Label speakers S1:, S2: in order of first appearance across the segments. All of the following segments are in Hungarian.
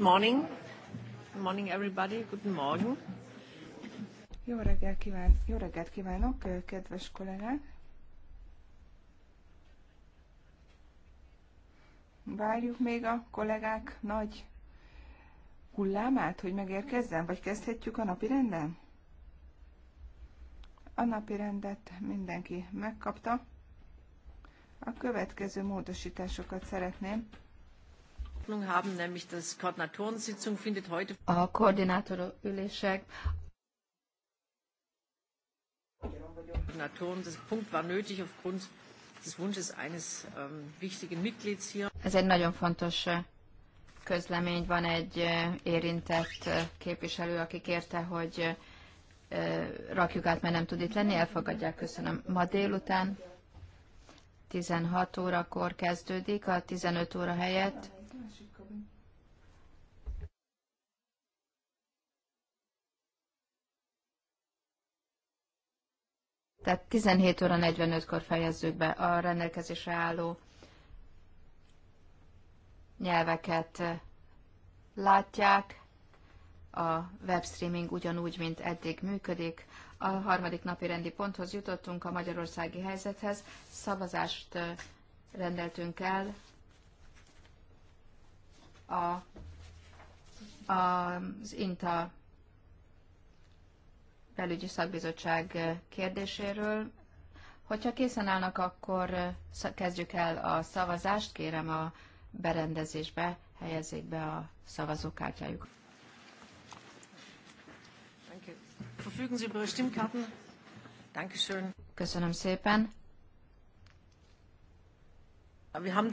S1: Good morning. Good morning everybody. Good morning. Jó reggelt, kíván, jó reggelt kívánok, kedves kollégák! Várjuk még a kollégák nagy hullámát, hogy megérkezzen, vagy kezdhetjük a napi renden? A napi rendet mindenki megkapta. A következő módosításokat szeretném a koordinátor ülések
S2: Ez egy nagyon fontos közlemény. Van egy érintett képviselő, aki kérte, hogy rakjuk át, mert nem tud itt lenni. Elfogadják, köszönöm. Ma délután 16 órakor kezdődik, a 15 óra helyett Tehát 17 óra 45-kor fejezzük be a rendelkezésre álló nyelveket látják. A webstreaming ugyanúgy, mint eddig működik. A harmadik napi rendi ponthoz jutottunk a magyarországi helyzethez. Szavazást rendeltünk el a, a, az INTA belügyi szakbizottság kérdéséről. Hogyha készen állnak, akkor kezdjük el a szavazást. Kérem a berendezésbe helyezzék be a szavazókártyájuk. Köszönöm szépen. Äh,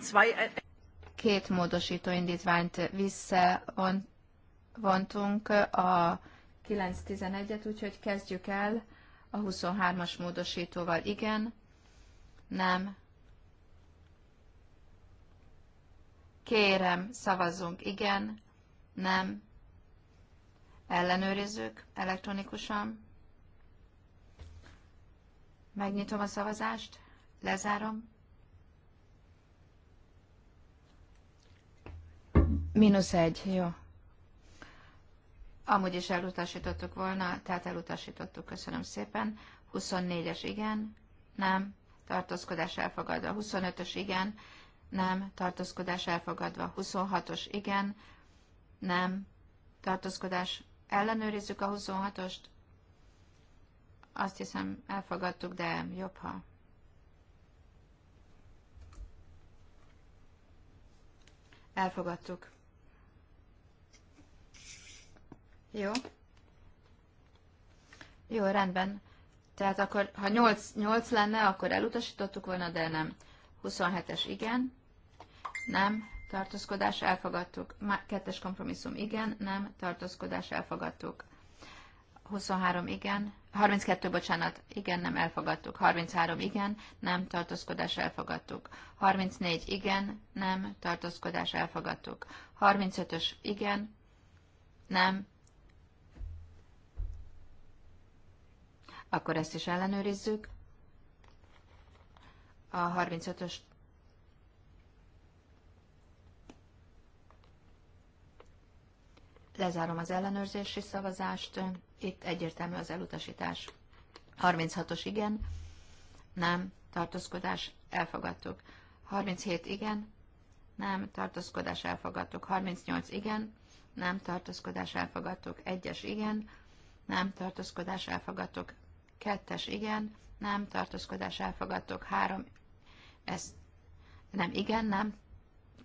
S2: Két módosító indítványt visszavontunk a 9.11-et, úgyhogy kezdjük el a 23-as módosítóval. Igen, nem, kérem, szavazzunk igen, nem, ellenőrizzük elektronikusan, megnyitom a szavazást, lezárom, mínusz egy, jó. Amúgy is elutasítottuk volna, tehát elutasítottuk, köszönöm szépen. 24-es igen, nem, tartózkodás elfogadva. 25-ös igen, nem, tartózkodás elfogadva. 26-os igen, nem, tartózkodás ellenőrizzük a 26-ost. Azt hiszem elfogadtuk, de jobb, ha elfogadtuk. Jó. Jó, rendben. Tehát akkor, ha 8, 8 lenne, akkor elutasítottuk volna, de nem. 27-es igen, nem, tartózkodás elfogadtuk. Kettes kompromisszum igen, nem, tartózkodás elfogadtuk. 23 igen, 32 bocsánat, igen, nem elfogadtuk. 33 igen, nem, tartózkodás elfogadtuk. 34 igen, nem, tartózkodás elfogadtuk. 35-ös igen, nem, Akkor ezt is ellenőrizzük. A 35-ös lezárom az ellenőrzési szavazást. Itt egyértelmű az elutasítás. 36-os igen, nem, tartózkodás, elfogadtuk. 37 igen, nem, tartózkodás, elfogadtuk. 38 igen, nem, tartózkodás, elfogadtuk. 1-es igen, nem, tartózkodás, elfogadtuk. Kettes, igen, nem, tartózkodás elfogadtok. Három, ez nem, igen, nem,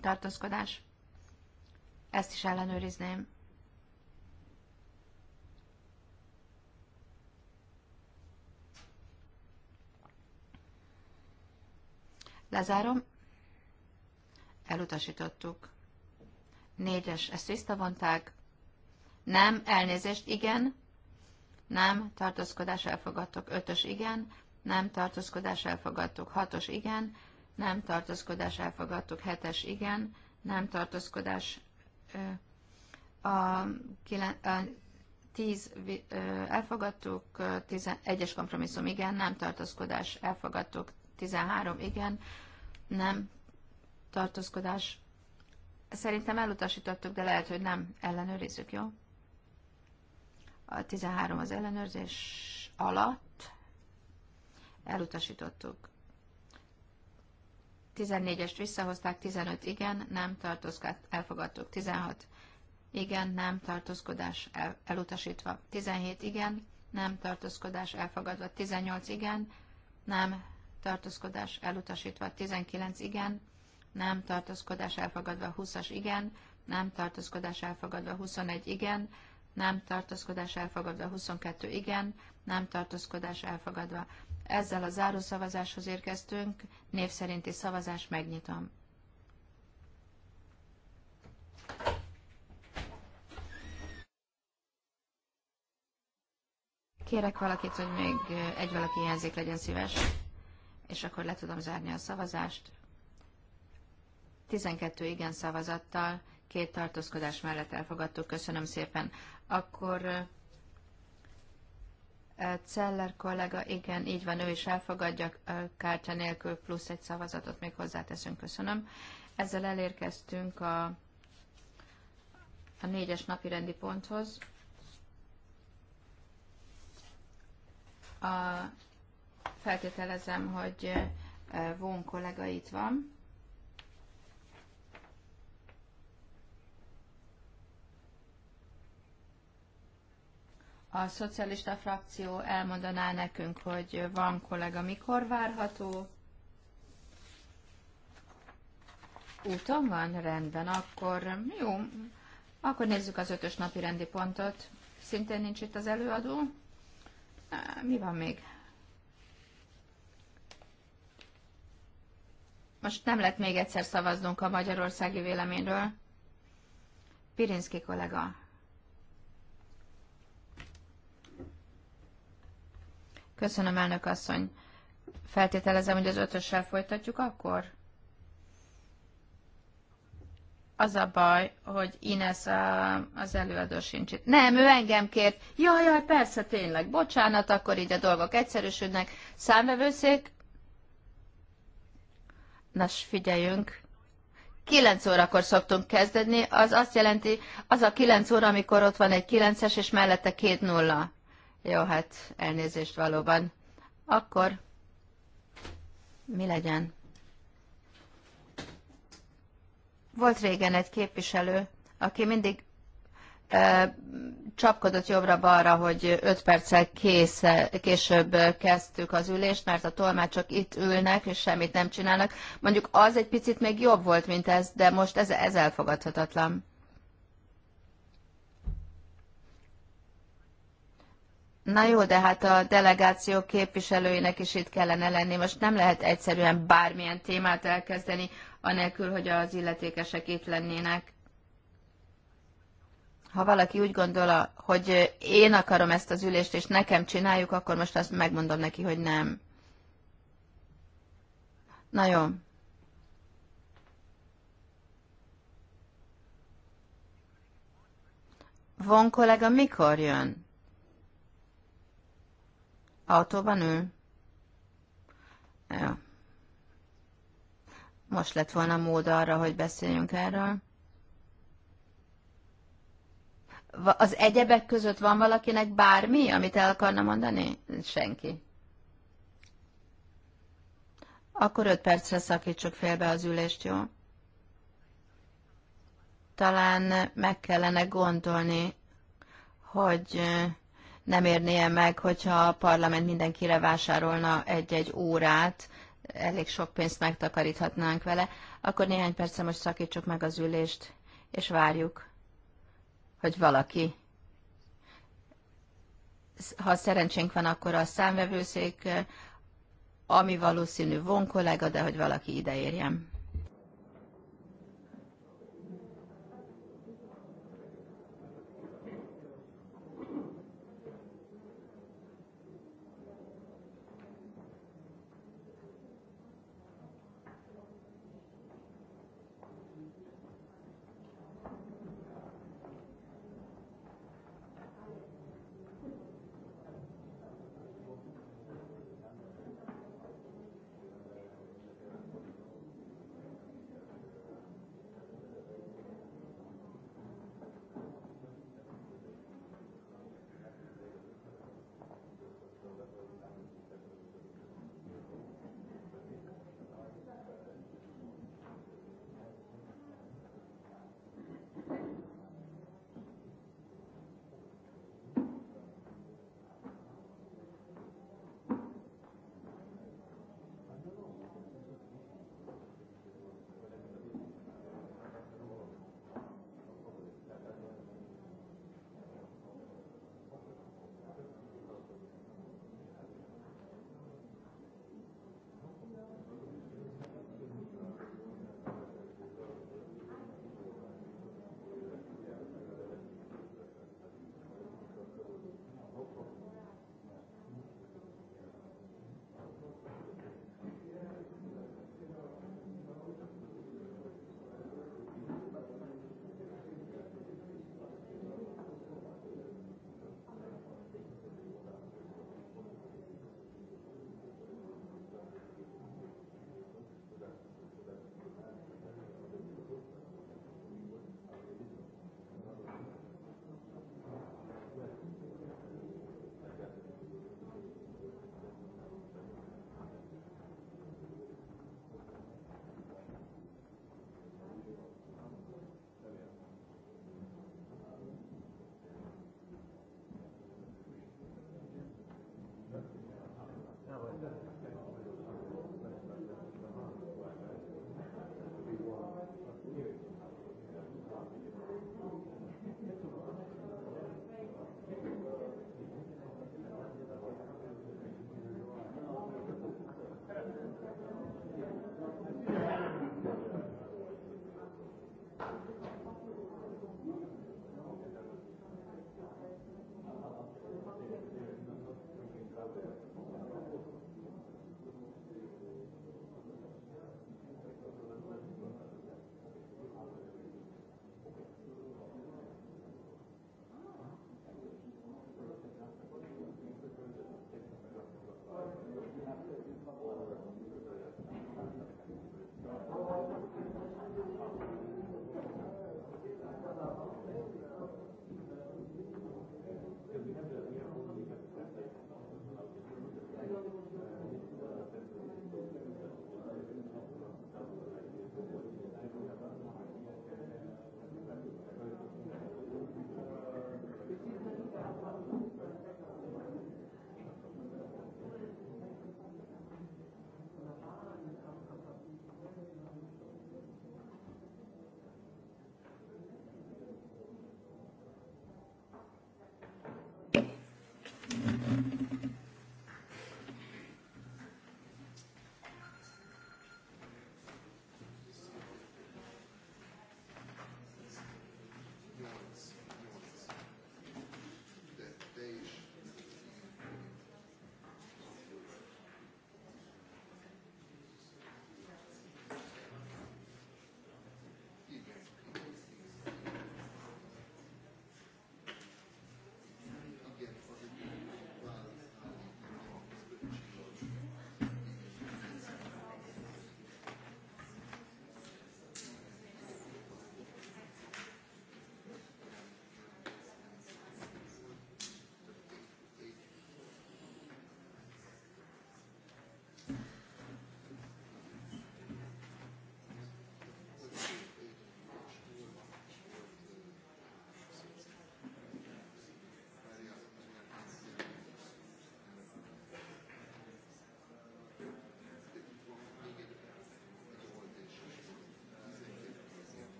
S2: tartózkodás. Ezt is ellenőrizném. Lezárom. Elutasítottuk. Négyes, ezt visszavonták. Nem, elnézést, igen nem, tartózkodás elfogadtok, ötös igen, nem, tartózkodás elfogadtok, hatos igen, nem, tartózkodás elfogadtok, hetes igen, nem, tartózkodás a, kilen, a tíz elfogadtuk, tizen egyes kompromisszum igen, nem tartózkodás elfogadtuk, 13 igen, nem tartózkodás. Szerintem elutasítottuk, de lehet, hogy nem ellenőrizzük, jó? a 13 az ellenőrzés alatt elutasítottuk. 14-est visszahozták, 15 igen, nem tartózkodás, elfogadtuk. 16 igen, nem tartózkodás, el, elutasítva. 17 igen, nem tartózkodás, elfogadva. 18 igen, nem tartózkodás, elutasítva. 19 igen, nem tartózkodás, elfogadva. 20-as igen, nem tartózkodás, elfogadva. 21 igen, nem tartózkodás elfogadva, 22 igen, nem tartózkodás elfogadva. Ezzel a zárószavazáshoz érkeztünk, név szerinti szavazás megnyitom. Kérek valakit, hogy még egy valaki jelzik, legyen szíves, és akkor le tudom zárni a szavazást. 12 igen szavazattal, két tartózkodás mellett elfogadtuk. Köszönöm szépen. Akkor Celler kollega, igen, így van, ő is elfogadja kártya nélkül, plusz egy szavazatot még hozzáteszünk, köszönöm. Ezzel elérkeztünk a, a négyes napi rendi ponthoz. A, feltételezem, hogy Von kollega itt van. a szocialista frakció elmondaná nekünk, hogy van kollega mikor várható. Úton van? Rendben, akkor jó. Akkor nézzük az ötös napi rendi pontot. Szintén nincs itt az előadó. Mi van még? Most nem lett még egyszer szavaznunk a magyarországi véleményről. Pirinszki kollega. Köszönöm, elnök asszony. Feltételezem, hogy az ötössel folytatjuk akkor? Az a baj, hogy Ines a, az előadó sincs itt. Nem, ő engem kért. Jaj, jaj, persze, tényleg. Bocsánat, akkor így a dolgok egyszerűsödnek. Számvevőszék? Nos, figyeljünk. Kilenc órakor szoktunk kezdeni, az azt jelenti, az a kilenc óra, amikor ott van egy kilences és mellette két nulla. Jó, hát elnézést valóban. Akkor mi legyen? Volt régen egy képviselő, aki mindig ö, csapkodott jobbra-balra, hogy öt perccel kész, később kezdtük az ülést, mert a tolmácsok itt ülnek, és semmit nem csinálnak. Mondjuk az egy picit még jobb volt, mint ez, de most ez, ez elfogadhatatlan. Na jó, de hát a delegáció képviselőinek is itt kellene lenni. Most nem lehet egyszerűen bármilyen témát elkezdeni, anélkül, hogy az illetékesek itt lennének. Ha valaki úgy gondola, hogy én akarom ezt az ülést, és nekem csináljuk, akkor most azt megmondom neki, hogy nem. Na jó. Von kollega mikor jön? Autóban ül? Ja. Most lett volna mód arra, hogy beszéljünk erről. Az egyebek között van valakinek bármi, amit el akarna mondani? Senki. Akkor öt percre szakítsuk félbe az ülést, jó? Talán meg kellene gondolni, hogy nem érnie meg, hogyha a parlament mindenkire vásárolna egy-egy órát, elég sok pénzt megtakaríthatnánk vele, akkor néhány percre most szakítsuk meg az ülést, és várjuk, hogy valaki, ha szerencsénk van, akkor a számvevőszék, ami valószínű von kollega, de hogy valaki ide érjen.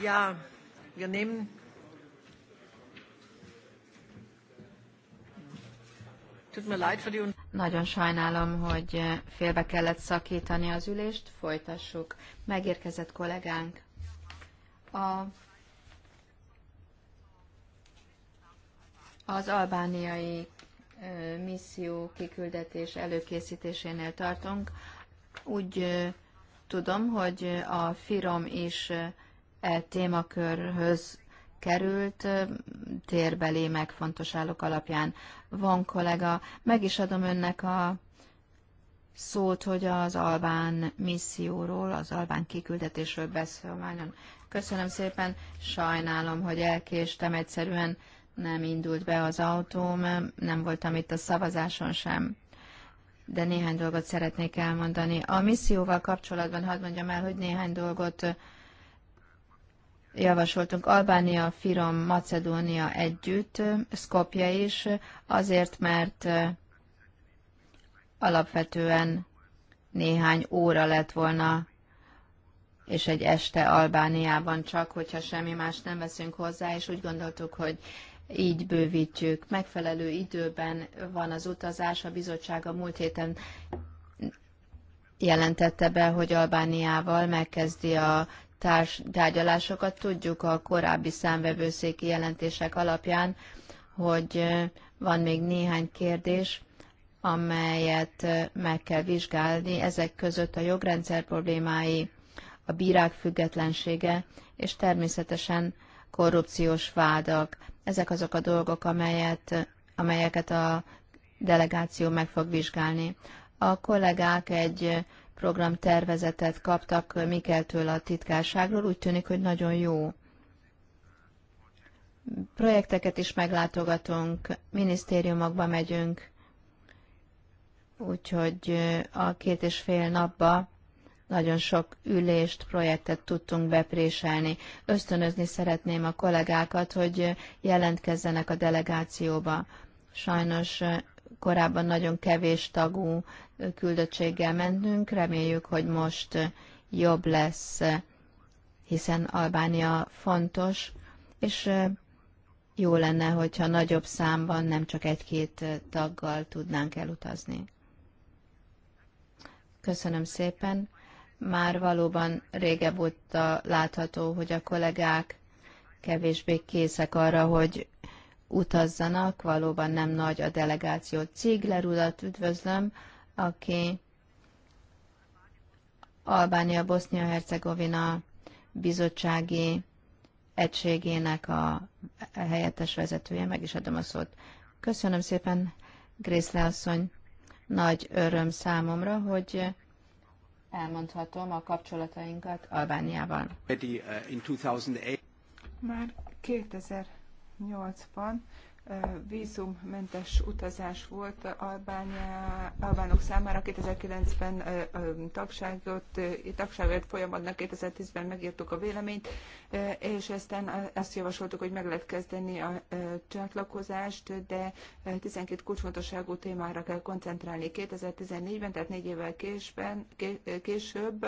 S3: Ja, wir nehmen.
S1: Tut
S2: mir leid für die Nagyon sajnálom, hogy félbe kellett szakítani az ülést, folytassuk. Megérkezett kollégánk. A, az albániai misszió kiküldetés előkészítésénél tartunk. Úgy tudom, hogy a FIROM is E témakörhöz került térbeli megfontosálók alapján. Van kollega, meg is adom önnek a szót, hogy az Albán misszióról, az Albán kiküldetésről beszélványon. Köszönöm szépen, sajnálom, hogy elkéstem, egyszerűen nem indult be az autóm, nem voltam itt a szavazáson sem de néhány dolgot szeretnék elmondani. A misszióval kapcsolatban hadd mondjam el, hogy néhány dolgot javasoltunk Albánia, Firom, Macedónia együtt, Skopje is, azért, mert alapvetően néhány óra lett volna, és egy este Albániában csak, hogyha semmi más nem veszünk hozzá, és úgy gondoltuk, hogy így bővítjük. Megfelelő időben van az utazás, a bizottság a múlt héten jelentette be, hogy Albániával megkezdi a társ, tárgyalásokat. Tudjuk a korábbi számvevőszéki jelentések alapján, hogy van még néhány kérdés, amelyet meg kell vizsgálni. Ezek között a jogrendszer problémái, a bírák függetlensége, és természetesen korrupciós vádak. Ezek azok a dolgok, amelyet, amelyeket a delegáció meg fog vizsgálni. A kollégák egy programtervezetet kaptak Mikeltől a titkárságról, úgy tűnik, hogy nagyon jó. Projekteket is meglátogatunk, minisztériumokba megyünk, úgyhogy a két és fél napba nagyon sok ülést, projektet tudtunk bepréselni. Ösztönözni szeretném a kollégákat, hogy jelentkezzenek a delegációba. Sajnos korábban nagyon kevés tagú küldöttséggel mentünk, reméljük, hogy most jobb lesz, hiszen Albánia fontos, és jó lenne, hogyha nagyobb számban nem csak egy-két taggal tudnánk elutazni. Köszönöm szépen. Már valóban régebb óta látható, hogy a kollégák kevésbé készek arra, hogy utazzanak, valóban nem nagy a delegáció. Cigler urat üdvözlöm, aki Albánia Bosznia-Hercegovina bizottsági egységének a helyettes vezetője. Meg is adom a szót. Köszönöm szépen, Grészle asszony. Nagy öröm számomra, hogy elmondhatom a
S1: kapcsolatainkat
S2: Albániával.
S4: Uh,
S1: Már 2008-ban vízummentes utazás volt Albánia, albánok számára. 2009-ben tagságot, tagságért folyamatnak 2010-ben megírtuk a véleményt, és aztán azt javasoltuk, hogy meg lehet kezdeni a csatlakozást, de 12 kulcsfontosságú témára kell koncentrálni 2014-ben, tehát négy évvel késben, később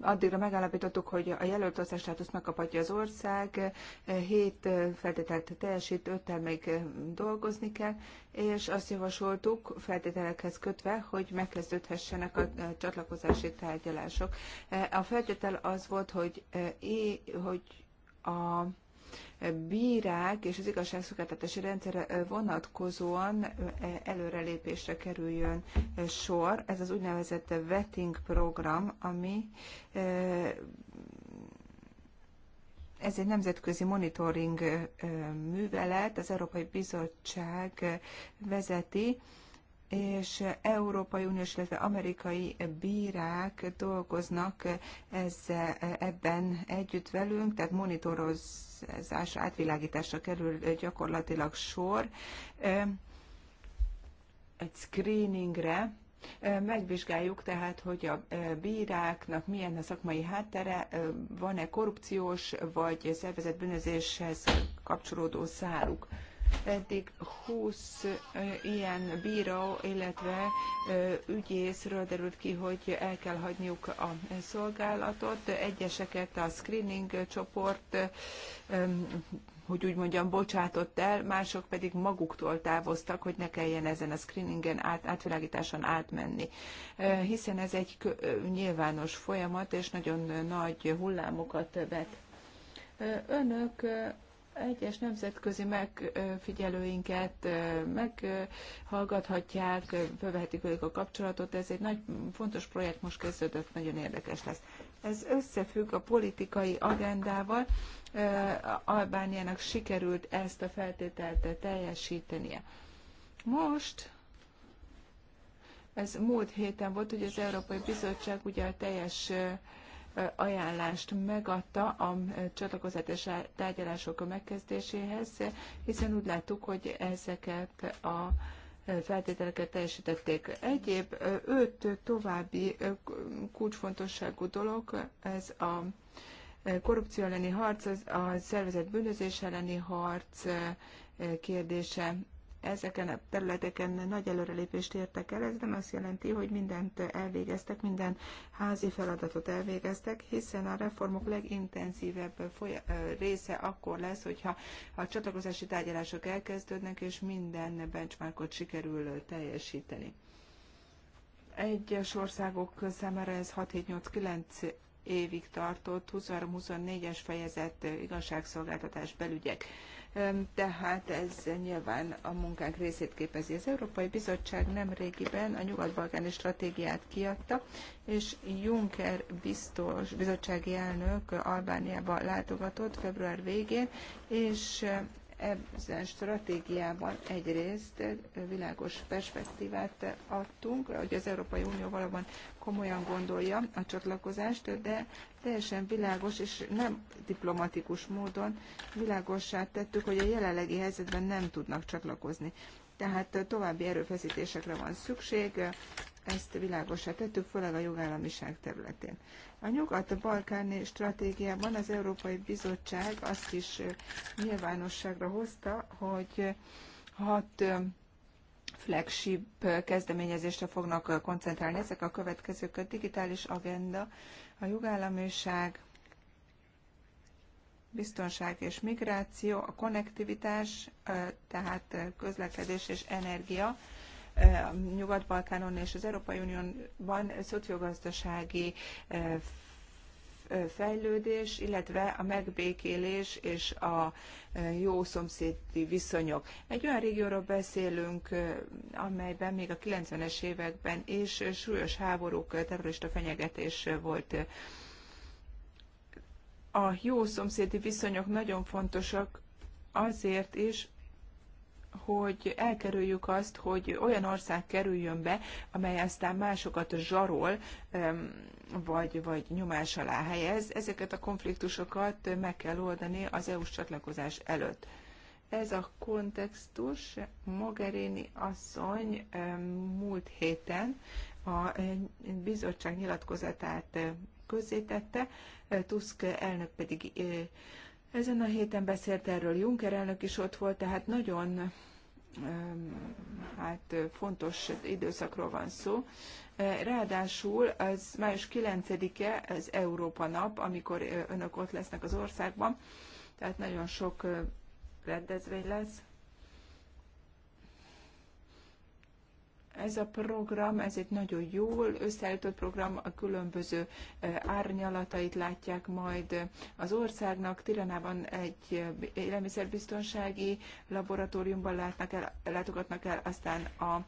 S1: Addigra megállapítottuk, hogy a jelölt ország státuszt megkaphatja az ország, hét feltételt teljesít, öttel még dolgozni kell, és azt javasoltuk feltételekhez kötve, hogy megkezdődhessenek a csatlakozási tárgyalások. A feltétel az volt, hogy, hogy a bírák és az igazságszolgáltatási rendszer vonatkozóan előrelépésre kerüljön sor. Ez az úgynevezett vetting program, ami ez egy nemzetközi monitoring művelet, az Európai Bizottság vezeti, és Európai Uniós, illetve amerikai bírák dolgoznak ezzel, ebben együtt velünk, tehát monitorozás, átvilágításra kerül gyakorlatilag sor egy screeningre, Megvizsgáljuk tehát, hogy a bíráknak milyen a szakmai háttere, van-e korrupciós vagy szervezetbűnözéshez kapcsolódó száluk. Eddig 20 ilyen bíró, illetve ügyészről derült ki, hogy el kell hagyniuk a szolgálatot. Egyeseket a screening csoport hogy úgy mondjam, bocsátott el, mások pedig maguktól távoztak, hogy ne kelljen ezen a screeningen, át, átvilágításon átmenni. Hiszen ez egy nyilvános folyamat, és nagyon nagy hullámokat vet. Önök egyes nemzetközi megfigyelőinket meghallgathatják, fölvehetik velük a kapcsolatot, ez egy nagy, fontos projekt most kezdődött, nagyon érdekes lesz. Ez összefügg a politikai agendával, Albániának sikerült ezt a feltételt teljesítenie. Most ez múlt héten volt, hogy az Európai Bizottság ugye a teljes ajánlást megadta a csatlakozatás tárgyalások megkezdéséhez, hiszen úgy láttuk, hogy ezeket a feltételeket teljesítették. Egyéb öt további kulcsfontosságú dolog, ez a korrupció elleni harc, az a szervezet bűnözés elleni harc kérdése, ezeken a területeken nagy előrelépést értek el, ez nem azt jelenti, hogy mindent elvégeztek, minden házi feladatot elvégeztek, hiszen a reformok legintenzívebb része akkor lesz, hogyha a csatlakozási tárgyalások elkezdődnek, és minden benchmarkot sikerül teljesíteni. Egyes országok számára ez 6-7-8-9 évig tartott 23-24-es fejezet igazságszolgáltatás belügyek tehát ez nyilván a munkánk részét képezi. Az Európai Bizottság nemrégiben a nyugat-balkáni stratégiát kiadta, és Juncker biztos, bizottsági elnök Albániába látogatott február végén, és ezen stratégiában egyrészt világos perspektívát adtunk, hogy az Európai Unió valóban komolyan gondolja a csatlakozást, de teljesen világos és nem diplomatikus módon világossá tettük, hogy a jelenlegi helyzetben nem tudnak csatlakozni. Tehát további erőfeszítésekre van szükség, ezt világosá tettük, főleg a jogállamiság területén. A nyugat-balkáni stratégiában az Európai Bizottság azt is nyilvánosságra hozta, hogy hat flagship kezdeményezésre fognak koncentrálni. Ezek a következők a digitális agenda, a jogállamiság, biztonság és migráció, a konnektivitás, tehát közlekedés és energia, Nyugat-Balkánon és az Európai Unióban szociogazdasági fejlődés, illetve a megbékélés és a jó szomszédi viszonyok. Egy olyan régióról beszélünk, amelyben még a 90-es években és súlyos háborúk, terrorista fenyegetés volt a jó szomszédi viszonyok nagyon fontosak azért is, hogy elkerüljük azt, hogy olyan ország kerüljön be, amely aztán másokat zsarol, vagy, vagy nyomás alá helyez. Ezeket a konfliktusokat meg kell oldani az EU-s csatlakozás előtt. Ez a kontextus Mogherini asszony múlt héten a bizottság nyilatkozatát közzétette, Tusk elnök pedig ezen a héten beszélt erről, Juncker elnök is ott volt, tehát nagyon hát fontos időszakról van szó. Ráadásul az május 9-e az Európa nap, amikor önök ott lesznek az országban, tehát nagyon sok rendezvény lesz. ez a program, ez egy nagyon jól összeállított program, a különböző árnyalatait látják majd az országnak. Tiranában egy élelmiszerbiztonsági laboratóriumban látnak el, látogatnak el, aztán a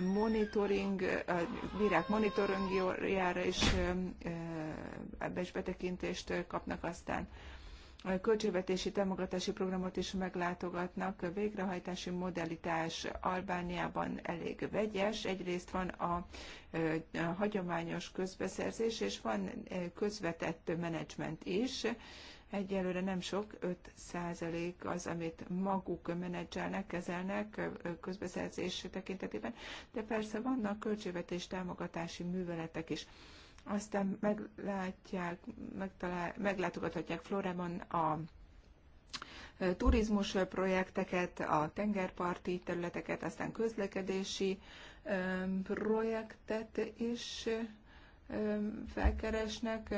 S1: monitoring, a virág monitoringjára is, ebbe is betekintést kapnak aztán a költségvetési támogatási programot is meglátogatnak. A végrehajtási modalitás Albániában elég vegyes. Egyrészt van a, a hagyományos közbeszerzés, és van közvetett menedzsment is. Egyelőre nem sok, 5% az, amit maguk menedzselnek, kezelnek közbeszerzés tekintetében, de persze vannak költségvetés támogatási műveletek is. Aztán meglátják, megtalál, meglátogathatják Florában a turizmus projekteket, a tengerparti területeket, aztán közlekedési projektet is felkeresnek,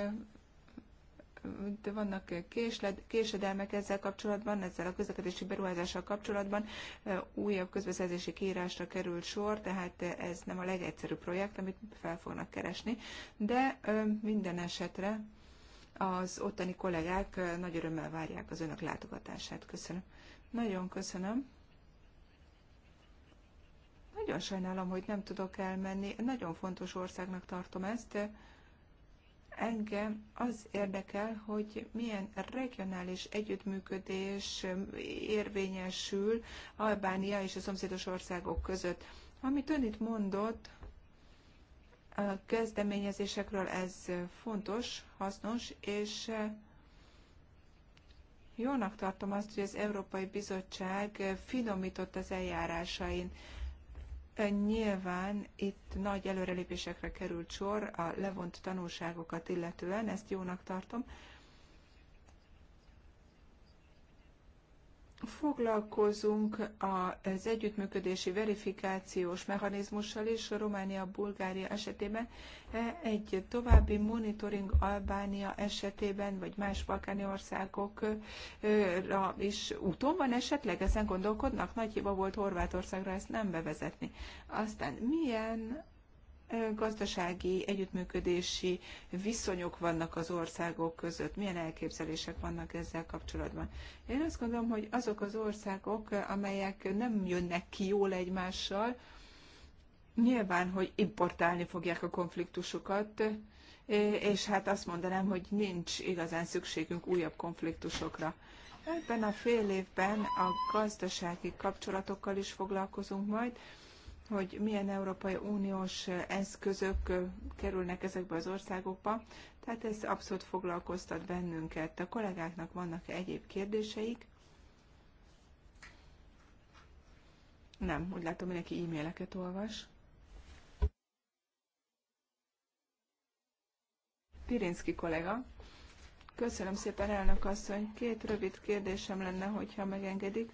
S1: de vannak eh, késled, késedelmek ezzel kapcsolatban, ezzel a közlekedési beruházással kapcsolatban eh, újabb közbeszerzési kiírásra került sor, tehát eh, ez nem a legegyszerűbb projekt, amit fel fognak keresni, de minden esetre az ottani kollégák nagy örömmel várják az önök látogatását. Köszönöm. Nagyon köszönöm. Nagyon sajnálom, hogy nem tudok elmenni. Nagyon fontos országnak tartom ezt. Engem az érdekel, hogy milyen regionális együttműködés um, érvényesül Albánia és a szomszédos országok között. Amit ön itt mondott, a kezdeményezésekről ez fontos, hasznos, és uh, jónak tartom azt, hogy az Európai Bizottság uh, finomított az eljárásain. Nyilván itt nagy előrelépésekre került sor a levont tanulságokat illetően, ezt jónak tartom, Foglalkozunk az együttműködési verifikációs mechanizmussal is Románia, Bulgária esetében. Egy további monitoring Albánia esetében, vagy más balkáni országokra is úton van esetleg, ezen gondolkodnak. Nagy hiba volt Horvátországra ezt nem bevezetni. Aztán milyen gazdasági, együttműködési viszonyok vannak az országok között, milyen elképzelések vannak ezzel kapcsolatban. Én azt gondolom, hogy azok az országok, amelyek nem jönnek ki jól egymással, nyilván, hogy importálni fogják a konfliktusokat, és hát azt mondanám, hogy nincs igazán szükségünk újabb konfliktusokra. Ebben a fél évben a gazdasági kapcsolatokkal is foglalkozunk majd, hogy milyen Európai Uniós eszközök kerülnek ezekbe az országokba, tehát ez abszolút foglalkoztat bennünket. A kollégáknak vannak -e egyéb kérdéseik? Nem, úgy látom, mindenki e-maileket olvas. Pirinski kollega. Köszönöm szépen, elnök asszony. Két rövid kérdésem lenne, hogyha megengedik.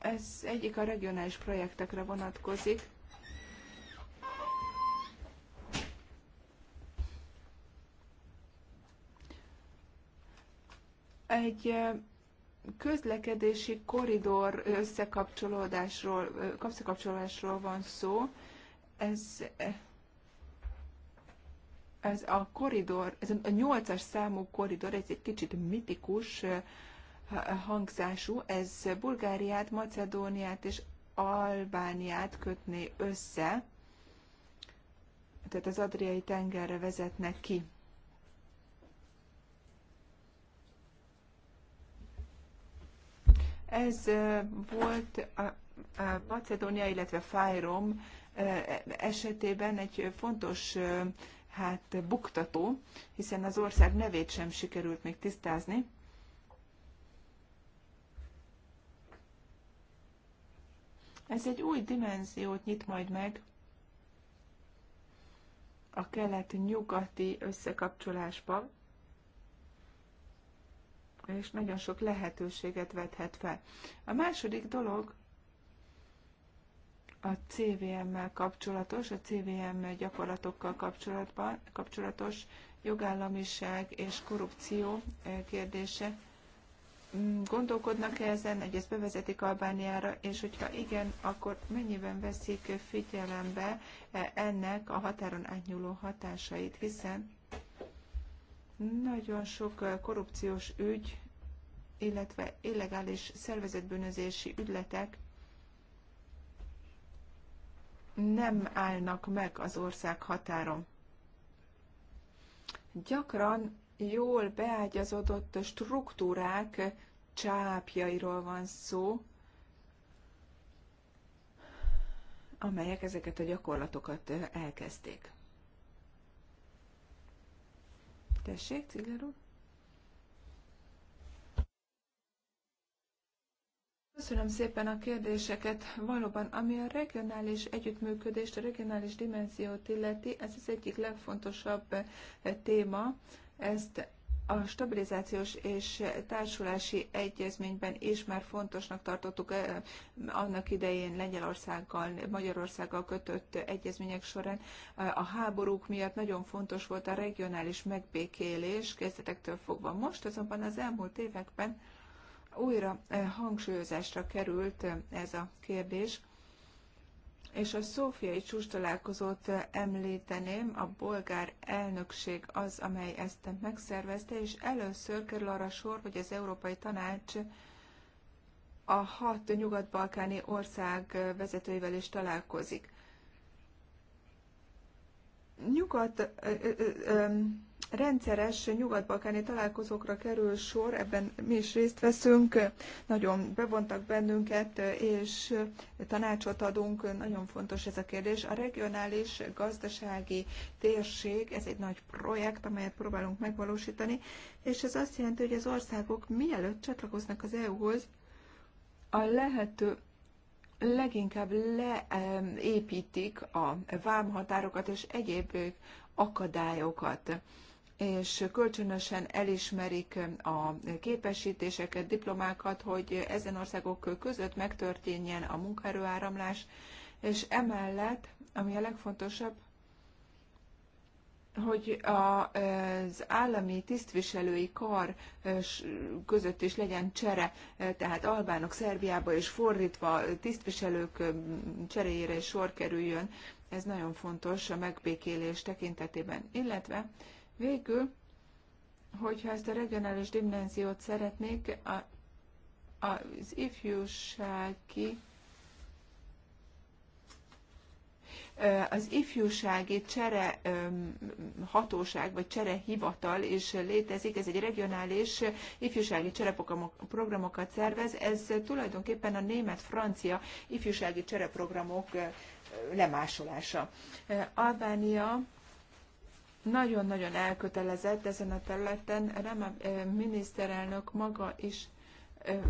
S1: Ez egyik a regionális projektekre vonatkozik. Egy közlekedési koridor összekapcsolódásról, összekapcsolásról van szó. Ez, ez a koridor, ez a nyolcas számú koridor, ez egy kicsit mitikus hangzású, ez Bulgáriát, Macedóniát és Albániát kötné össze, tehát az Adriai tengerre vezetnek ki. Ez volt a, a Macedónia, illetve Fájrom esetében egy fontos hát buktató, hiszen az ország nevét sem sikerült még tisztázni. Ez egy új dimenziót nyit majd meg a kelet-nyugati összekapcsolásban, és nagyon sok lehetőséget vethet fel. A második dolog a CVM-mel kapcsolatos, a CVM gyakorlatokkal kapcsolatban, kapcsolatos jogállamiság és korrupció eh, kérdése gondolkodnak -e ezen, hogy ezt bevezetik Albániára, és hogyha igen, akkor mennyiben veszik figyelembe ennek a határon átnyúló hatásait, hiszen nagyon sok korrupciós ügy, illetve illegális szervezetbűnözési ügyletek nem állnak meg az ország határon. Gyakran jól beágyazodott struktúrák csápjairól van szó, amelyek ezeket a gyakorlatokat elkezdték. Tessék, Ciller úr? Köszönöm szépen a kérdéseket. Valóban, ami a regionális együttműködést, a regionális dimenziót illeti, ez az egyik legfontosabb téma, ezt a stabilizációs és társulási egyezményben is már fontosnak tartottuk eh, annak idején Lengyelországgal, Magyarországgal kötött egyezmények során. Eh, a háborúk miatt nagyon fontos volt a regionális megbékélés kezdetektől fogva. Most azonban az elmúlt években újra eh, hangsúlyozásra került ez a kérdés és a szófiai csúcstalálkozót említeném, a bolgár elnökség az, amely ezt megszervezte, és először kerül arra sor, hogy az Európai Tanács a hat nyugat-balkáni ország vezetőivel is találkozik. Nyugat, ö, ö, ö, rendszeres nyugat-balkáni találkozókra kerül sor, ebben mi is részt veszünk, nagyon bevontak bennünket, és tanácsot adunk, nagyon fontos ez a kérdés. A regionális gazdasági térség, ez egy nagy projekt, amelyet próbálunk megvalósítani, és ez azt jelenti, hogy az országok mielőtt csatlakoznak az EU-hoz, a lehető leginkább leépítik a vámhatárokat és egyéb akadályokat és kölcsönösen elismerik a képesítéseket, diplomákat, hogy ezen országok között megtörténjen a munkaerőáramlás, és emellett, ami a legfontosabb, hogy az állami tisztviselői kar között is legyen csere, tehát albánok Szerbiába és fordítva tisztviselők cseréjére sor kerüljön. Ez nagyon fontos a megbékélés tekintetében, illetve Végül, hogyha ezt a regionális dimenziót szeretnék, a, az ifjúsági az ifjúsági csere hatóság, vagy csere hivatal is létezik, ez egy regionális ifjúsági csereprogramokat szervez, ez tulajdonképpen a német-francia ifjúsági csereprogramok lemásolása. Albánia nagyon-nagyon elkötelezett ezen a területen. Remem miniszterelnök maga is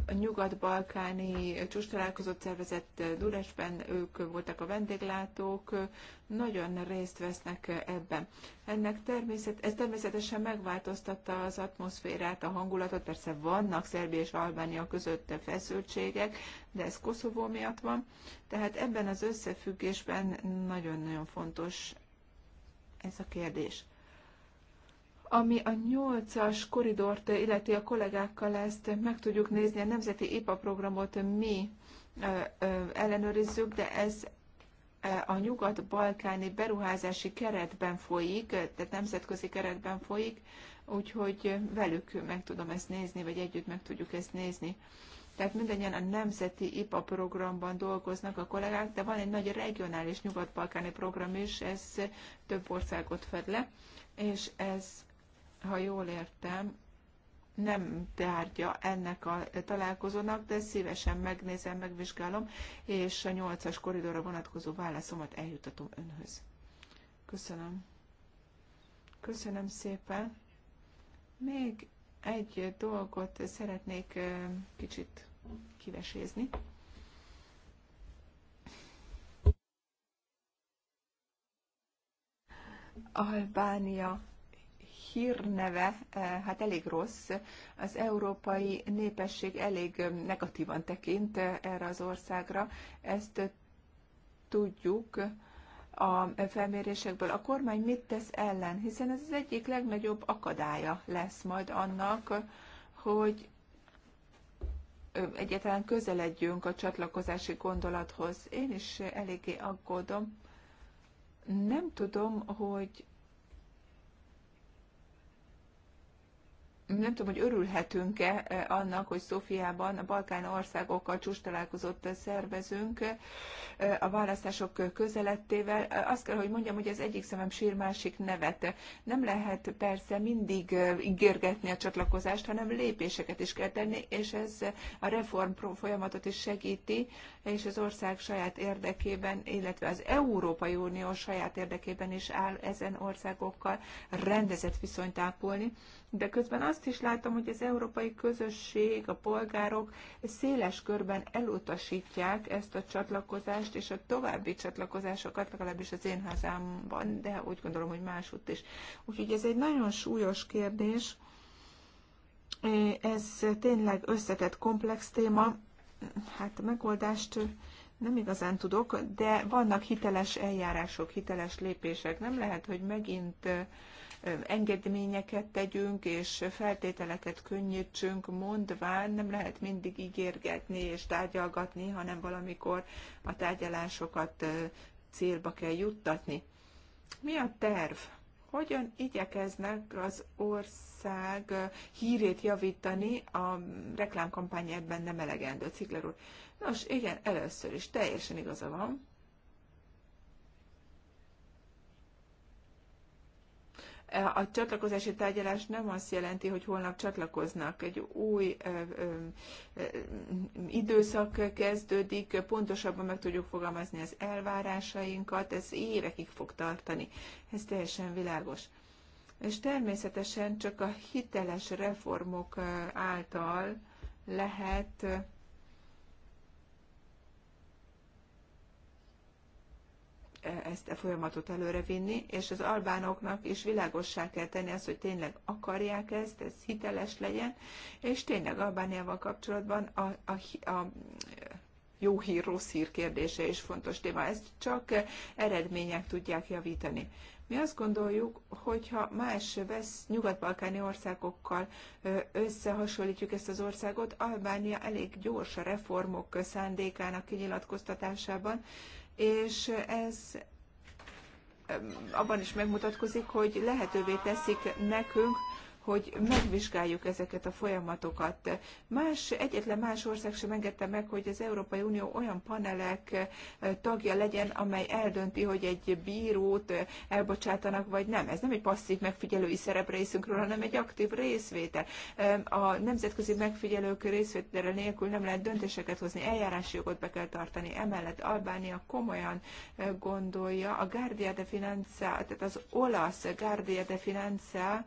S1: a nyugat-balkáni csúcstalálkozót szervezett Duresben, ők voltak a vendéglátók, nagyon részt vesznek ebben. Ennek természet, ez természetesen megváltoztatta az atmoszférát, a hangulatot, persze vannak Szerbia és Albánia között feszültségek, de ez Koszovó miatt van, tehát ebben az összefüggésben nagyon-nagyon fontos ez a kérdés. Ami a nyolcas koridort illeti a kollégákkal, ezt meg tudjuk nézni, a Nemzeti IPA programot mi ellenőrizzük, de ez a nyugat-balkáni beruházási keretben folyik, tehát nemzetközi keretben folyik, úgyhogy velük meg tudom ezt nézni, vagy együtt meg tudjuk ezt nézni tehát mindannyian a nemzeti IPA programban dolgoznak a kollégák, de van egy nagy regionális nyugat-balkáni program is, ez több országot fed le, és ez, ha jól értem, nem tárgya ennek a találkozónak, de szívesen megnézem, megvizsgálom, és a nyolcas koridorra vonatkozó válaszomat eljutatom önhöz. Köszönöm. Köszönöm szépen. Még egy dolgot szeretnék kicsit kivesézni. Albánia hírneve hát elég rossz. Az európai népesség elég negatívan tekint erre az országra. Ezt tudjuk a felmérésekből. A kormány mit tesz ellen? Hiszen ez az egyik legnagyobb akadálya lesz majd annak, hogy egyáltalán közeledjünk a csatlakozási gondolathoz. Én is eléggé aggódom. Nem tudom, hogy nem tudom, hogy örülhetünk-e e, annak, hogy Szofiában a Balkán országokkal csúcs találkozott e, szervezünk e, a választások közelettével. Azt kell, hogy mondjam, hogy az egyik szemem sír másik nevet. Nem lehet persze mindig ígérgetni a csatlakozást, hanem lépéseket is kell tenni, és ez a reform folyamatot is segíti, és az ország saját érdekében, illetve az Európai Unió saját érdekében is áll ezen országokkal rendezett viszonyt ápolni. De közben azt azt is látom, hogy az európai közösség, a polgárok széles körben elutasítják ezt a csatlakozást, és a további csatlakozásokat, legalábbis az én hazámban, de úgy gondolom, hogy máshogy is. Úgyhogy ez egy nagyon súlyos kérdés, ez tényleg összetett, komplex téma, hát a megoldást nem igazán tudok, de vannak hiteles eljárások, hiteles lépések. Nem lehet, hogy megint engedményeket tegyünk, és feltételeket könnyítsünk, mondván nem lehet mindig ígérgetni és tárgyalgatni, hanem valamikor a tárgyalásokat célba kell juttatni. Mi a terv? Hogyan igyekeznek az ország hírét javítani, a reklámkampány ebben nem elegendő, Cikler úr? Nos, igen, először is teljesen igaza van A csatlakozási tárgyalás nem azt jelenti, hogy holnap csatlakoznak. Egy új ö, ö, időszak kezdődik, pontosabban meg tudjuk fogalmazni az elvárásainkat, ez évekig fog tartani. Ez teljesen világos. És természetesen csak a hiteles reformok által lehet ezt a e folyamatot előrevinni, és az albánoknak is világossá kell tenni azt, hogy tényleg akarják ezt, ez hiteles legyen, és tényleg Albániával kapcsolatban a, a, a jó hír, rossz hír kérdése is fontos téma. Ezt csak eredmények tudják javítani. Mi azt gondoljuk, hogyha más vesz nyugat-balkáni országokkal összehasonlítjuk ezt az országot, Albánia elég gyors a reformok szándékának kinyilatkoztatásában, és ez abban is megmutatkozik, hogy lehetővé teszik nekünk, hogy megvizsgáljuk ezeket a folyamatokat. Más, egyetlen más ország sem engedte meg, hogy az Európai Unió olyan panelek eh, tagja legyen, amely eldönti, hogy egy bírót eh, elbocsátanak, vagy nem. Ez nem egy passzív megfigyelői szerep részünkről, hanem egy aktív részvétel. Eh, a nemzetközi megfigyelők részvétele nélkül nem lehet döntéseket hozni, eljárási jogot be kell tartani. Emellett Albánia komolyan gondolja, a Guardia de Finanza, tehát az olasz Guardia de Finanza,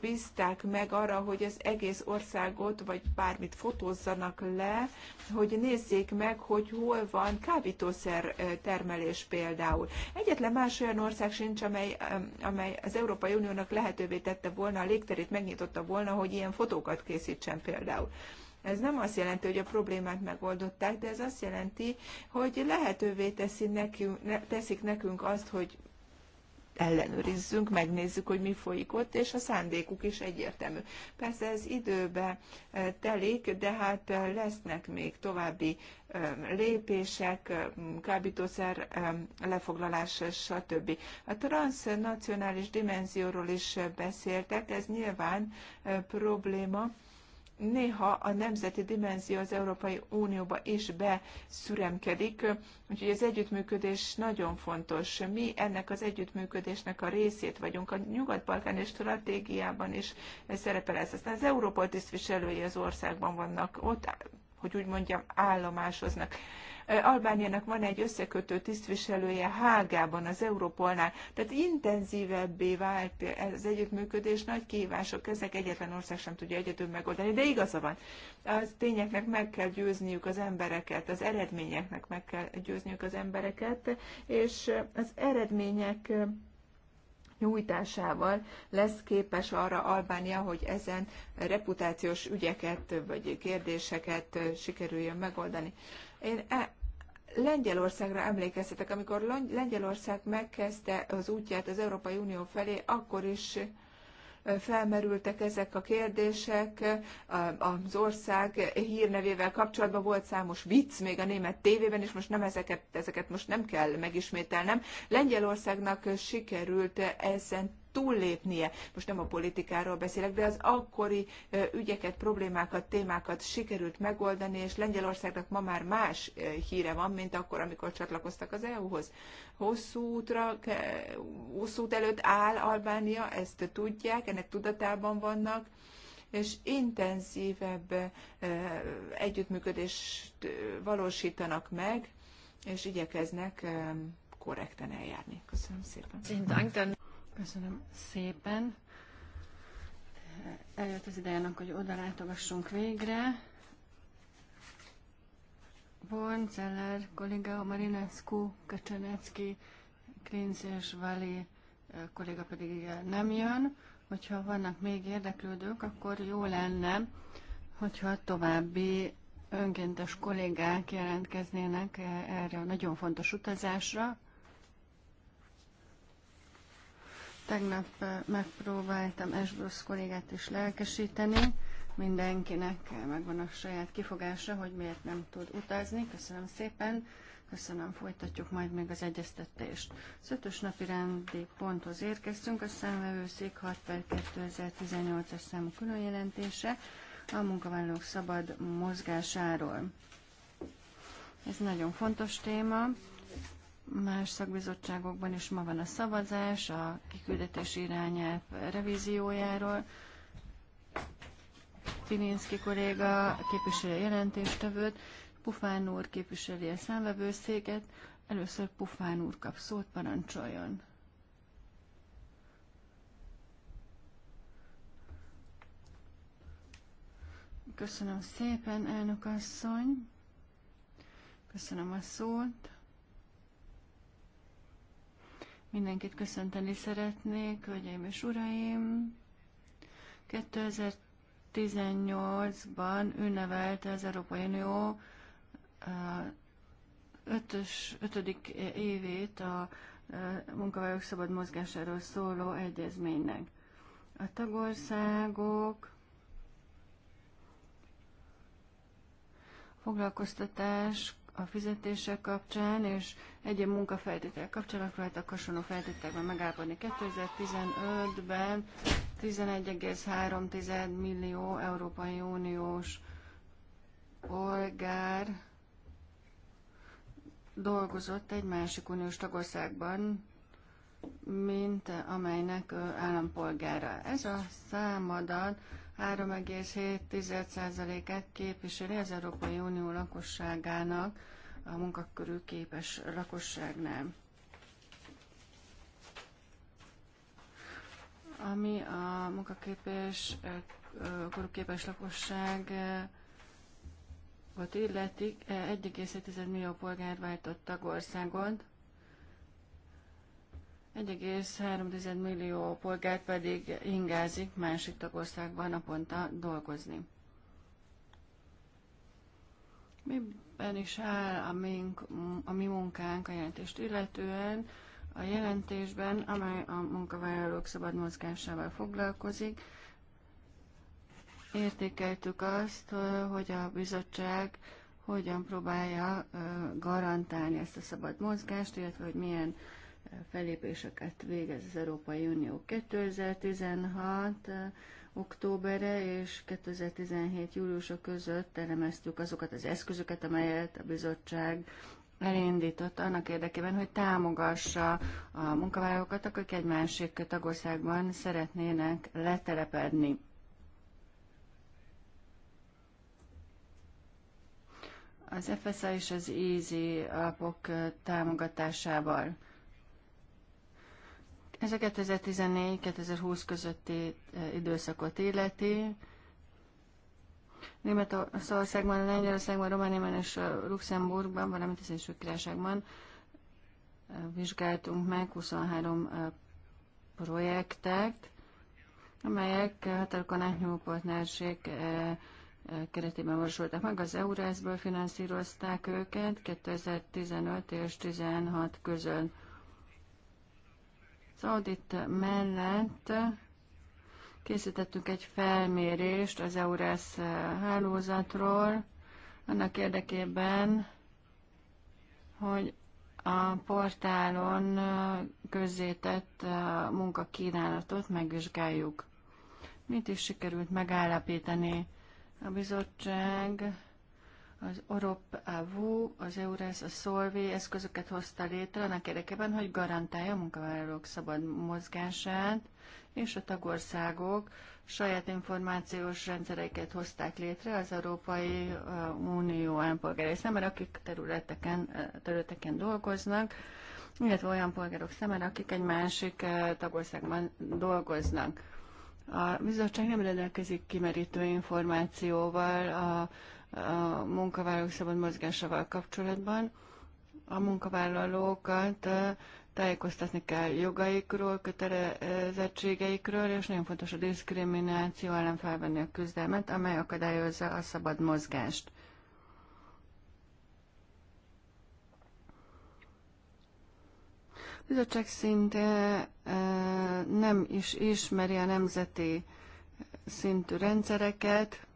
S1: bízták meg arra, hogy az egész országot, vagy bármit fotózzanak le, hogy nézzék meg, hogy hol van kábítószer termelés például. Egyetlen más olyan ország sincs, amely, amely az Európai Uniónak lehetővé tette volna, a légterét megnyitotta volna, hogy ilyen fotókat készítsen például. Ez nem azt jelenti, hogy a problémát megoldották, de ez azt jelenti, hogy lehetővé teszi nekünk, teszik nekünk azt, hogy ellenőrizzünk, megnézzük, hogy mi folyik ott, és a szándékuk is egyértelmű. Persze ez időbe eh, telik, de hát eh, lesznek még további eh, lépések, kábítószer lefoglalás, stb. A transnacionális dimenzióról is beszéltek, ez nyilván probléma, néha a nemzeti dimenzió az Európai Unióba is beszüremkedik, úgyhogy az együttműködés nagyon fontos. Mi ennek az együttműködésnek a részét vagyunk. A nyugat-balkáni stratégiában is szerepel ez. Aztán az Európa tisztviselői az országban vannak, ott hogy úgy mondjam, állomásoznak. Albániának van egy összekötő tisztviselője Hágában, az Európolnál, tehát intenzívebbé vált ez az együttműködés, nagy kihívások, ezek egyetlen ország sem tudja egyedül megoldani, de igaza van. Az tényeknek meg kell győzniük az embereket, az eredményeknek meg kell győzniük az embereket, és az eredmények nyújtásával lesz képes arra Albánia, hogy ezen reputációs ügyeket vagy kérdéseket sikerüljön megoldani. Én e- Lengyelországra emlékeztetek, amikor Lengyelország megkezdte az útját az Európai Unió felé, akkor is felmerültek ezek a kérdések, az ország hírnevével kapcsolatban volt számos vicc még a német tévében, és most nem ezeket, ezeket most nem kell megismételnem. Lengyelországnak sikerült ezen túllépnie. Most nem a politikáról beszélek, de az akkori ügyeket, problémákat, témákat sikerült megoldani, és Lengyelországnak ma már más híre van, mint akkor, amikor csatlakoztak az EU-hoz. Hosszú, útra, hosszú út előtt áll Albánia, ezt tudják, ennek tudatában vannak és intenzívebb együttműködést valósítanak meg, és igyekeznek
S4: korrekten eljárni. Köszönöm szépen. Köszönöm szépen. Eljött az ideje hogy oda látogassunk végre. Von Zeller, kolléga Marinescu, Kacsenecki, Klinz és Vali kolléga pedig nem jön. Hogyha vannak még érdeklődők, akkor jó lenne, hogyha további önkéntes kollégák jelentkeznének erre a nagyon fontos utazásra, Tegnap megpróbáltam Esbrusz kollégát is lelkesíteni. Mindenkinek megvan a saját kifogása, hogy miért nem tud utazni. Köszönöm szépen. Köszönöm, folytatjuk majd még az egyeztetést. Az ötös napi rendi ponthoz érkeztünk, a számvevőszék 6 per 2018-as számú különjelentése a munkavállalók szabad mozgásáról. Ez nagyon fontos téma más szakbizottságokban is ma van a szavazás a kiküldetés irányelv revíziójáról. Pininszki kolléga képviseli a jelentéstevőt, Pufán úr képviseli a számvevőszéget. Először Pufán úr kap szót, parancsoljon. Köszönöm szépen, elnök asszony. Köszönöm a szót. Mindenkit köszönteni szeretnék, hölgyeim és uraim. 2018-ban ünnevelte az Európai Unió ötös, ötödik évét a munkavállalók szabad mozgásáról szóló egyezménynek. A tagországok foglalkoztatás a fizetések kapcsán és egyéb munkafeltételek kapcsán hát a kasonó feltételekben megállapodni. 2015-ben 11,3 millió Európai Uniós polgár dolgozott egy másik uniós tagországban, mint amelynek állampolgára. Ez a számadat 37 et képviseli az Európai Unió lakosságának a munkakörül képes lakosságnál. Ami a munkaképes, korúképes lakosság volt illetik, 1,7 millió polgár váltott tagországot, 1,3 millió polgár pedig ingázik másik tagországban naponta dolgozni. Miben is áll a, mink, a mi munkánk a jelentést illetően? A jelentésben, amely a munkavállalók szabad mozgásával foglalkozik, értékeltük azt, hogy a bizottság hogyan próbálja garantálni ezt a szabad mozgást, illetve hogy milyen felépéseket végez az Európai Unió 2016 eh, októbere és 2017 júliusa között elemeztük azokat az eszközöket, amelyet a bizottság elindított annak érdekében, hogy támogassa a munkavállalókat, akik egy másik tagországban szeretnének letelepedni. Az FSA és az EASY alapok eh, támogatásával. Ez a 2014-2020 közötti eh, időszakot illeti. Németországban, Lengyelországban, Romániában és eh, Luxemburgban, valamint az Egyesült Királyságban eh, vizsgáltunk meg 23 projektet, amelyek határokon átnyúló partnerség keretében valósultak meg. Az Eurászből finanszírozták őket 2015 és 16 között. Az audit mellett készítettünk egy felmérést az EURES hálózatról, annak érdekében, hogy a portálon közzétett munkakínálatot megvizsgáljuk. Mit is sikerült megállapítani? A bizottság az Orop AVU, az EURES, a Solvay eszközöket hozta létre annak érdekében, hogy garantálja a munkavállalók szabad mozgását, és a tagországok saját információs rendszereiket hozták létre az Európai Unió állampolgárai számára, akik területeken, területeken dolgoznak, illetve olyan polgárok számára, akik egy másik tagországban dolgoznak. A bizottság nem rendelkezik kimerítő információval a a munkavállalók szabad mozgásával kapcsolatban. A munkavállalókat tájékoztatni kell jogaikról, kötelezettségeikről, és nagyon fontos a diszkrimináció ellen felvenni a küzdelmet, amely akadályozza a szabad mozgást. A bizottság szinte nem is ismeri a nemzeti szintű rendszereket,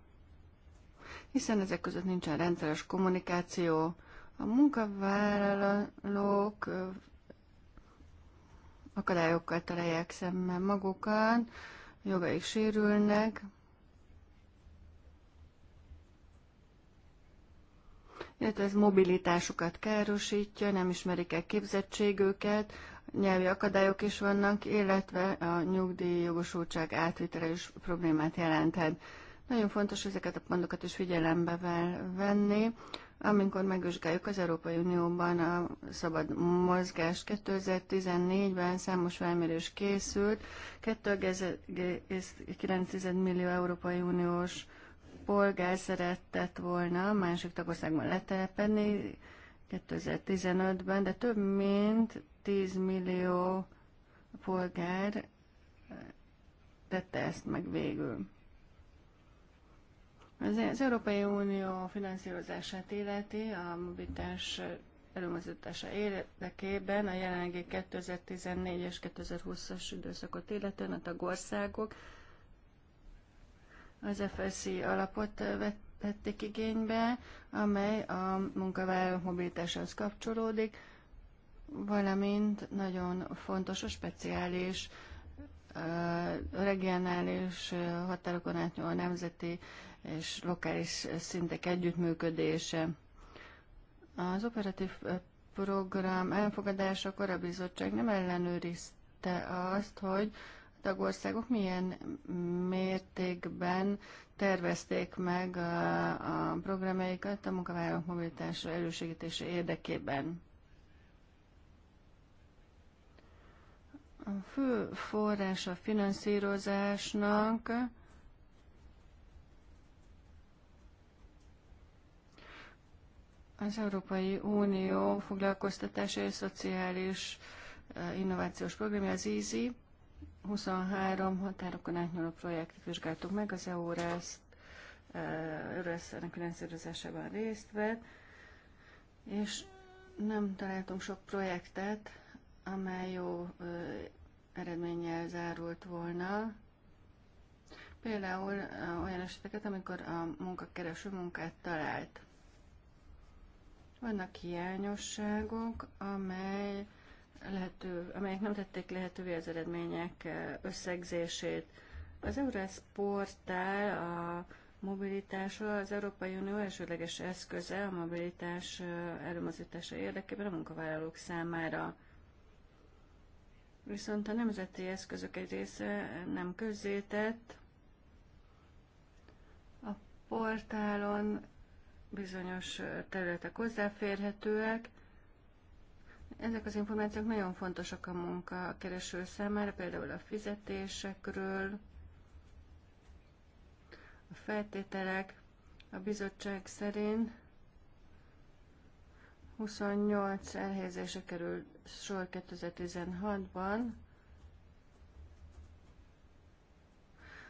S4: hiszen ezek között nincsen rendszeres kommunikáció. A munkavállalók akadályokkal találják szemben magukat, jogaik sérülnek, illetve ez mobilitásukat károsítja, nem ismerik el képzettségüket, nyelvi akadályok is vannak, illetve a nyugdíjjogosultság átvitele is problémát jelenthet. Nagyon fontos ezeket a pontokat is figyelembe venni, amikor megvizsgáljuk az Európai Unióban a szabad mozgás. 2014-ben számos felmérés készült, 2,9 millió Európai Uniós polgár szerettett volna másik tagországban letelepedni 2015-ben, de több mint 10 millió polgár tette ezt meg végül. Az, az Európai Unió finanszírozását illeti a mobilitás előmozdítása érdekében a jelenlegi 2014 és 2020-as időszakot illetően a tagországok az FSI alapot vették igénybe, amely a munkavállalók mobilitásához kapcsolódik, valamint nagyon fontos a speciális regionális határokon átnyúló nemzeti és lokális szintek együttműködése. Az operatív program elfogadásakor a bizottság nem ellenőrizte azt, hogy a tagországok milyen mértékben tervezték meg a, a programjaikat a munkavállalók mobilitása elősegítése érdekében. A fő forrás a finanszírozásnak Az Európai Unió foglalkoztatása és szociális innovációs programja, az EASY, 23 határokon átnyúló projektet vizsgáltuk meg, az EURES ennek finanszírozásában részt vett, és nem találtunk sok projektet, amely jó eredménnyel zárult volna. Például olyan eseteket, amikor a munkakereső munkát talált. Vannak hiányosságok, amely lehető, amelyek nem tették lehetővé az eredmények összegzését. Az Eurász portál a mobilitásról az Európai Unió elsődleges eszköze a mobilitás előmozítása érdekében a munkavállalók számára. Viszont a nemzeti eszközök egy része nem közzétett. A portálon bizonyos területek hozzáférhetőek. Ezek az információk nagyon fontosak a munka kereső számára, például a fizetésekről, a feltételek a bizottság szerint 28 elhelyezése kerül sor 2016-ban.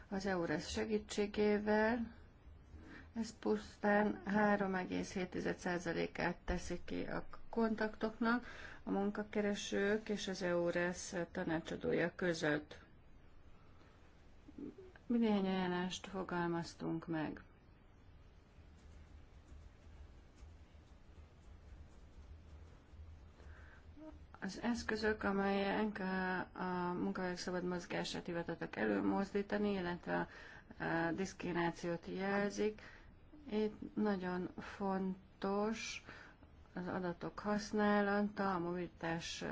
S4: Az EURES segítségével ez pusztán 3,7%-át teszi ki a kontaktoknak a munkakeresők és az EURES tanácsadója között. Milyen ajánlást fogalmaztunk meg. Az eszközök, amelyek a, a munkahelyek szabad mozgását hivatottak előmozdítani, illetve a, a diszkriminációt jelzik, itt nagyon fontos az adatok használata, a mobilitás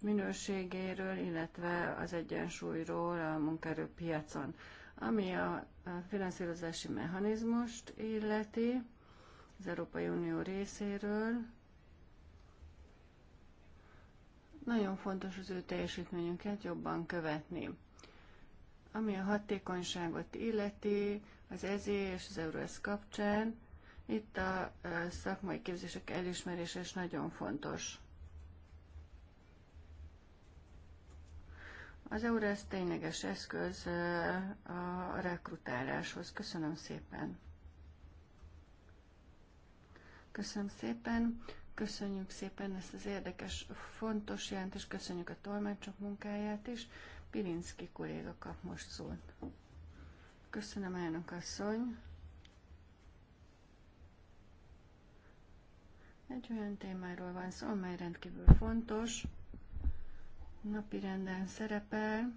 S4: minőségéről, illetve az egyensúlyról a munkaerőpiacon.
S3: Ami a
S4: finanszírozási mechanizmust illeti az Európai Unió részéről, nagyon fontos az ő teljesítményünket jobban követni. Ami a hatékonyságot illeti, az EZI és az EURES kapcsán. Itt a szakmai képzések elismerése is nagyon fontos. Az EURES tényleges eszköz a rekrutáláshoz. Köszönöm szépen! Köszönöm szépen! Köszönjük szépen ezt az érdekes, fontos jelentést, köszönjük a tolmácsok munkáját is. Pirinszki kolléga kap most szót. Köszönöm, elnök asszony. Egy olyan témáról van szó, amely rendkívül fontos, napi renden szerepel.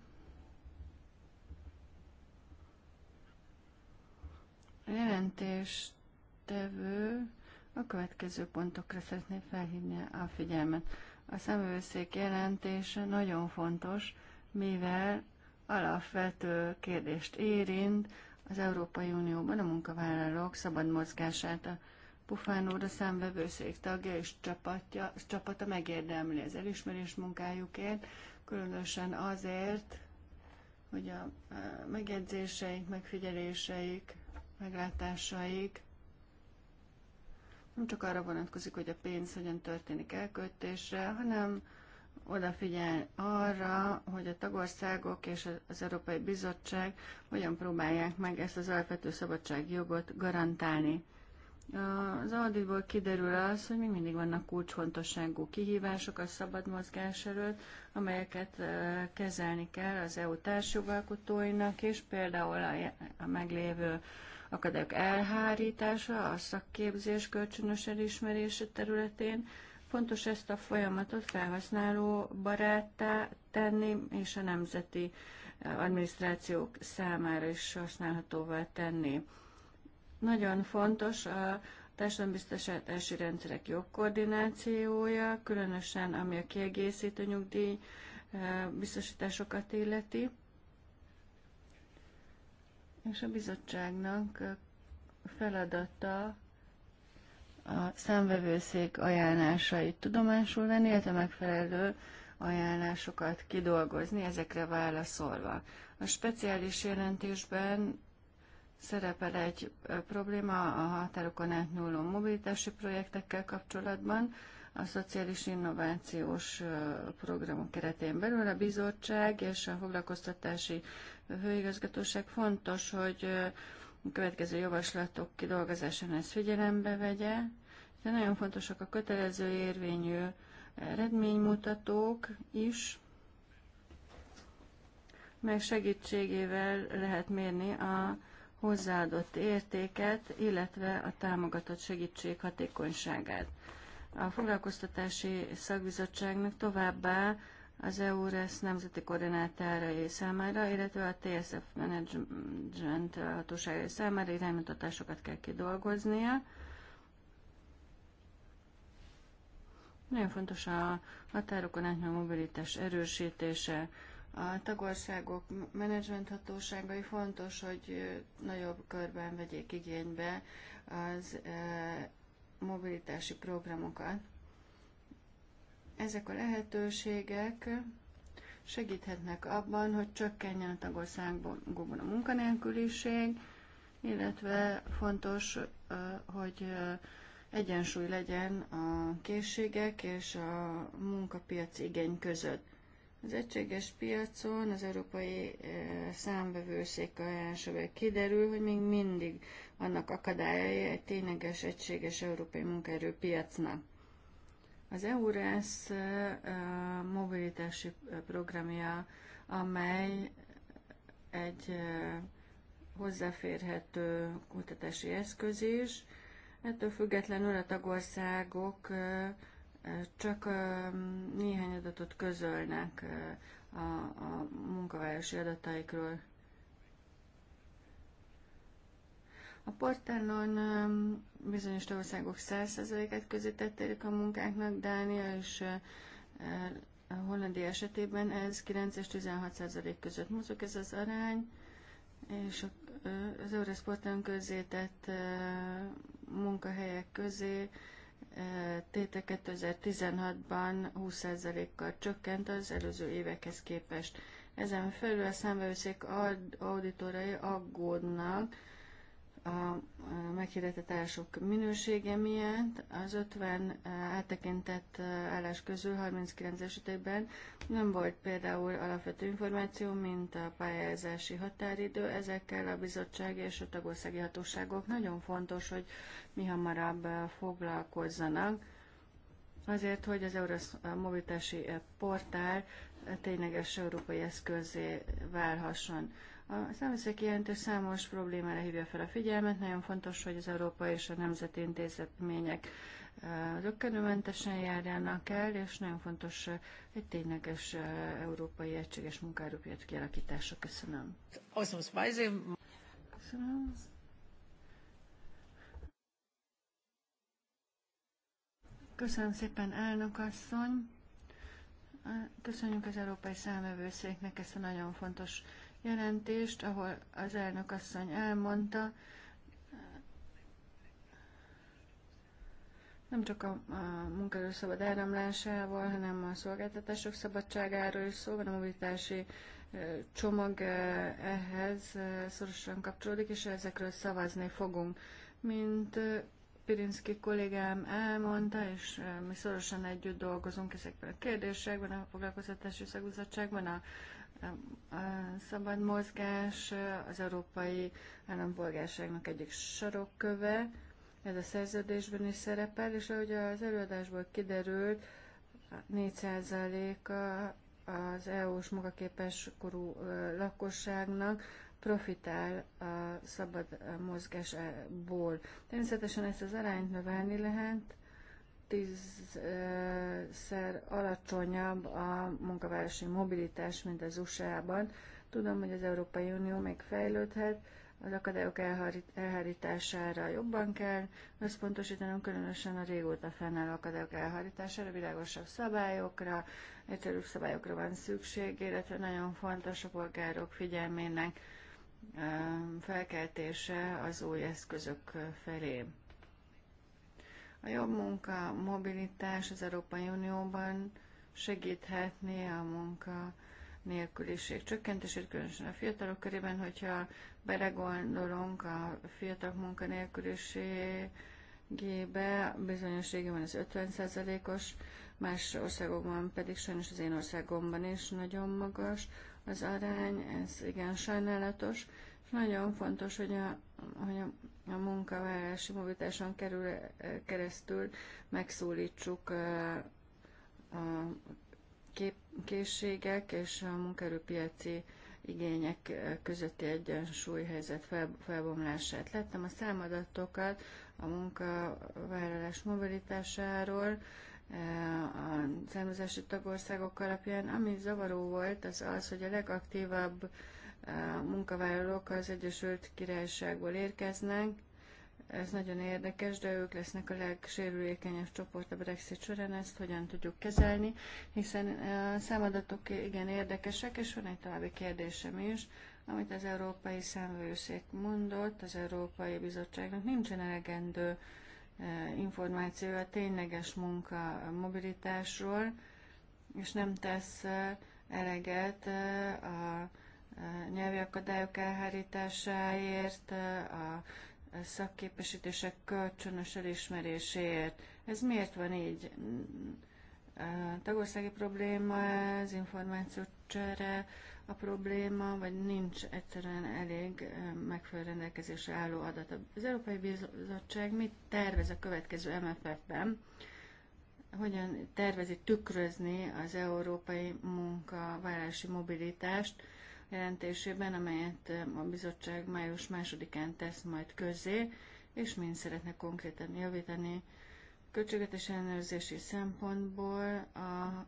S4: A jelentéstevő a következő pontokra szeretné felhívni a figyelmet. A szemőszék jelentése nagyon fontos, mivel alapvető kérdést érint az Európai Unióban a munkavállalók szabad mozgását. A Pufán úr a számvevőszék tagja és csapatja, csapata megérdemli az elismerés munkájukért, különösen azért, hogy a megjegyzéseik, megfigyeléseik, meglátásaik nem csak arra vonatkozik, hogy a pénz hogyan történik elköltésre, hanem odafigyel arra, hogy a tagországok és az Európai Bizottság hogyan próbálják meg ezt az alapvető szabadságjogot garantálni. Az auditból kiderül az, hogy még mindig vannak kulcsfontosságú kihívások a szabad mozgás előtt, amelyeket kezelni kell az EU társjogalkotóinak és például a meglévő akadályok elhárítása, a szakképzés kölcsönös elismerése területén, Fontos ezt a folyamatot felhasználó baráttá tenni, és a nemzeti eh, adminisztrációk számára is használhatóvá tenni. Nagyon fontos a társadalombiztosítási rendszerek jogkoordinációja, koordinációja, különösen ami a kiegészítő nyugdíj eh, biztosításokat illeti. És a bizottságnak eh, feladata a számvevőszék ajánlásait tudomásul venni, illetve megfelelő ajánlásokat kidolgozni, ezekre válaszolva. A speciális jelentésben szerepel egy probléma a határokon átnyúló mobilitási projektekkel kapcsolatban, a szociális innovációs programok keretén belül a bizottság és a foglalkoztatási főigazgatóság fontos, hogy a következő javaslatok kidolgozásán ezt figyelembe vegye. De nagyon fontosak a kötelező érvényű eredménymutatók is, mely segítségével lehet mérni a hozzáadott értéket, illetve a támogatott segítség hatékonyságát. A foglalkoztatási szakbizottságnak továbbá az EURES nemzeti koordinátárai számára, illetve a TSF Management hatóságai számára iránymutatásokat kell kidolgoznia. Nagyon fontos a határokon átnyúló mobilitás erősítése. A tagországok menedzsment hatóságai fontos, hogy nagyobb körben vegyék igénybe az eh, mobilitási programokat. Ezek a lehetőségek segíthetnek abban, hogy csökkenjen a tagországban a munkanélküliség, illetve fontos, hogy egyensúly legyen a készségek és a munkapiaci igény között. Az egységes piacon az európai számbevőszék ajánlásával kiderül, hogy még mindig annak akadályai egy tényleges egységes európai munkaerőpiacnak. Az EURES mobilitási programja, amely egy hozzáférhető kutatási eszköz is. Ettől függetlenül a tagországok csak néhány adatot közölnek a, a munkavárosi adataikról. A portálon um, bizonyos országok 100%-át közé tették a munkáknak, Dánia és uh, uh, a Hollandia esetében ez 9 és 16% között mozog ez az arány, és uh, az Eurosporton közzétett munkahelyek közé téte 2016-ban 20%-kal csökkent az előző évekhez képest. Ezen felül a számbevőszék auditorai aggódnak, a meghirdetett állások minősége miatt az 50 áttekintett állás közül 39 esetében nem volt például alapvető információ, mint a pályázási határidő. Ezekkel a bizottság és a tagországi hatóságok nagyon fontos, hogy mi hamarabb foglalkozzanak, azért, hogy az Eurosz mobilitási portál tényleges európai eszközé válhasson. A számviszek jelentős számos problémára hívja fel a figyelmet. Nagyon fontos, hogy az Európai és a Nemzeti Intézetmények rökkenőmentesen járjanak el, és nagyon fontos egy tényleges európai egységes munkárupiac kialakítása. Köszönöm. Köszönöm. Köszönöm szépen, elnök asszony. Köszönjük az Európai Számövőszéknek ezt a nagyon fontos jelentést, ahol az elnök asszony elmondta, nem csak a, a munkaerő szabad áramlásával, hanem a szolgáltatások szabadságáról is szó van, a mobilitási csomag ehhez szorosan kapcsolódik, és ezekről szavazni fogunk. Mint Pirinszki kollégám elmondta, és mi szorosan együtt dolgozunk ezekben a kérdésekben, a foglalkoztatási szakbizottságban, a a szabad mozgás az európai állampolgárságnak egyik sarokköve, ez a szerződésben is szerepel, és ahogy az előadásból kiderült, 4%-a az EU-s munkaképes korú lakosságnak profitál a szabad mozgásból. Természetesen ezt az arányt növelni lehet, tízszer alacsonyabb a munkavárosi mobilitás, mint az USA-ban. Tudom, hogy az Európai Unió még fejlődhet, az akadályok elhárítására jobban kell összpontosítanunk, különösen a régóta fennálló akadályok elhárítására, világosabb szabályokra, egyszerűbb szabályokra van szükség, illetve nagyon fontos a polgárok figyelmének felkeltése az új eszközök felé. A jobb munka, mobilitás az Európai Unióban segíthetné a munka nélküliség csökkentését, különösen a fiatalok körében, hogyha belegondolunk a fiatalok munkanélküliségébe, bizonyos régióban az 50%-os, más országokban pedig sajnos az én országomban is nagyon magas az arány, ez igen sajnálatos. És nagyon fontos, hogy a, hogy a a munkavállalási mobilitáson kerül, eh, keresztül megszólítsuk eh, a kép, készségek és a munkaerőpiaci igények eh, közötti egyensúlyhelyzet fel, felbomlását. Láttam a számadatokat a munkavállalás mobilitásáról, a származási tagországok alapján. Ami zavaró volt, az az, hogy a legaktívabb a munkavállalók az Egyesült Királyságból érkeznek. Ez nagyon érdekes, de ők lesznek a legsérülékenyebb csoport a Brexit során, ezt hogyan tudjuk kezelni, hiszen e, a számadatok igen érdekesek, és van egy további kérdésem is, amit az Európai Számvőszék mondott, az Európai Bizottságnak nincsen elegendő e, információ a tényleges munka mobilitásról, és nem tesz e, eleget a nyelvi akadályok elhárításáért, a szakképesítések kölcsönös elismeréséért. Ez miért van így? tagországi probléma, az csere a probléma, vagy nincs egyszerűen elég megfelelő rendelkezésre álló adat. Az Európai Bizottság mit tervez a következő MFF-ben? Hogyan tervezi tükrözni az európai munkavállalási mobilitást? jelentésében, amelyet eh, a bizottság május másodikán tesz majd közzé, és mind szeretne konkrétan javítani költségvetés ellenőrzési szempontból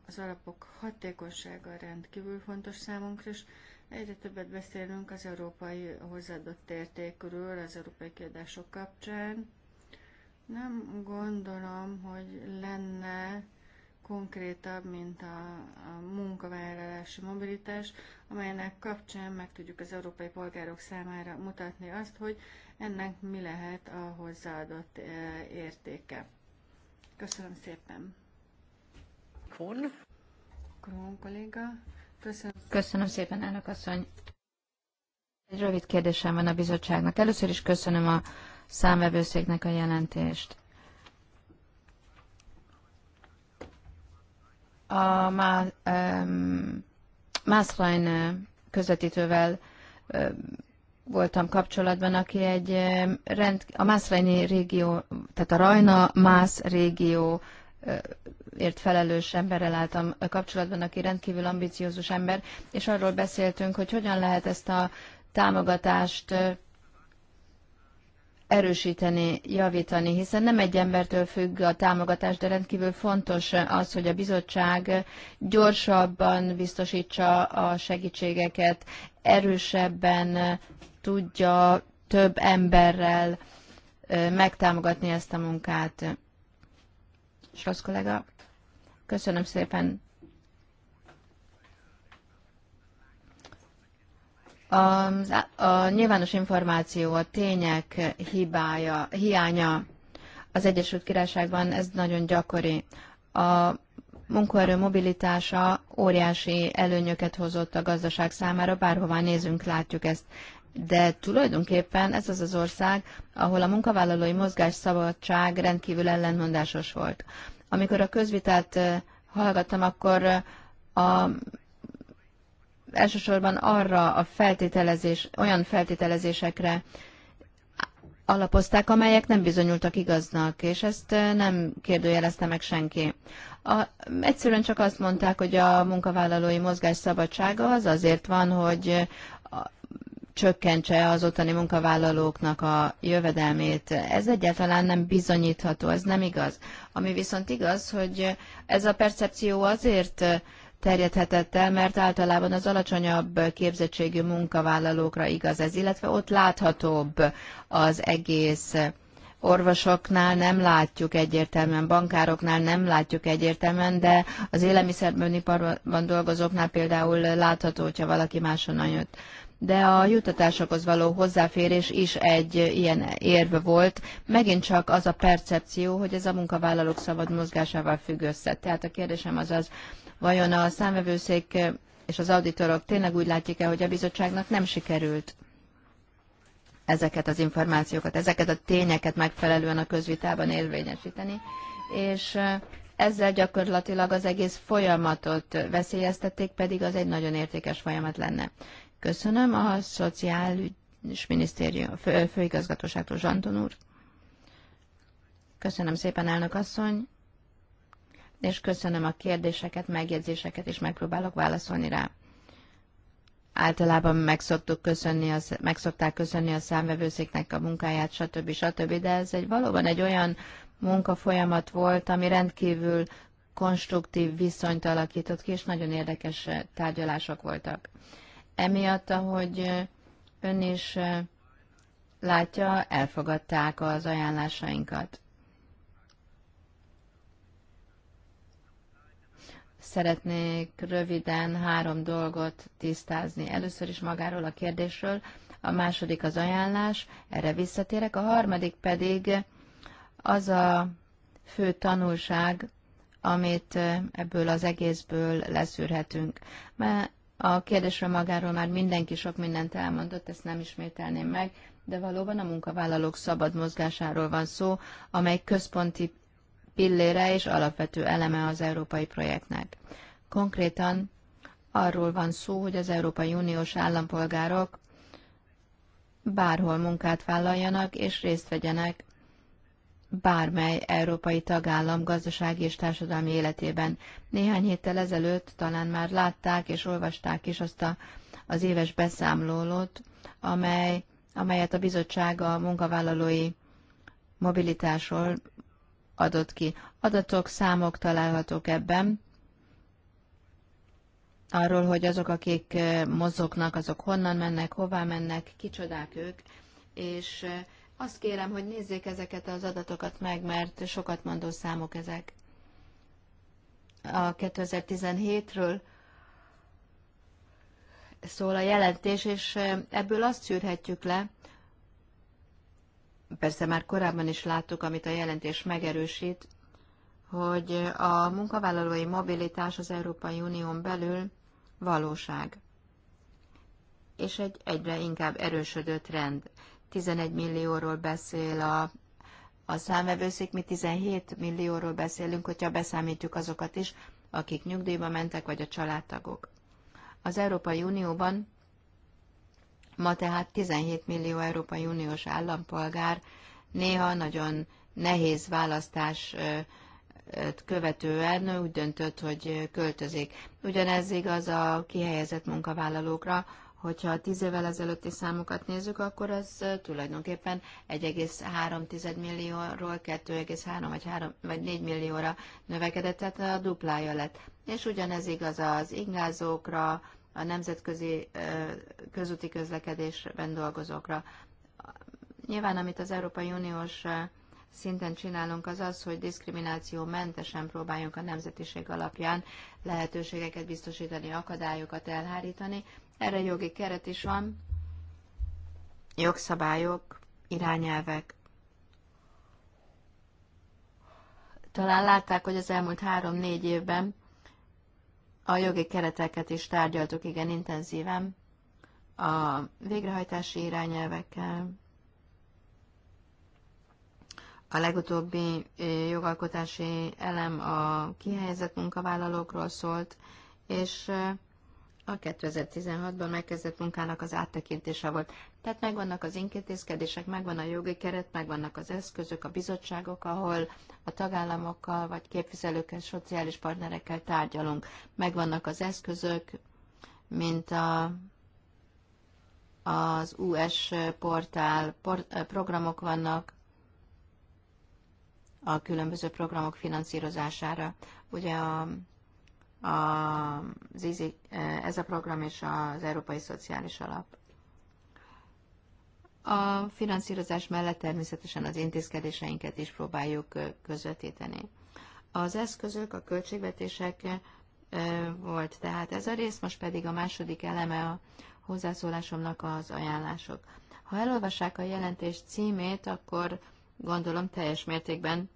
S4: az alapok hatékonysága rendkívül fontos számunkra, és egyre többet beszélünk az európai hozzáadott értékről, az európai kiadások kapcsán. Nem gondolom, hogy lenne konkrétabb, mint a, a munkavállalási mobilitás, amelynek kapcsán meg tudjuk az európai polgárok számára mutatni azt, hogy ennek mi lehet a hozzáadott e, értéke. Köszönöm szépen. Kron. Kron kolléga. Köszönöm. Köszönöm
S2: szépen, elnök asszony. Egy rövid kérdésem van a bizottságnak. Először is köszönöm a számvevőszéknek a jelentést. a Mászlajn eh, közvetítővel eh, voltam kapcsolatban, aki egy rend, a Mászlajni régió, tehát a Rajna Mász régió eh, ért felelős emberrel álltam kapcsolatban, aki rendkívül ambiciózus ember, és arról beszéltünk, hogy hogyan lehet ezt a támogatást erősíteni, javítani, hiszen nem egy embertől függ a támogatás, de rendkívül fontos az, hogy a bizottság gyorsabban biztosítsa a segítségeket, erősebben tudja több emberrel megtámogatni ezt a munkát. Srossz kollega, köszönöm szépen. A, a nyilvános információ, a tények hibája, hiánya az Egyesült Királyságban ez nagyon gyakori. A munkaerő mobilitása óriási előnyöket hozott a gazdaság számára, bárhová nézünk, látjuk ezt. De tulajdonképpen ez az az ország, ahol a munkavállalói mozgásszabadság rendkívül ellentmondásos volt. Amikor a közvitát eh, hallgattam, akkor eh, a elsősorban arra a feltételezés, olyan feltételezésekre alapozták, amelyek nem bizonyultak igaznak, és ezt eh, nem kérdőjelezte meg senki. A, egyszerűen csak azt mondták, hogy a munkavállalói mozgás szabadsága az azért van, hogy eh, a, csökkentse az ottani munkavállalóknak a jövedelmét. Ez egyáltalán nem bizonyítható, ez nem igaz. Ami viszont igaz, hogy ez a percepció azért eh, terjedhetett el, mert általában az alacsonyabb képzettségű munkavállalókra igaz ez, illetve ott láthatóbb az egész orvosoknál nem látjuk egyértelműen, bankároknál nem látjuk egyértelműen, de az élelmiszerben iparban dolgozóknál például látható, hogyha valaki máshonnan jött. De a jutatásokhoz való hozzáférés is egy ilyen érv volt. Megint csak az a percepció, hogy ez a munkavállalók szabad mozgásával függ össze. Tehát a kérdésem az az, Vajon a számvevőszék és az auditorok tényleg úgy látják-e, hogy a bizottságnak nem sikerült ezeket az információkat, ezeket a tényeket megfelelően a közvitában érvényesíteni, és ezzel gyakorlatilag az egész folyamatot veszélyeztették, pedig az egy nagyon értékes folyamat lenne. Köszönöm a Szociális Minisztérium fő, főigazgatóságtól, Zsanton úr. Köszönöm szépen, elnök asszony és köszönöm a kérdéseket, megjegyzéseket, és megpróbálok válaszolni rá. Általában meg, köszönni a, szokták köszönni a számvevőszéknek a munkáját, stb. stb. De ez egy valóban egy olyan munkafolyamat volt, ami rendkívül konstruktív viszonyt alakított ki, és nagyon érdekes eh, tárgyalások voltak. Emiatt, ahogy eh, ön is eh, látja, elfogadták az ajánlásainkat. szeretnék röviden három dolgot tisztázni. Először is magáról a kérdésről, a második az ajánlás, erre visszatérek, a harmadik pedig az a fő tanulság, amit ebből az egészből leszűrhetünk. Mert a kérdésről magáról már mindenki sok mindent elmondott, ezt nem ismételném meg, de valóban a munkavállalók szabad mozgásáról van szó, amely központi pillére és alapvető eleme az európai projektnek. Konkrétan arról van szó, hogy az Európai Uniós állampolgárok bárhol munkát vállaljanak és részt vegyenek bármely európai tagállam gazdasági és társadalmi életében. Néhány héttel ezelőtt talán már látták és olvasták is azt a, az éves beszámlólót, amely, amelyet a bizottság a munkavállalói mobilitásról adott ki. Adatok, számok találhatók ebben, arról, hogy azok, akik mozognak, azok honnan mennek, hová mennek, kicsodák ők, és azt kérem, hogy nézzék ezeket az adatokat meg, mert sokat mondó számok ezek. A 2017-ről szól a jelentés, és ebből azt szűrhetjük le, persze már korábban is láttuk, amit a jelentés megerősít, hogy a munkavállalói mobilitás az Európai Unión belül valóság, és egy egyre inkább erősödő trend. 11 millióról beszél a, a számvevőszék, mi 17 millióról beszélünk, hogyha beszámítjuk azokat is, akik nyugdíjba mentek, vagy a családtagok. Az Európai Unióban Ma tehát 17 millió Európai Uniós állampolgár néha nagyon nehéz választás követően úgy döntött, hogy költözik. Ugyanez igaz a kihelyezett munkavállalókra, hogyha a 10 évvel ezelőtti számokat nézzük, akkor az tulajdonképpen 1,3 millióról 2,3 vagy, 3, vagy 4 millióra növekedett, tehát a duplája lett. És ugyanez igaz az ingázókra, a nemzetközi közúti közlekedésben dolgozókra. Nyilván, amit az Európai Uniós szinten csinálunk, az az, hogy diszkrimináció mentesen próbáljunk a nemzetiség alapján lehetőségeket biztosítani, akadályokat elhárítani. Erre jogi keret is van, jogszabályok, irányelvek. Talán látták, hogy az elmúlt három-négy évben a jogi kereteket is tárgyaltuk igen intenzíven, a végrehajtási irányelvekkel, a legutóbbi eh, jogalkotási elem a kihelyezett munkavállalókról szólt, és eh, a 2016-ban megkezdett munkának az áttekintése volt. Tehát megvannak az intézkedések, megvan a jogi keret, megvannak az eszközök, a bizottságok, ahol a tagállamokkal vagy képviselőkkel, szociális partnerekkel tárgyalunk. Megvannak az eszközök, mint a, az US portál, por, eh, programok vannak, a különböző programok finanszírozására. Ugye a az IZI, eh, ez a program és az Európai Szociális Alap. A finanszírozás mellett természetesen az intézkedéseinket is próbáljuk eh, közvetíteni. Az eszközök, a költségvetések eh, volt tehát ez a rész, most pedig a második eleme a hozzászólásomnak az ajánlások. Ha elolvassák a jelentés címét, akkor gondolom teljes mértékben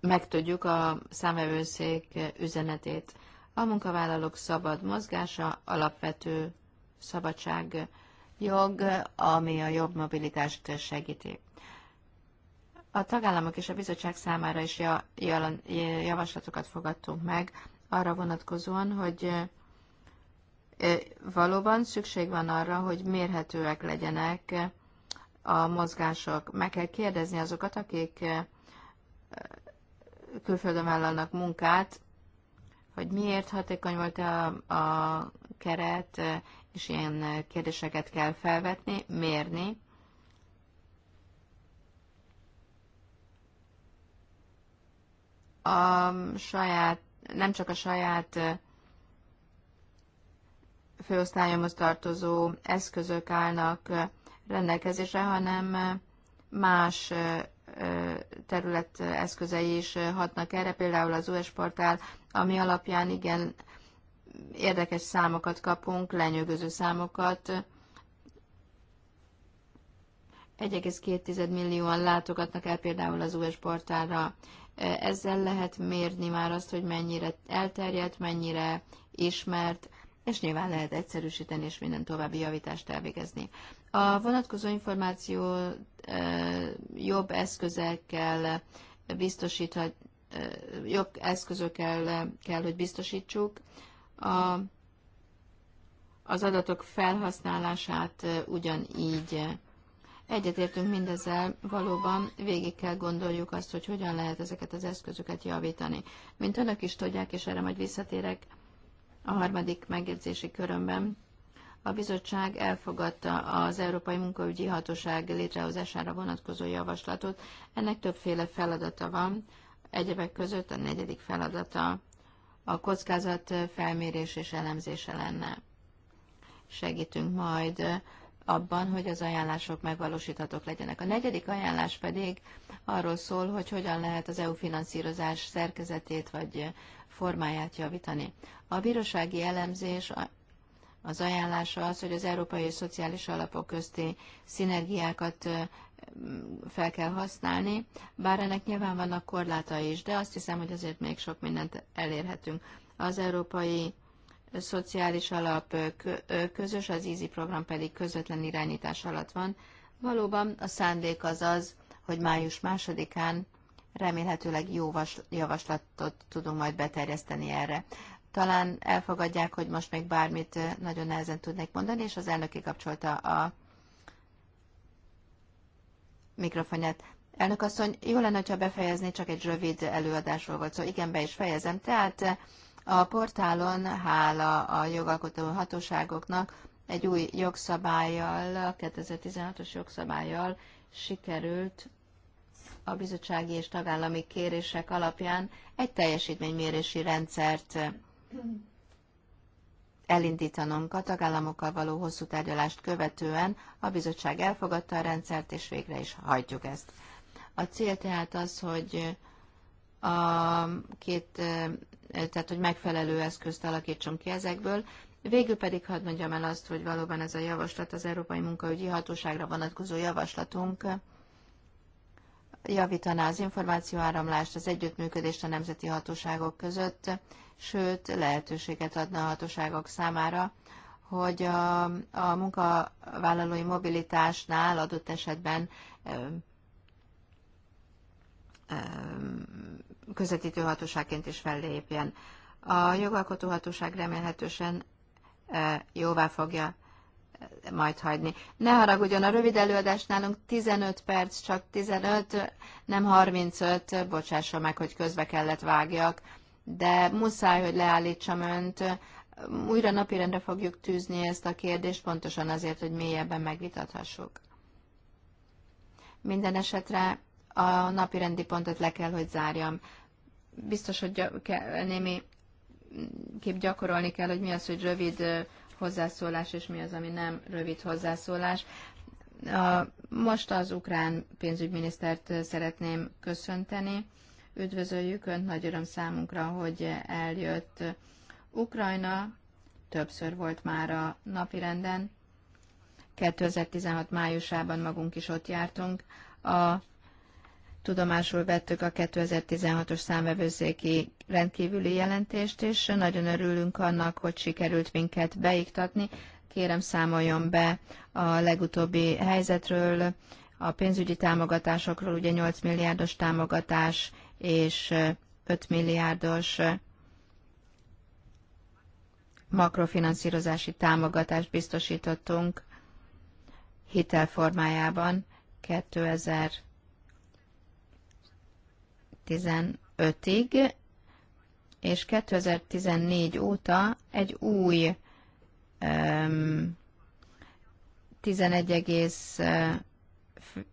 S2: megtudjuk a számvevőszék üzenetét. A munkavállalók szabad mozgása alapvető szabadság jog, ami a jobb mobilitást segíti. A tagállamok és a bizottság számára is javaslatokat fogadtunk meg arra vonatkozóan, hogy valóban szükség van arra, hogy mérhetőek legyenek a mozgások. Meg kell kérdezni azokat, akik külföldön vállalnak munkát, hogy miért hatékony volt a, a keret, és ilyen kérdéseket kell felvetni, mérni. A saját, nem csak a saját főosztályomhoz tartozó eszközök állnak rendelkezésre, hanem más terület eszközei is hatnak erre, például az US portál, ami alapján igen érdekes számokat kapunk, lenyűgöző számokat. 1,2 millióan látogatnak el például az US portálra. Ezzel lehet mérni már azt, hogy mennyire elterjedt, mennyire ismert, és nyilván lehet egyszerűsíteni és minden további javítást elvégezni. A vonatkozó információ jobb eszközekkel biztosíthat, jobb eszközökkel kell, hogy biztosítsuk. A, az adatok felhasználását ugyanígy Egyetértünk mindezzel, valóban végig kell gondoljuk azt, hogy hogyan lehet ezeket az eszközöket javítani. Mint önök is tudják, és erre majd visszatérek a harmadik megjegyzési körömben, a bizottság elfogadta az Európai Munkaügyi Hatóság létrehozására vonatkozó javaslatot. Ennek többféle feladata van, egyebek között a negyedik feladata a kockázat felmérés és elemzése lenne. Segítünk majd abban, hogy az ajánlások megvalósíthatók legyenek. A negyedik ajánlás pedig arról szól, hogy hogyan lehet az EU finanszírozás szerkezetét vagy formáját javítani. A bírósági elemzés az ajánlása az, hogy az európai és szociális alapok közti szinergiákat fel kell használni, bár ennek nyilván vannak korlátai is, de azt hiszem, hogy azért még sok mindent elérhetünk. Az európai szociális alap közös, az EASY program pedig közvetlen irányítás alatt van. Valóban a szándék az az, hogy május másodikán remélhetőleg jó javaslatot tudunk majd beterjeszteni erre talán elfogadják, hogy most még bármit nagyon nehezen tudnék mondani, és az elnök kikapcsolta a mikrofonját. Elnök asszony, jó lenne, ha befejezni, csak egy rövid előadásról volt szó. Szóval igen, be is fejezem. Tehát a portálon, hála a jogalkotó hatóságoknak, egy új jogszabályjal, a 2016-os jogszabályjal sikerült a bizottsági és tagállami kérések alapján egy teljesítménymérési rendszert elindítanunk a tagállamokkal való hosszú tárgyalást követően. A bizottság elfogadta a rendszert, és végre is hagyjuk ezt. A cél tehát az, hogy a két, tehát hogy megfelelő eszközt alakítsunk ki ezekből, Végül pedig hadd mondjam el azt, hogy valóban ez a javaslat, az Európai Munkaügyi Hatóságra vonatkozó javaslatunk javítaná az információáramlást, az együttműködést a nemzeti hatóságok között, sőt lehetőséget adna a hatóságok számára, hogy a, a munkavállalói mobilitásnál adott esetben ö, ö, közvetítő hatóságként is fellépjen. A jogalkotó hatóság remélhetősen ö, e, jóvá fogja e, majd hagyni. Ne haragudjon, a rövid előadás nálunk 15 perc, csak 15, nem 35, bocsássa meg, hogy közbe kellett vágjak de muszáj, hogy leállítsam önt. Újra napirendre fogjuk tűzni ezt a kérdést, pontosan azért, hogy mélyebben megvitathassuk. Minden esetre a napirendi pontot le kell, hogy zárjam. Biztos, hogy kell, némi kép gyakorolni kell, hogy mi az, hogy rövid hozzászólás, és mi az, ami nem rövid hozzászólás. Most az ukrán pénzügyminisztert szeretném köszönteni. Üdvözöljük Önt, nagy öröm számunkra, hogy eljött Ukrajna, többször volt már a napirenden. 2016 májusában magunk is ott jártunk. A tudomásul vettük a 2016-os számvevőszéki rendkívüli jelentést, és nagyon örülünk annak, hogy sikerült minket beiktatni. Kérem számoljon be a legutóbbi helyzetről, a pénzügyi támogatásokról, ugye 8 milliárdos támogatás és 5 milliárdos makrofinanszírozási támogatást biztosítottunk hitelformájában 2015-ig, és 2014 óta egy új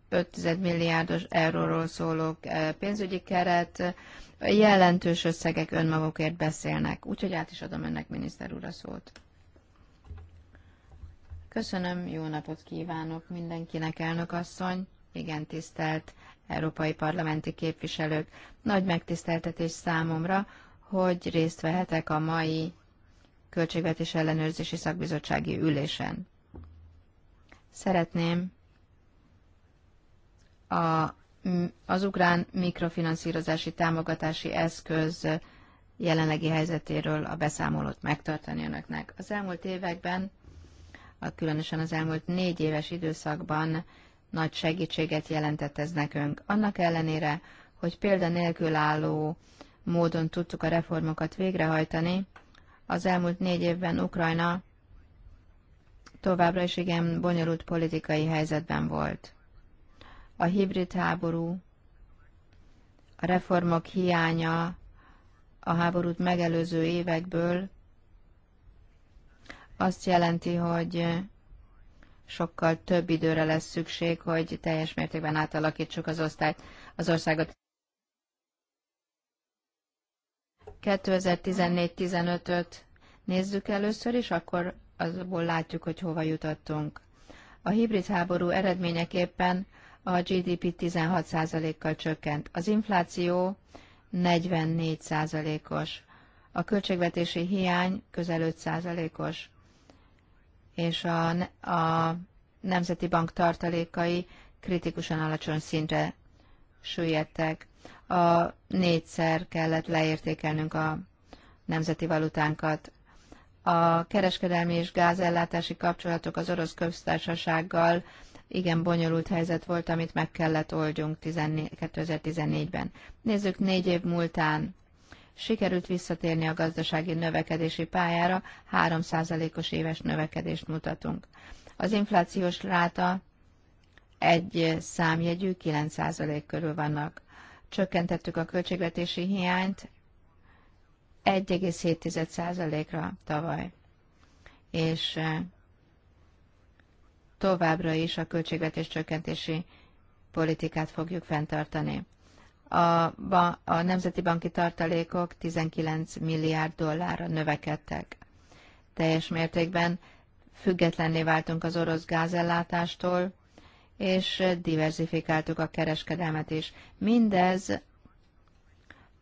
S2: 5 milliárdos euróról szóló eh, pénzügyi keret, jelentős összegek önmagukért beszélnek. Úgyhogy át is adom önnek, miniszter úr, a szót. Köszönöm, jó napot kívánok mindenkinek, elnök asszony. Igen, tisztelt európai parlamenti képviselők. Nagy megtiszteltetés számomra, hogy részt vehetek a mai Költségvetés ellenőrzési szakbizottsági ülésen. Szeretném a, az ukrán mikrofinanszírozási támogatási eszköz jelenlegi helyzetéről a beszámolót megtartani önöknek. Az elmúlt években, a különösen az elmúlt négy éves időszakban nagy segítséget jelentett ez nekünk. Annak ellenére, hogy példa nélkül álló módon tudtuk a reformokat végrehajtani, az elmúlt négy évben Ukrajna továbbra is igen bonyolult politikai helyzetben volt a hibrid háború, a reformok hiánya a háborút megelőző évekből azt jelenti, hogy sokkal több időre lesz szükség, hogy teljes mértékben átalakítsuk az osztályt, az országot. 2014-15-öt nézzük először is, akkor azból látjuk, hogy hova jutottunk. A hibrid háború eredményeképpen a GDP 16%-kal csökkent. Az infláció 44%-os. A költségvetési hiány közel 5%-os. És a, a Nemzeti Bank tartalékai kritikusan alacsony szintre süllyedtek. A négyszer kellett leértékelnünk a nemzeti valutánkat. A kereskedelmi és gázellátási kapcsolatok az orosz köztársasággal igen bonyolult helyzet volt, amit meg kellett oldjunk 2014-ben. Nézzük, négy év múltán sikerült visszatérni a gazdasági növekedési pályára, 3%-os éves növekedést mutatunk. Az inflációs ráta egy számjegyű 9% körül vannak. Csökkentettük a költségvetési hiányt 1,7%-ra tavaly. És eh, továbbra is a költségvetés csökkentési politikát fogjuk fenntartani. A, ba, a nemzeti banki tartalékok 19 milliárd dollárra növekedtek. Teljes mértékben függetlenné váltunk az orosz gázellátástól, és diversifikáltuk a kereskedelmet is. Mindez,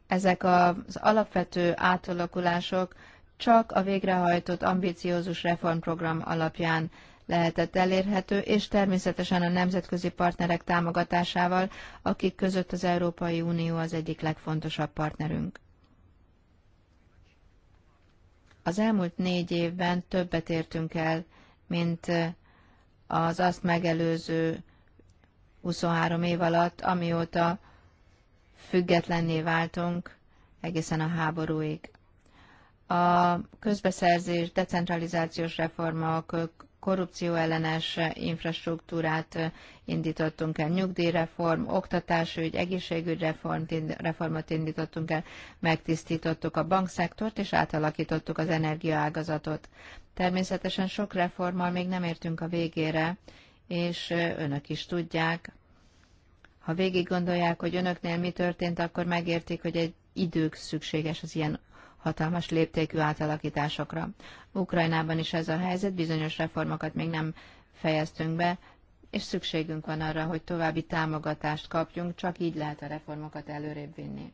S2: ezek az alapvető átalakulások csak a végrehajtott ambiciózus reformprogram alapján lehetett elérhető, és természetesen a nemzetközi partnerek támogatásával, akik között az Európai Unió az egyik legfontosabb partnerünk. Az elmúlt négy évben többet értünk el, mint eh, az azt megelőző 23 év alatt, amióta függetlenné váltunk egészen a háborúig. A közbeszerzés, decentralizációs reformok korrupcióellenes infrastruktúrát eh, indítottunk el, nyugdíjreform, oktatásügy, egészségügyreformot reformot indítottunk el, megtisztítottuk a bankszektort és átalakítottuk az energiaágazatot. Természetesen sok reformmal még nem értünk a végére, és eh, önök is tudják, ha végig gondolják, hogy önöknél mi történt, akkor megértik, hogy egy idők szükséges az ilyen hatalmas léptékű átalakításokra. Ukrajnában is ez a helyzet, bizonyos reformokat még nem fejeztünk be, és szükségünk van arra, hogy további támogatást kapjunk, csak így lehet a reformokat előrébb vinni.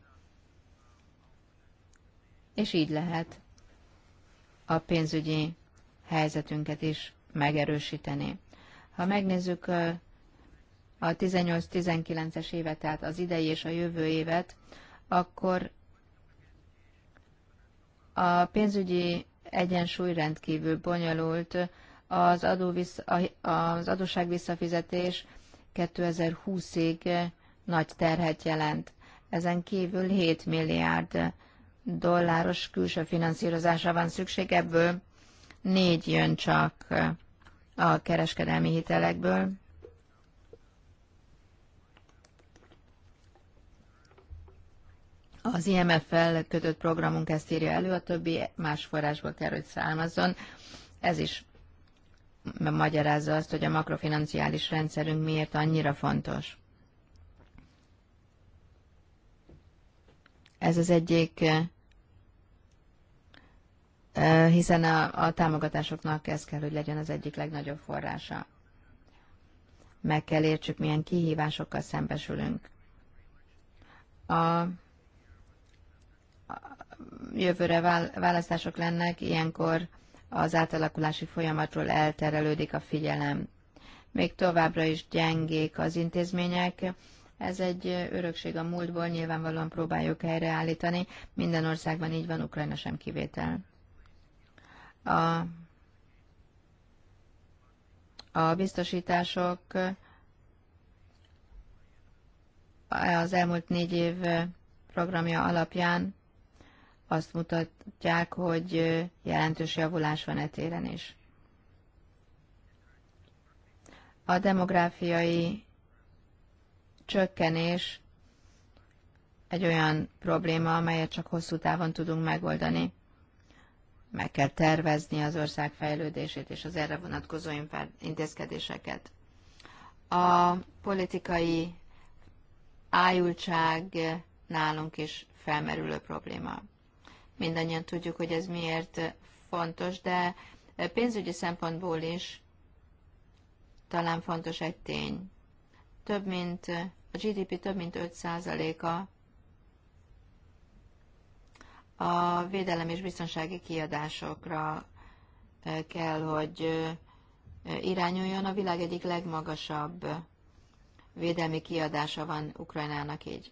S2: És így lehet a pénzügyi helyzetünket is megerősíteni. Ha megnézzük a 18-19-es évet, tehát az idei és a jövő évet, akkor a pénzügyi egyensúly rendkívül bonyolult, az, adó vissza, az adóság visszafizetés 2020-ig nagy terhet jelent. Ezen kívül 7 milliárd dolláros külső finanszírozásra van szükség, ebből négy jön csak a kereskedelmi hitelekből, Az IMF-fel kötött programunk ezt írja elő, a többi más forrásból kell, hogy származzon. Ez is magyarázza azt, hogy a makrofinanciális rendszerünk miért annyira fontos. Ez az egyik, hiszen a, a támogatásoknak ez kell, hogy legyen az egyik legnagyobb forrása. Meg kell értsük, milyen kihívásokkal szembesülünk. A jövőre választások lennek, ilyenkor az átalakulási folyamatról elterelődik a figyelem. Még továbbra is gyengék az intézmények, ez egy örökség a múltból, nyilvánvalóan próbáljuk helyreállítani. Minden országban így van, Ukrajna sem kivétel. A, a biztosítások az elmúlt négy év programja alapján azt mutatják, hogy jelentős javulás van e téren is. A demográfiai csökkenés egy olyan probléma, amelyet csak hosszú távon tudunk megoldani. Meg kell tervezni az ország fejlődését és az erre vonatkozó intézkedéseket. A politikai ájultság nálunk is felmerülő probléma. Mindannyian tudjuk, hogy ez miért fontos, de pénzügyi szempontból is talán fontos egy tény. Több mint, a GDP több mint 5%-a a védelem és biztonsági kiadásokra eh, kell, hogy eh, irányuljon. A világ egyik legmagasabb védelmi kiadása van Ukrajnának így.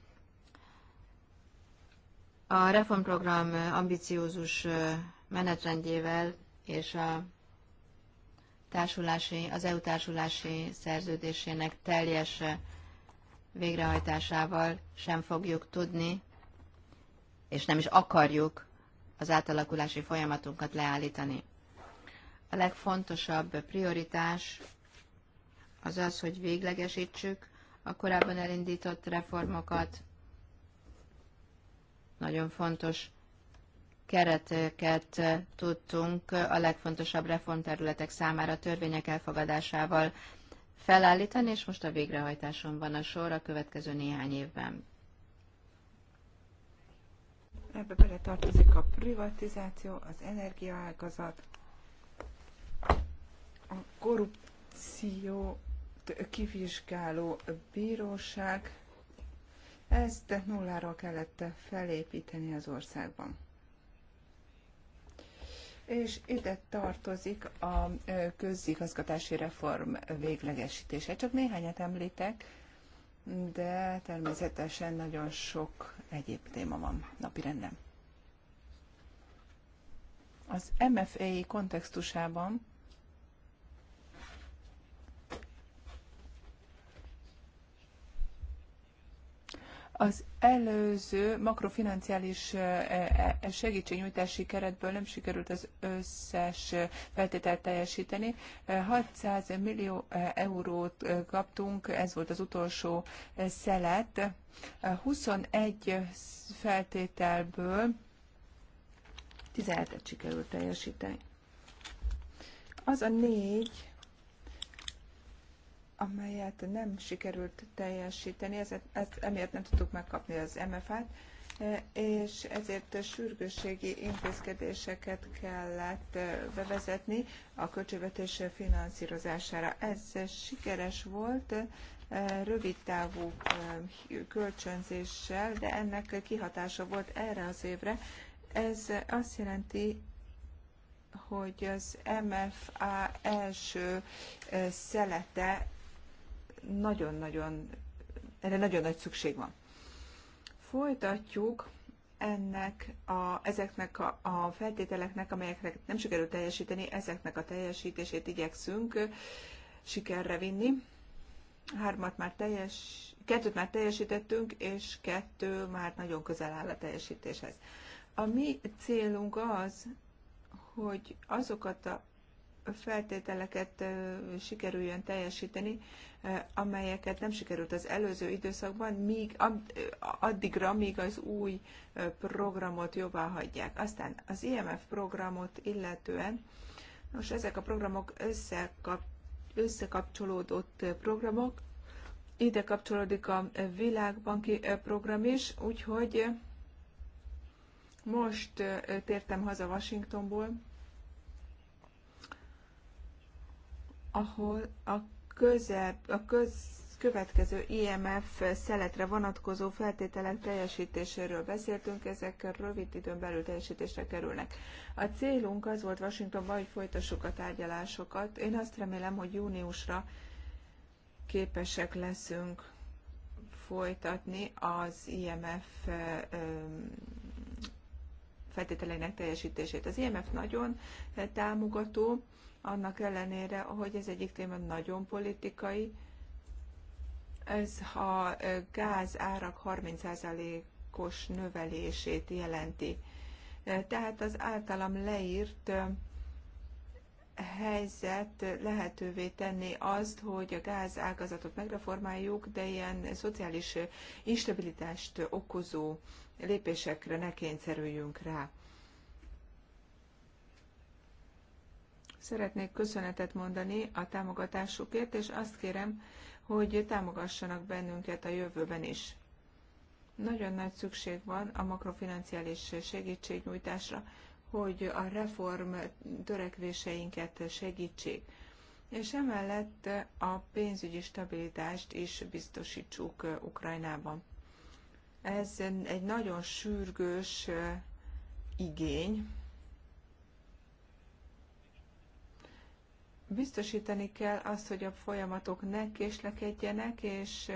S2: A reformprogram ambiciózus menetrendjével és a társulási, az EU társulási szerződésének teljes végrehajtásával sem fogjuk tudni, és nem is akarjuk az átalakulási folyamatunkat leállítani. A legfontosabb prioritás az az, hogy véglegesítsük a korábban elindított reformokat, nagyon fontos kereteket tudtunk a legfontosabb reformterületek számára törvények elfogadásával felállítani, és most a végrehajtáson van a sor a következő néhány évben.
S1: Ebbe bele tartozik a privatizáció, az energiaágazat, a korrupció kivizsgáló bíróság, ezt nulláról kellett felépíteni az országban. És ide tartozik a közigazgatási reform véglegesítése. Csak néhányat említek, de természetesen nagyon sok egyéb téma van napirenden. Az MFA kontextusában Az előző makrofinanciális e, e, e, segítségnyújtási keretből nem sikerült az összes feltételt teljesíteni. 600 millió eurót kaptunk, ez volt az utolsó szelet. 21 feltételből 17-et sikerült teljesíteni. Az a négy, amelyet nem sikerült teljesíteni, ezért, ezt emiatt nem tudtuk megkapni az MFA-t, és ezért sürgősségi intézkedéseket kellett eh, bevezetni a költségvetés finanszírozására. Ez sikeres volt eh, rövidtávú eh, kölcsönzéssel, de ennek kihatása volt erre az évre. Ez azt jelenti, hogy az MFA első szelete nagyon-nagyon, erre nagyon nagy szükség van. Folytatjuk ennek a, ezeknek a, a feltételeknek, amelyeknek nem sikerült teljesíteni, ezeknek a teljesítését igyekszünk sikerre vinni. Hármat már teljes, kettőt már teljesítettünk, és kettő már nagyon közel áll a teljesítéshez. A mi célunk az, hogy azokat a feltételeket sikerüljön teljesíteni, Eh, amelyeket nem sikerült az előző időszakban, míg eh, addigra, míg az új eh, programot jobbá hagyják. Aztán az IMF programot illetően, most ezek a programok összekap, összekapcsolódott programok, ide kapcsolódik a világbanki program is, úgyhogy most tértem haza Washingtonból, ahol a közep, a köz, következő IMF szeletre vonatkozó feltételek teljesítéséről beszéltünk, ezek rövid időn belül teljesítésre kerülnek. A célunk az volt Washingtonban, hogy folytassuk a tárgyalásokat. Én azt remélem, hogy júniusra képesek leszünk folytatni az IMF feltételeinek teljesítését. Az IMF nagyon támogató, annak ellenére, hogy ez egyik téma nagyon politikai. Ez a gáz árak 30%-os növelését jelenti. Tehát az általam leírt helyzet lehetővé tenni azt, hogy a ágazatot megreformáljuk, de ilyen szociális instabilitást okozó lépésekre ne kényszerüljünk rá. Szeretnék köszönetet mondani a támogatásukért, és azt kérem, hogy támogassanak bennünket a jövőben is. Nagyon nagy szükség van a makrofinanciális segítségnyújtásra, hogy a reform törekvéseinket segítsék, és emellett a pénzügyi stabilitást is biztosítsuk Ukrajnában. Ez egy nagyon sürgős igény, Biztosítani kell azt, hogy a folyamatok ne késlekedjenek, és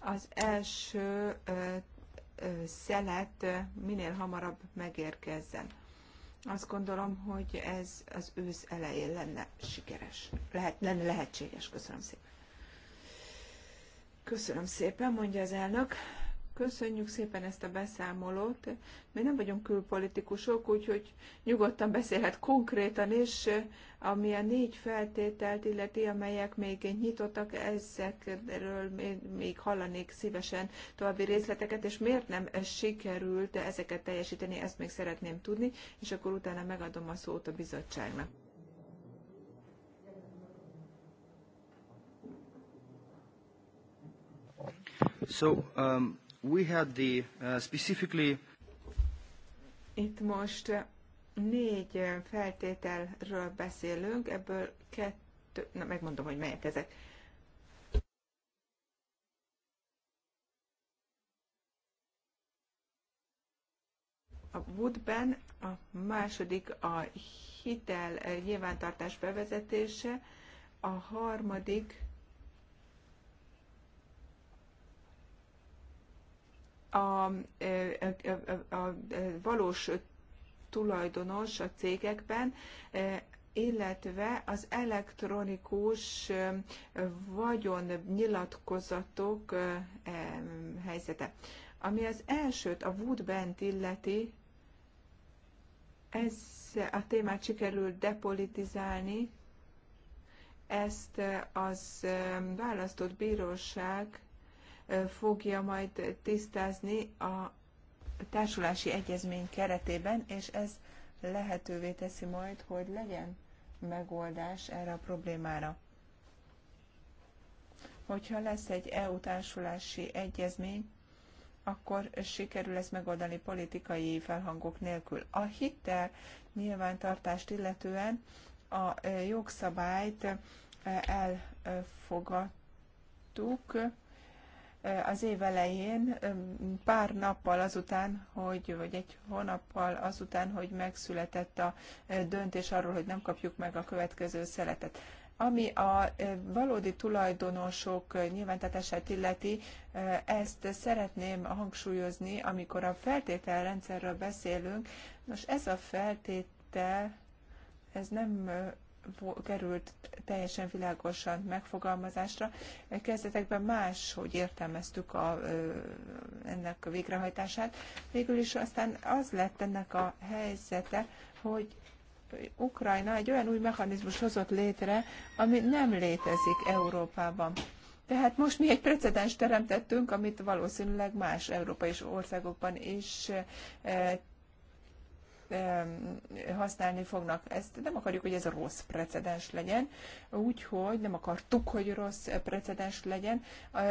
S1: az első szelet minél hamarabb megérkezzen. Azt gondolom, hogy ez az ősz elején lenne sikeres, lehet, lenne lehetséges. Köszönöm szépen. Köszönöm szépen, mondja az elnök. Köszönjük szépen ezt a beszámolót. Mi nem vagyunk külpolitikusok, úgyhogy nyugodtan beszélhet konkrétan is, ami a négy feltételt illeti, amelyek még nyitottak, ezekről még hallanék szívesen további részleteket, és miért nem sikerült ezeket teljesíteni, ezt még szeretném tudni, és akkor utána megadom a szót a bizottságnak.
S3: So, um, we had the uh, specifically
S1: itt most négy feltételről beszélünk, ebből kettő, na megmondom, hogy melyek ezek. A Woodben a második a hitel nyilvántartás bevezetése, a harmadik a, a, a, a valós tulajdonos a cégekben, illetve az elektronikus vagyon nyilatkozatok helyzete. Ami az elsőt, a Woodbent illeti, ez a témát sikerült depolitizálni, ezt az választott bíróság fogja majd tisztázni a társulási egyezmény keretében, és ez lehetővé teszi majd, hogy legyen megoldás erre a problémára. Hogyha lesz egy EU társulási egyezmény, akkor sikerül ezt megoldani politikai felhangok nélkül. A hittel nyilvántartást illetően a jogszabályt elfogadtuk, az év elején, pár nappal azután, hogy, vagy egy hónappal azután, hogy megszületett a döntés arról, hogy nem kapjuk meg a következő szeletet. Ami a valódi tulajdonosok nyilvántatását illeti, ezt szeretném hangsúlyozni, amikor a feltételrendszerről beszélünk. Nos, ez a feltétel, ez nem került teljesen világosan megfogalmazásra. Kezdetekben más, hogy értelmeztük a, ennek a végrehajtását. Végül is aztán az lett ennek a helyzete, hogy Ukrajna egy olyan új mechanizmus hozott létre, ami nem létezik Európában. Tehát most mi egy precedens teremtettünk, amit valószínűleg más európai országokban is használni fognak. Ezt nem akarjuk, hogy ez a rossz precedens legyen, úgyhogy nem akartuk, hogy rossz precedens legyen.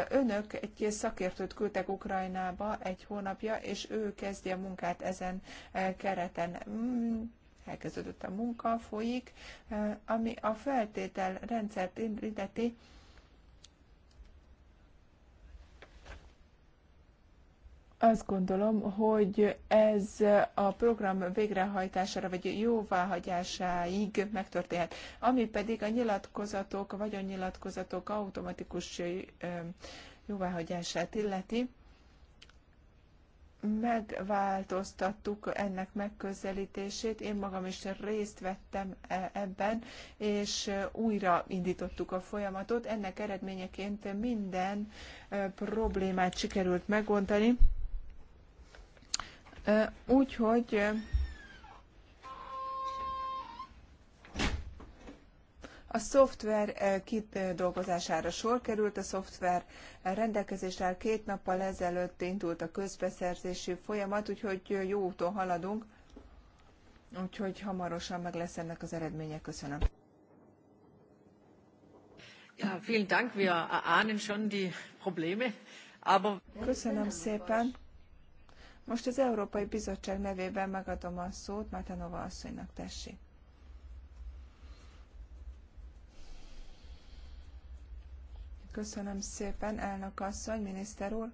S1: Önök egy szakértőt küldtek Ukrajnába egy hónapja, és ő kezdi a munkát ezen e, kereten mm, elkezdődött a munka, folyik, e, ami a feltétel rendszert indíteti, Azt gondolom, hogy ez a program végrehajtására vagy jóváhagyásáig megtörténhet. Ami pedig a nyilatkozatok, a vagyonnyilatkozatok automatikus jóváhagyását illeti, megváltoztattuk ennek megközelítését, én magam is részt vettem e, ebben, és újra indítottuk a folyamatot. Ennek eredményeként minden problémát sikerült megoldani. Úgyhogy a szoftver kidolgozására sor került, a szoftver rendelkezésre áll két nappal ezelőtt indult a közbeszerzési folyamat, úgyhogy jó úton haladunk, úgyhogy hamarosan meg lesz ennek az eredménye. Köszönöm.
S4: Ja, vielen Dank. Wir ahnen schon die Probleme, aber... Köszönöm
S1: szépen. Most az Európai Bizottság nevében megadom a szót Matanova asszonynak, tessék. Köszönöm szépen, elnök asszony, miniszter úr.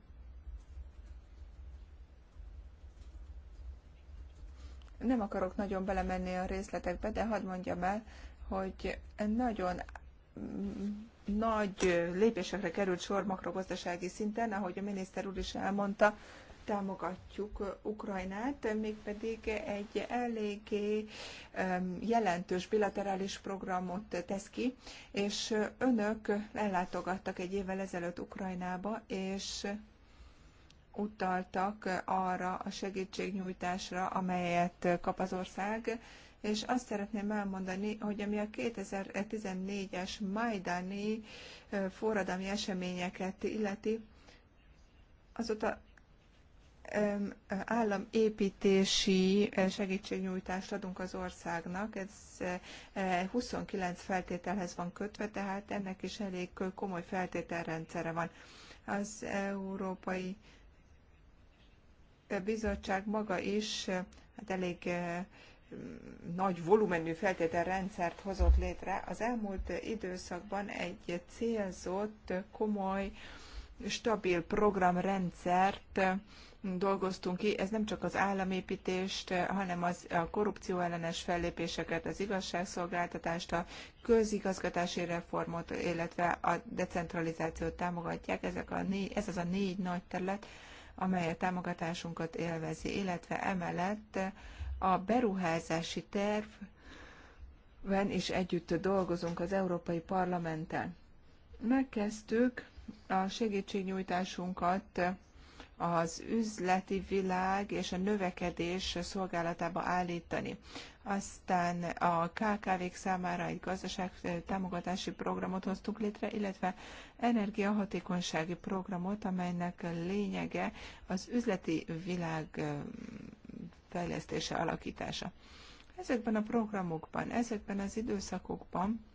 S1: Nem akarok nagyon belemenni a részletekbe, de hadd mondjam el, hogy nagyon nagy lépésekre került sor makrogazdasági szinten, ahogy a miniszter úr is elmondta, támogatjuk Ukrajnát, mégpedig egy eléggé jelentős bilaterális programot tesz ki, és önök ellátogattak egy évvel ezelőtt Ukrajnába, és utaltak arra a segítségnyújtásra, amelyet kap az ország, és azt szeretném elmondani, hogy ami a 2014-es Majdani eh, forradalmi eseményeket illeti, azóta államépítési eh, segítségnyújtást adunk az országnak, ez 29 eh, eh, feltételhez van kötve, tehát ennek is elég komoly feltételrendszere van. Az Európai Bizottság maga is hát elég nagy volumenű feltételrendszert hozott létre. Az elmúlt időszakban egy célzott, komoly stabil programrendszert dolgoztunk ki, ez nem csak az államépítést, hanem az, a korrupció ellenes fellépéseket, az igazságszolgáltatást, a közigazgatási reformot, illetve a decentralizációt támogatják. Ezek a négy, ez az a négy nagy terület, amely a támogatásunkat élvezi, illetve emellett a beruházási tervben is együtt dolgozunk az Európai Parlamenten. Megkezdtük a segítségnyújtásunkat az üzleti világ és a növekedés szolgálatába állítani. Aztán a KKV-k számára egy gazdaság támogatási programot hoztunk létre, illetve energiahatékonysági programot, amelynek lényege az üzleti világ fejlesztése, alakítása. Ezekben a programokban, ezekben az időszakokban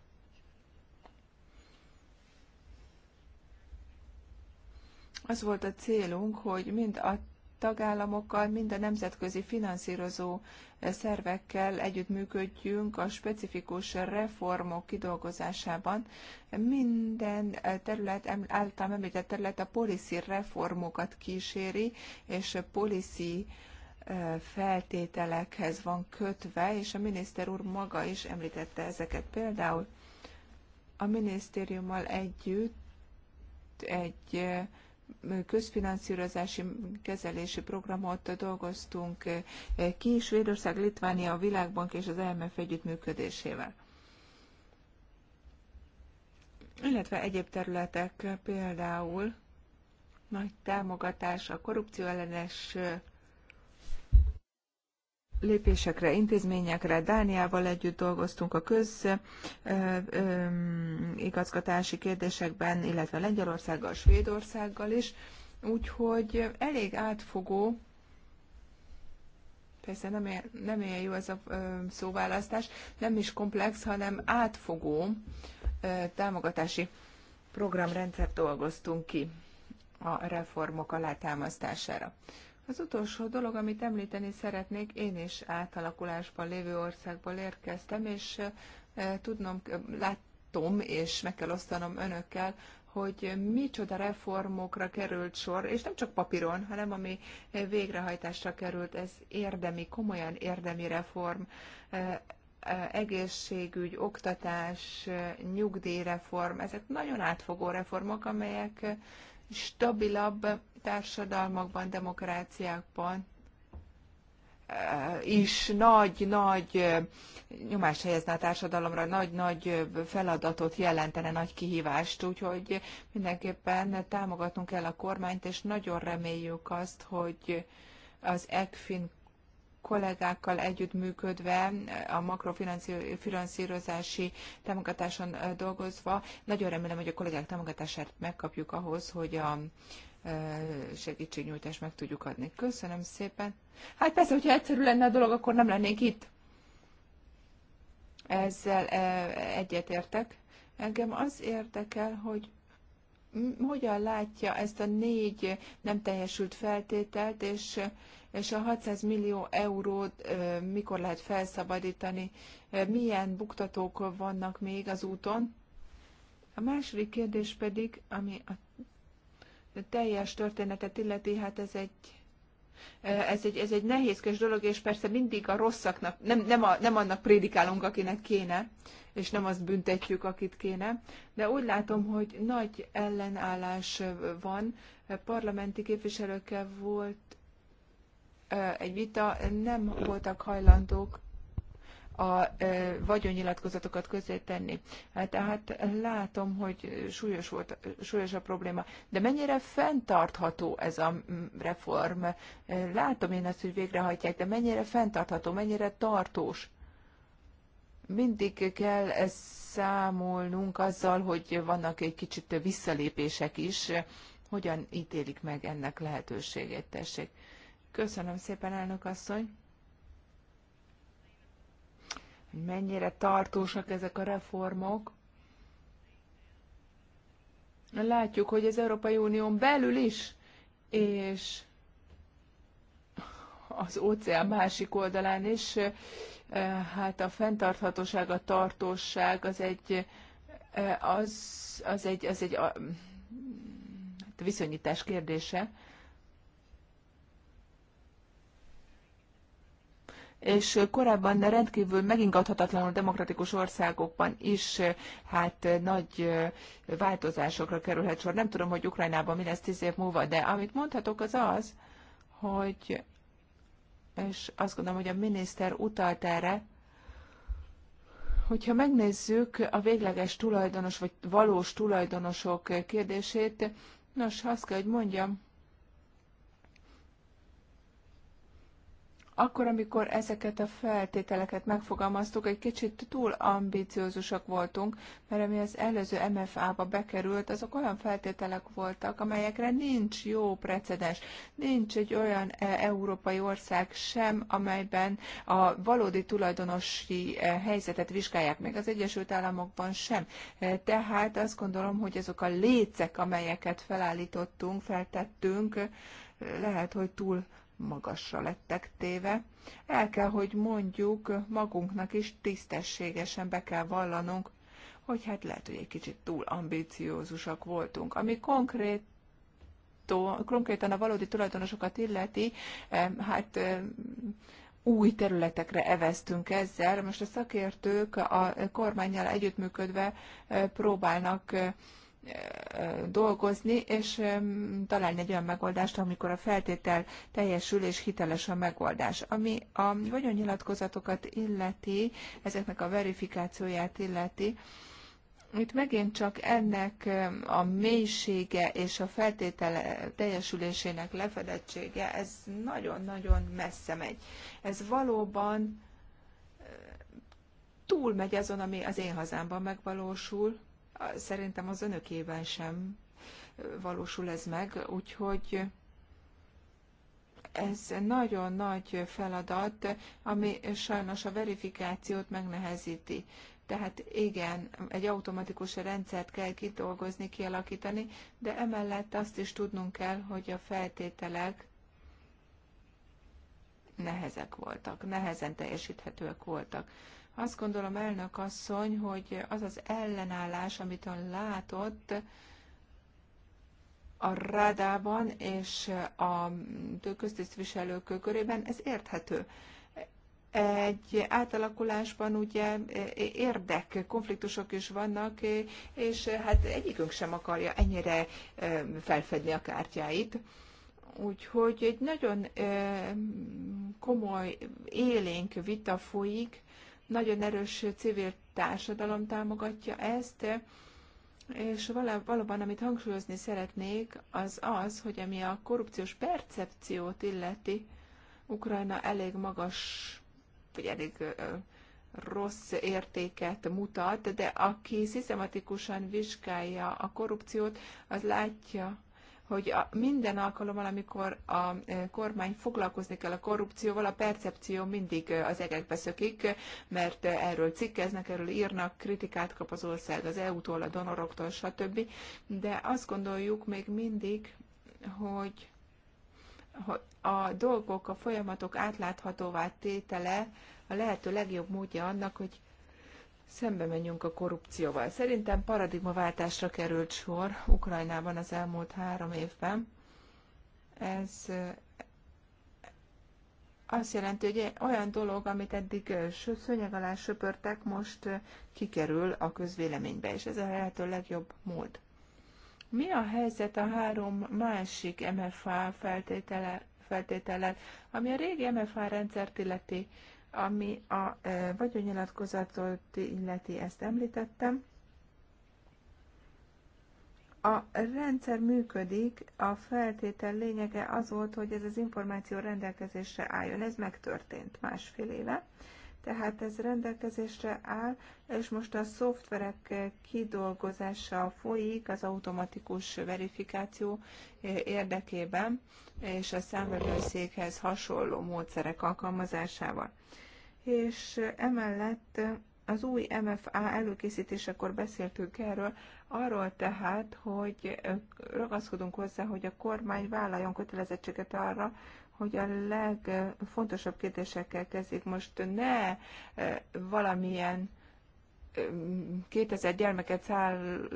S1: Az volt a célunk, hogy mind a tagállamokkal, mind a nemzetközi finanszírozó eh, szervekkel együttműködjünk a specifikus reformok kidolgozásában. Minden eh, terület, általam említett terület a policy reformokat kíséri, és policy eh, feltételekhez van kötve, és a miniszter úr maga is említette ezeket. Például a minisztériummal együtt egy közfinanszírozási kezelési programot dolgoztunk ki, Svédország, Litvánia, a Világbank és az IMF e együttműködésével. Illetve egyéb területek, például nagy támogatás a korrupcióellenes ellenes lépésekre, intézményekre. Dániával együtt dolgoztunk a közigazgatási kérdésekben, illetve Lengyelországgal, Svédországgal is, úgyhogy elég átfogó, persze nem ilyen, nem ilyen jó ez a ö, szóválasztás, nem is komplex, hanem átfogó ö, támogatási programrendszert dolgoztunk ki a reformok alátámasztására. Az utolsó dolog, amit említeni szeretnék, én is átalakulásban lévő országból érkeztem, és tudnom, láttom, és meg kell osztanom önökkel, hogy micsoda reformokra került sor, és nem csak papíron, hanem ami végrehajtásra került, ez érdemi, komolyan érdemi reform, egészségügy, oktatás, nyugdíjreform, ezek nagyon átfogó reformok, amelyek stabilabb társadalmakban, demokráciákban eh, is nagy-nagy eh, nyomást helyezne a társadalomra, nagy-nagy eh, feladatot jelentene, nagy kihívást, úgyhogy mindenképpen támogatnunk kell a kormányt, és nagyon reméljük azt, hogy az ECFIN kollégákkal együttműködve, a makrofinanszírozási támogatáson dolgozva. Nagyon remélem, hogy a kollégák támogatását megkapjuk ahhoz, hogy a segítségnyújtást meg tudjuk adni. Köszönöm szépen. Hát persze, hogyha egyszerű lenne a dolog, akkor nem lennék itt. Ezzel egyetértek. Engem az érdekel, hogy hogyan látja ezt a négy nem teljesült feltételt, és és a 600 millió eurót mikor lehet felszabadítani, milyen buktatók vannak még az úton. A második kérdés pedig, ami a teljes történetet illeti, hát ez egy ez egy, ez egy nehézkes dolog, és persze mindig a rosszaknak, nem, nem, a, nem annak prédikálunk, akinek kéne, és nem azt büntetjük, akit kéne, de úgy látom, hogy nagy ellenállás van. Parlamenti képviselőkkel volt egy vita, nem voltak hajlandók a vagyonnyilatkozatokat közé tenni. Hát, tehát látom, hogy súlyos, volt, súlyos a probléma. De mennyire fenntartható ez a mm, reform? Látom én ezt, hogy végrehajtják, de mennyire fenntartható, mennyire tartós? Mindig kell ezt számolnunk azzal, hogy vannak egy kicsit visszalépések is. Hogyan ítélik meg ennek lehetőségét, tessék? Köszönöm szépen, elnök asszony. Mennyire tartósak ezek a reformok. Látjuk, hogy az Európai Unión belül is, és az óceán másik oldalán is, hát a fenntarthatóság, a tartóság az egy, az, az egy, az egy a, hát viszonyítás kérdése és korábban rendkívül megingathatatlanul demokratikus országokban is hát nagy változásokra kerülhet sor. Nem tudom, hogy Ukrajnában mi lesz tíz év múlva, de amit mondhatok az az, hogy és azt gondolom, hogy a miniszter utalt erre, hogyha megnézzük a végleges tulajdonos, vagy valós tulajdonosok kérdését, nos, azt kell, hogy mondjam, akkor, amikor ezeket a feltételeket megfogalmaztuk, egy kicsit túl ambiciózusak voltunk, mert ami az előző MFA-ba bekerült, azok olyan feltételek voltak, amelyekre nincs jó precedens. Nincs egy olyan e, európai ország sem, amelyben a valódi tulajdonosi e, helyzetet vizsgálják meg, az Egyesült Államokban sem. E, tehát azt gondolom, hogy azok a lécek, amelyeket felállítottunk, feltettünk, lehet, hogy túl magasra lettek téve. El kell, hogy mondjuk magunknak is tisztességesen be kell vallanunk, hogy hát lehet, hogy egy kicsit túl ambiciózusak voltunk. Ami konkrét konkrétan a valódi tulajdonosokat illeti, eh, hát eh, új területekre eveztünk ezzel. Most a szakértők a kormányjal együttműködve eh, próbálnak dolgozni, és találni egy olyan megoldást, amikor a feltétel teljesül és hiteles a megoldás. Ami a vagyonnyilatkozatokat illeti, ezeknek a verifikációját illeti, itt megint csak ennek a mélysége és a feltétele teljesülésének lefedettsége, ez nagyon-nagyon messze megy. Ez valóban túlmegy azon, ami az én hazámban megvalósul, Szerintem az önökében sem valósul ez meg, úgyhogy ez nagyon nagy feladat, ami sajnos a verifikációt megnehezíti. Tehát igen, egy automatikus rendszert kell kidolgozni, kialakítani, de emellett azt is tudnunk kell, hogy a feltételek nehezek voltak, nehezen teljesíthetőek voltak. Azt gondolom, elnök asszony, hogy az az ellenállás, amit ön látott a rádában és a köztisztviselők körében, ez érthető. Egy átalakulásban ugye érdek, konfliktusok is vannak, és hát egyikünk sem akarja ennyire felfedni a kártyáit. Úgyhogy egy nagyon komoly, élénk vita folyik, nagyon erős civil társadalom támogatja ezt, és valóban, amit hangsúlyozni szeretnék, az az, hogy ami a korrupciós percepciót illeti, Ukrajna elég magas, vagy elég rossz értéket mutat, de aki szisztematikusan vizsgálja a korrupciót, az látja hogy a, minden alkalommal, amikor a e, kormány foglalkozni kell a korrupcióval, a percepció mindig e, az egekbe szökik, mert e, erről cikkeznek, erről írnak, kritikát kap az ország az EU-tól, a donoroktól, stb. De azt gondoljuk még mindig, hogy a dolgok, a folyamatok átláthatóvá tétele a lehető legjobb módja annak, hogy szembe menjünk a korrupcióval. Szerintem paradigmaváltásra került sor Ukrajnában az elmúlt három évben. Ez azt jelenti, hogy olyan dolog, amit eddig szőnyeg alá söpörtek, most kikerül a közvéleménybe, és ez a lehető legjobb mód. Mi a helyzet a három másik MFA feltétele, feltétele ami a régi MFA rendszert illeti? Ami a e, vagyonnyilatkozatot illeti, ezt említettem. A rendszer működik, a feltétel lényege az volt, hogy ez az információ rendelkezésre álljon. Ez megtörtént másfél éve, tehát ez rendelkezésre áll, és most a szoftverek kidolgozása folyik az automatikus verifikáció érdekében, és a számvevőszékhez hasonló módszerek alkalmazásával és emellett az új MFA előkészítésekor beszéltünk erről, arról tehát, hogy ragaszkodunk hozzá, hogy a kormány vállaljon kötelezettséget arra, hogy a legfontosabb kérdésekkel kezdjék. Most ne eh, valamilyen 2000 gyermeket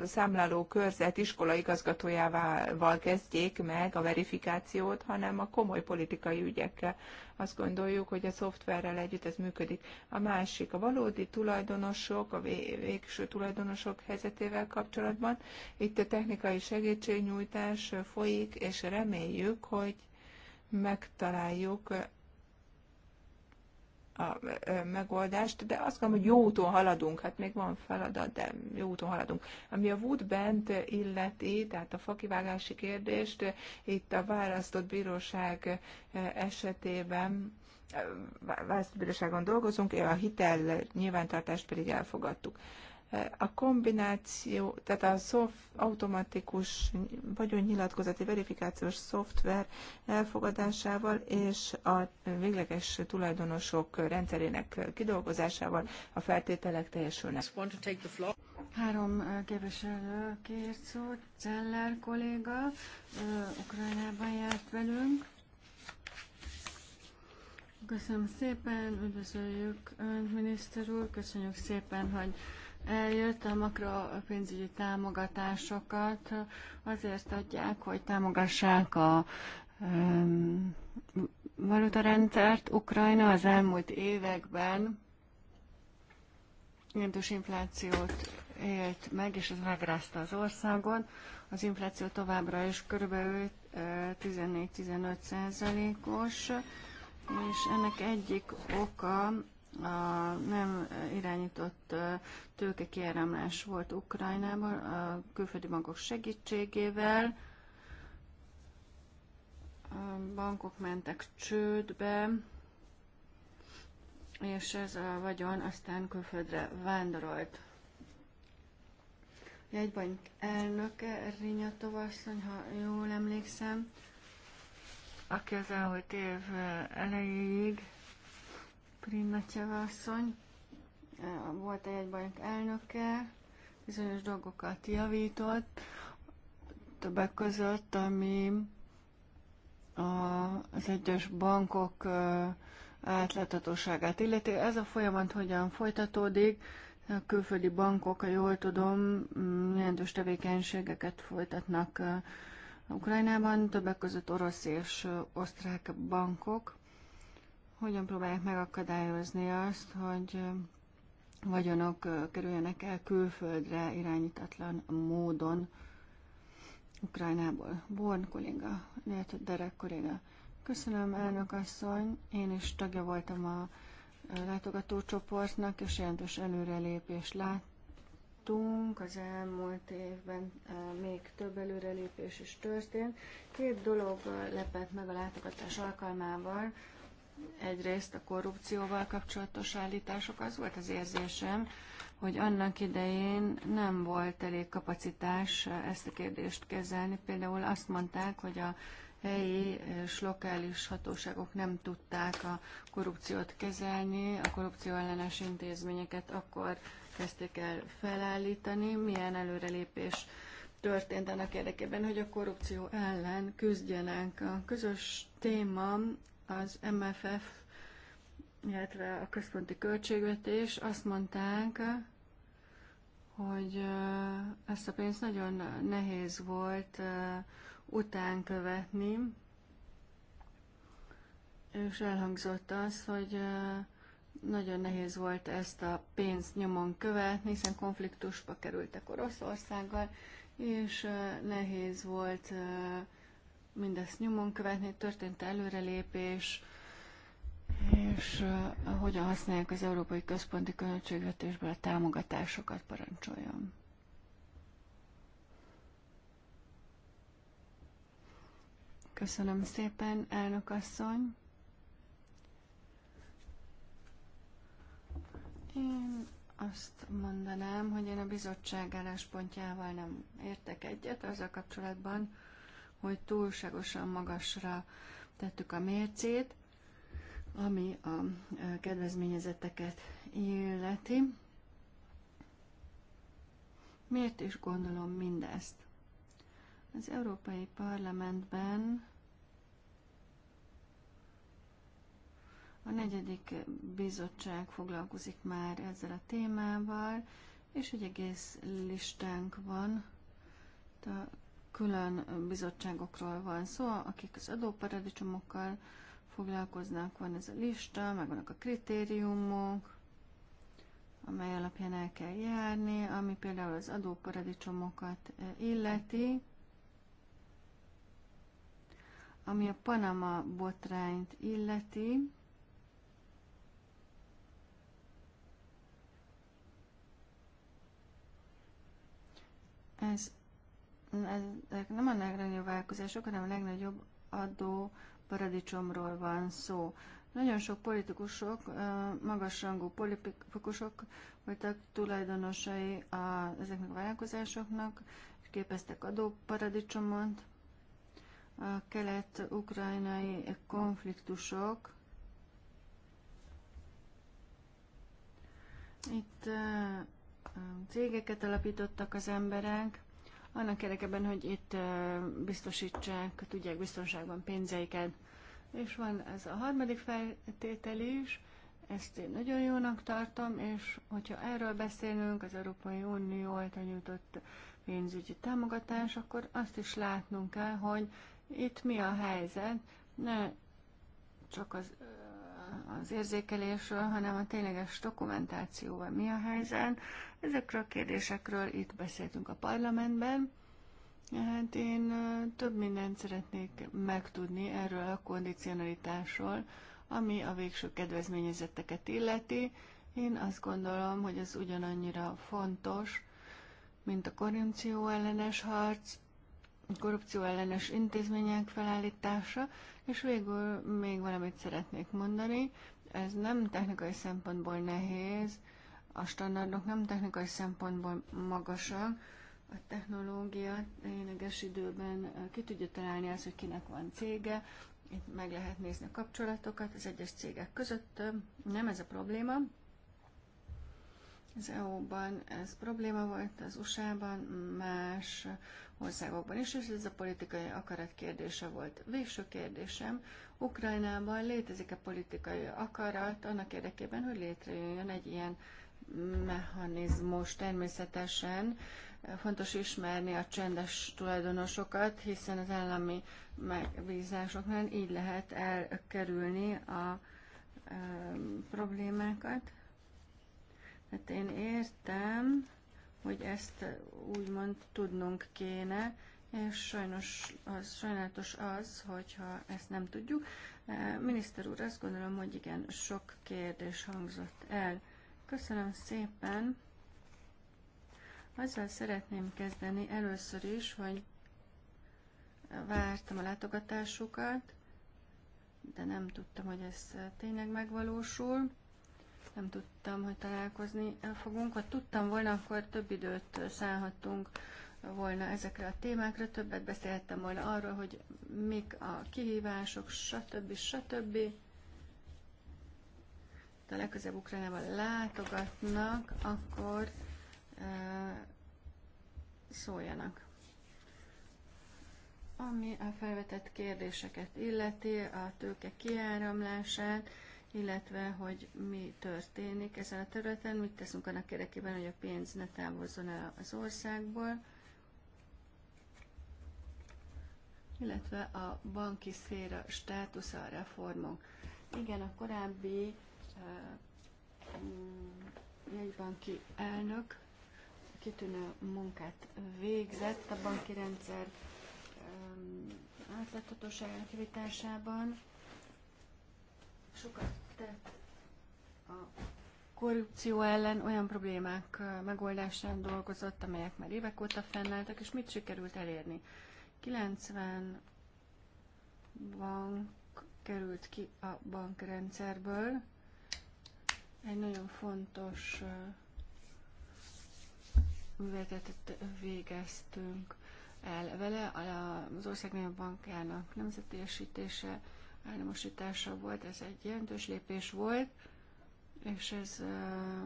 S1: számláló körzet iskolaigazgatójával kezdjék meg a verifikációt, hanem a komoly politikai ügyekkel. Azt gondoljuk, hogy a szoftverrel együtt ez működik. A másik, a valódi tulajdonosok, a végső tulajdonosok helyzetével kapcsolatban. Itt a technikai segítségnyújtás folyik, és reméljük, hogy megtaláljuk a megoldást, de azt gondolom, hogy jó úton haladunk, hát még van feladat, de jó úton haladunk. Ami a Woodbent illeti, tehát a fakivágási kérdést, itt a választott bíróság esetében választott bíróságon dolgozunk, a hitel nyilvántartást pedig elfogadtuk a kombináció, tehát a szoft, automatikus vagyonnyilatkozati verifikációs szoftver elfogadásával és a végleges tulajdonosok rendszerének kidolgozásával a
S4: feltételek teljesülnek. Három képviselő kért szót. Zeller kolléga Ukrajnában járt velünk. Köszönöm szépen, üdvözöljük Önt, miniszter úr, köszönjük szépen, hogy eljött a makropénzügyi támogatásokat, azért adják, hogy támogassák a um, valutarendszert. Ukrajna az elmúlt években jelentős inflációt élt meg, és ez megrázta az országon. Az infláció továbbra is kb. 14-15 százalékos, és ennek egyik oka a nem irányított tőke kiáramlás volt Ukrajnában a külföldi bankok segítségével. A bankok mentek csődbe, és ez a vagyon aztán külföldre vándorolt. egy jegybank elnöke, Rinya Tovasszony, ha jól emlékszem, aki az elmúlt év elejéig Primatjava asszony volt egy bajnok elnöke, bizonyos dolgokat javított, többek között, ami az egyes bankok átláthatóságát illeti. Ez a folyamat hogyan folytatódik? A külföldi bankok, ha jól tudom, mm, jelentős tevékenységeket folytatnak Ukrajnában, többek között orosz és osztrák bankok hogyan próbálják megakadályozni azt, hogy vagyonok kerüljenek el külföldre irányítatlan módon Ukrajnából. Born kolléga, illetve Derek kolléga. Köszönöm, elnök asszony. Én is tagja voltam a látogatócsoportnak, és jelentős előrelépést láttunk. Az elmúlt évben még több előrelépés is történt. Két dolog lepett meg a látogatás alkalmával. Egyrészt a korrupcióval kapcsolatos állítások. Az volt az érzésem, hogy annak idején nem volt elég kapacitás ezt a kérdést kezelni. Például azt mondták, hogy a helyi és lokális hatóságok nem tudták a korrupciót kezelni, a korrupció ellenes intézményeket akkor kezdték el felállítani. Milyen előrelépés történt annak érdekében, hogy a korrupció ellen küzdjenek. A közös téma az MFF, illetve a központi költségvetés, azt mondták, hogy ezt a pénzt nagyon nehéz volt után követni, és elhangzott az, hogy nagyon nehéz volt ezt a pénzt nyomon követni, hiszen konfliktusba kerültek Oroszországgal, és nehéz volt mindezt nyomon követni, történt előrelépés, és uh, hogyan használják az Európai Központi Költségvetésből a támogatásokat parancsoljon. Köszönöm szépen, elnök asszony. Én azt mondanám, hogy én a bizottság álláspontjával nem értek egyet azzal kapcsolatban, hogy túlságosan magasra tettük a mércét, ami a kedvezményezeteket illeti. Miért is gondolom mindezt? Az Európai Parlamentben a negyedik bizottság foglalkozik már ezzel a témával, és egy egész listánk van a külön bizottságokról van szó, akik az adóparadicsomokkal foglalkoznak, van ez a lista, meg vannak a kritériumok, amely alapján el kell járni, ami például az adóparadicsomokat eh, illeti, ami a Panama botrányt illeti, ez ezek nem a legnagyobb vállalkozások, hanem a legnagyobb adó paradicsomról van szó. Nagyon sok politikusok, magasrangú politikusok voltak tulajdonosai a, ezeknek a vállalkozásoknak, és képeztek adóparadicsomot. A kelet-ukrajnai konfliktusok itt cégeket alapítottak az emberek, annak érdekében, hogy itt biztosítsák, tudják biztonságban pénzeiket. És van ez a harmadik feltétel is, ezt én nagyon jónak tartom, és hogyha erről beszélünk, az Európai Unió által nyújtott pénzügyi támogatás, akkor azt is látnunk kell, hogy itt mi a helyzet, ne csak az az érzékelésről, hanem a tényleges dokumentációval mi a helyzet. Ezekről a kérdésekről itt beszéltünk a parlamentben. Hát én több mindent szeretnék megtudni erről a kondicionalitásról, ami a végső kedvezményezetteket illeti. Én azt gondolom, hogy ez ugyanannyira fontos, mint a korrupció ellenes harc, korrupció ellenes intézmények felállítása, és végül még valamit szeretnék mondani. Ez nem technikai szempontból nehéz, a standardok nem technikai szempontból magasak, a technológia tényleges időben eh, ki tudja találni azt, hogy kinek van cége, itt meg lehet nézni a kapcsolatokat az egyes cégek között, nem ez a probléma. Az EU-ban ez probléma volt, az USA-ban, más országokban is, és ez a politikai akarat kérdése volt. Végső kérdésem, Ukrajnában létezik-e politikai akarat annak érdekében, hogy létrejöjjön egy ilyen mechanizmus természetesen. Fontos ismerni a csendes tulajdonosokat, hiszen az állami megbízásoknál így lehet elkerülni a e, problémákat. Hát én értem, hogy ezt úgymond tudnunk kéne, és sajnos az, sajnálatos az, hogyha ezt nem tudjuk. Eh, miniszter úr, azt gondolom, hogy igen, sok kérdés hangzott el. Köszönöm szépen. Azzal szeretném kezdeni először is, hogy vártam a látogatásukat, de nem tudtam, hogy ez tényleg megvalósul nem tudtam, hogy találkozni fogunk. Ha tudtam volna, akkor több időt szállhattunk volna ezekre a témákra, többet beszélhettem volna arról, hogy mik a kihívások, stb. stb. De legközebb Ukrajnában látogatnak, akkor e, szóljanak. Ami a felvetett kérdéseket illeti, a tőke kiáramlását, illetve hogy mi történik ezen a területen, mit teszünk annak érdekében, hogy a pénz ne távozzon el az országból, illetve a banki szféra státusza a reformok. Igen, a korábbi uh, jegybanki elnök kitűnő munkát végzett a banki rendszer um, átláthatóságának javításában sokat tett a korrupció ellen, olyan problémák megoldásán dolgozott, amelyek már évek óta fennálltak, és mit sikerült elérni? 90 bank került ki a bankrendszerből, egy nagyon fontos műveletet végeztünk el vele, az ország bankjának nemzetésítése, államosítása volt, ez egy jelentős lépés volt, és ez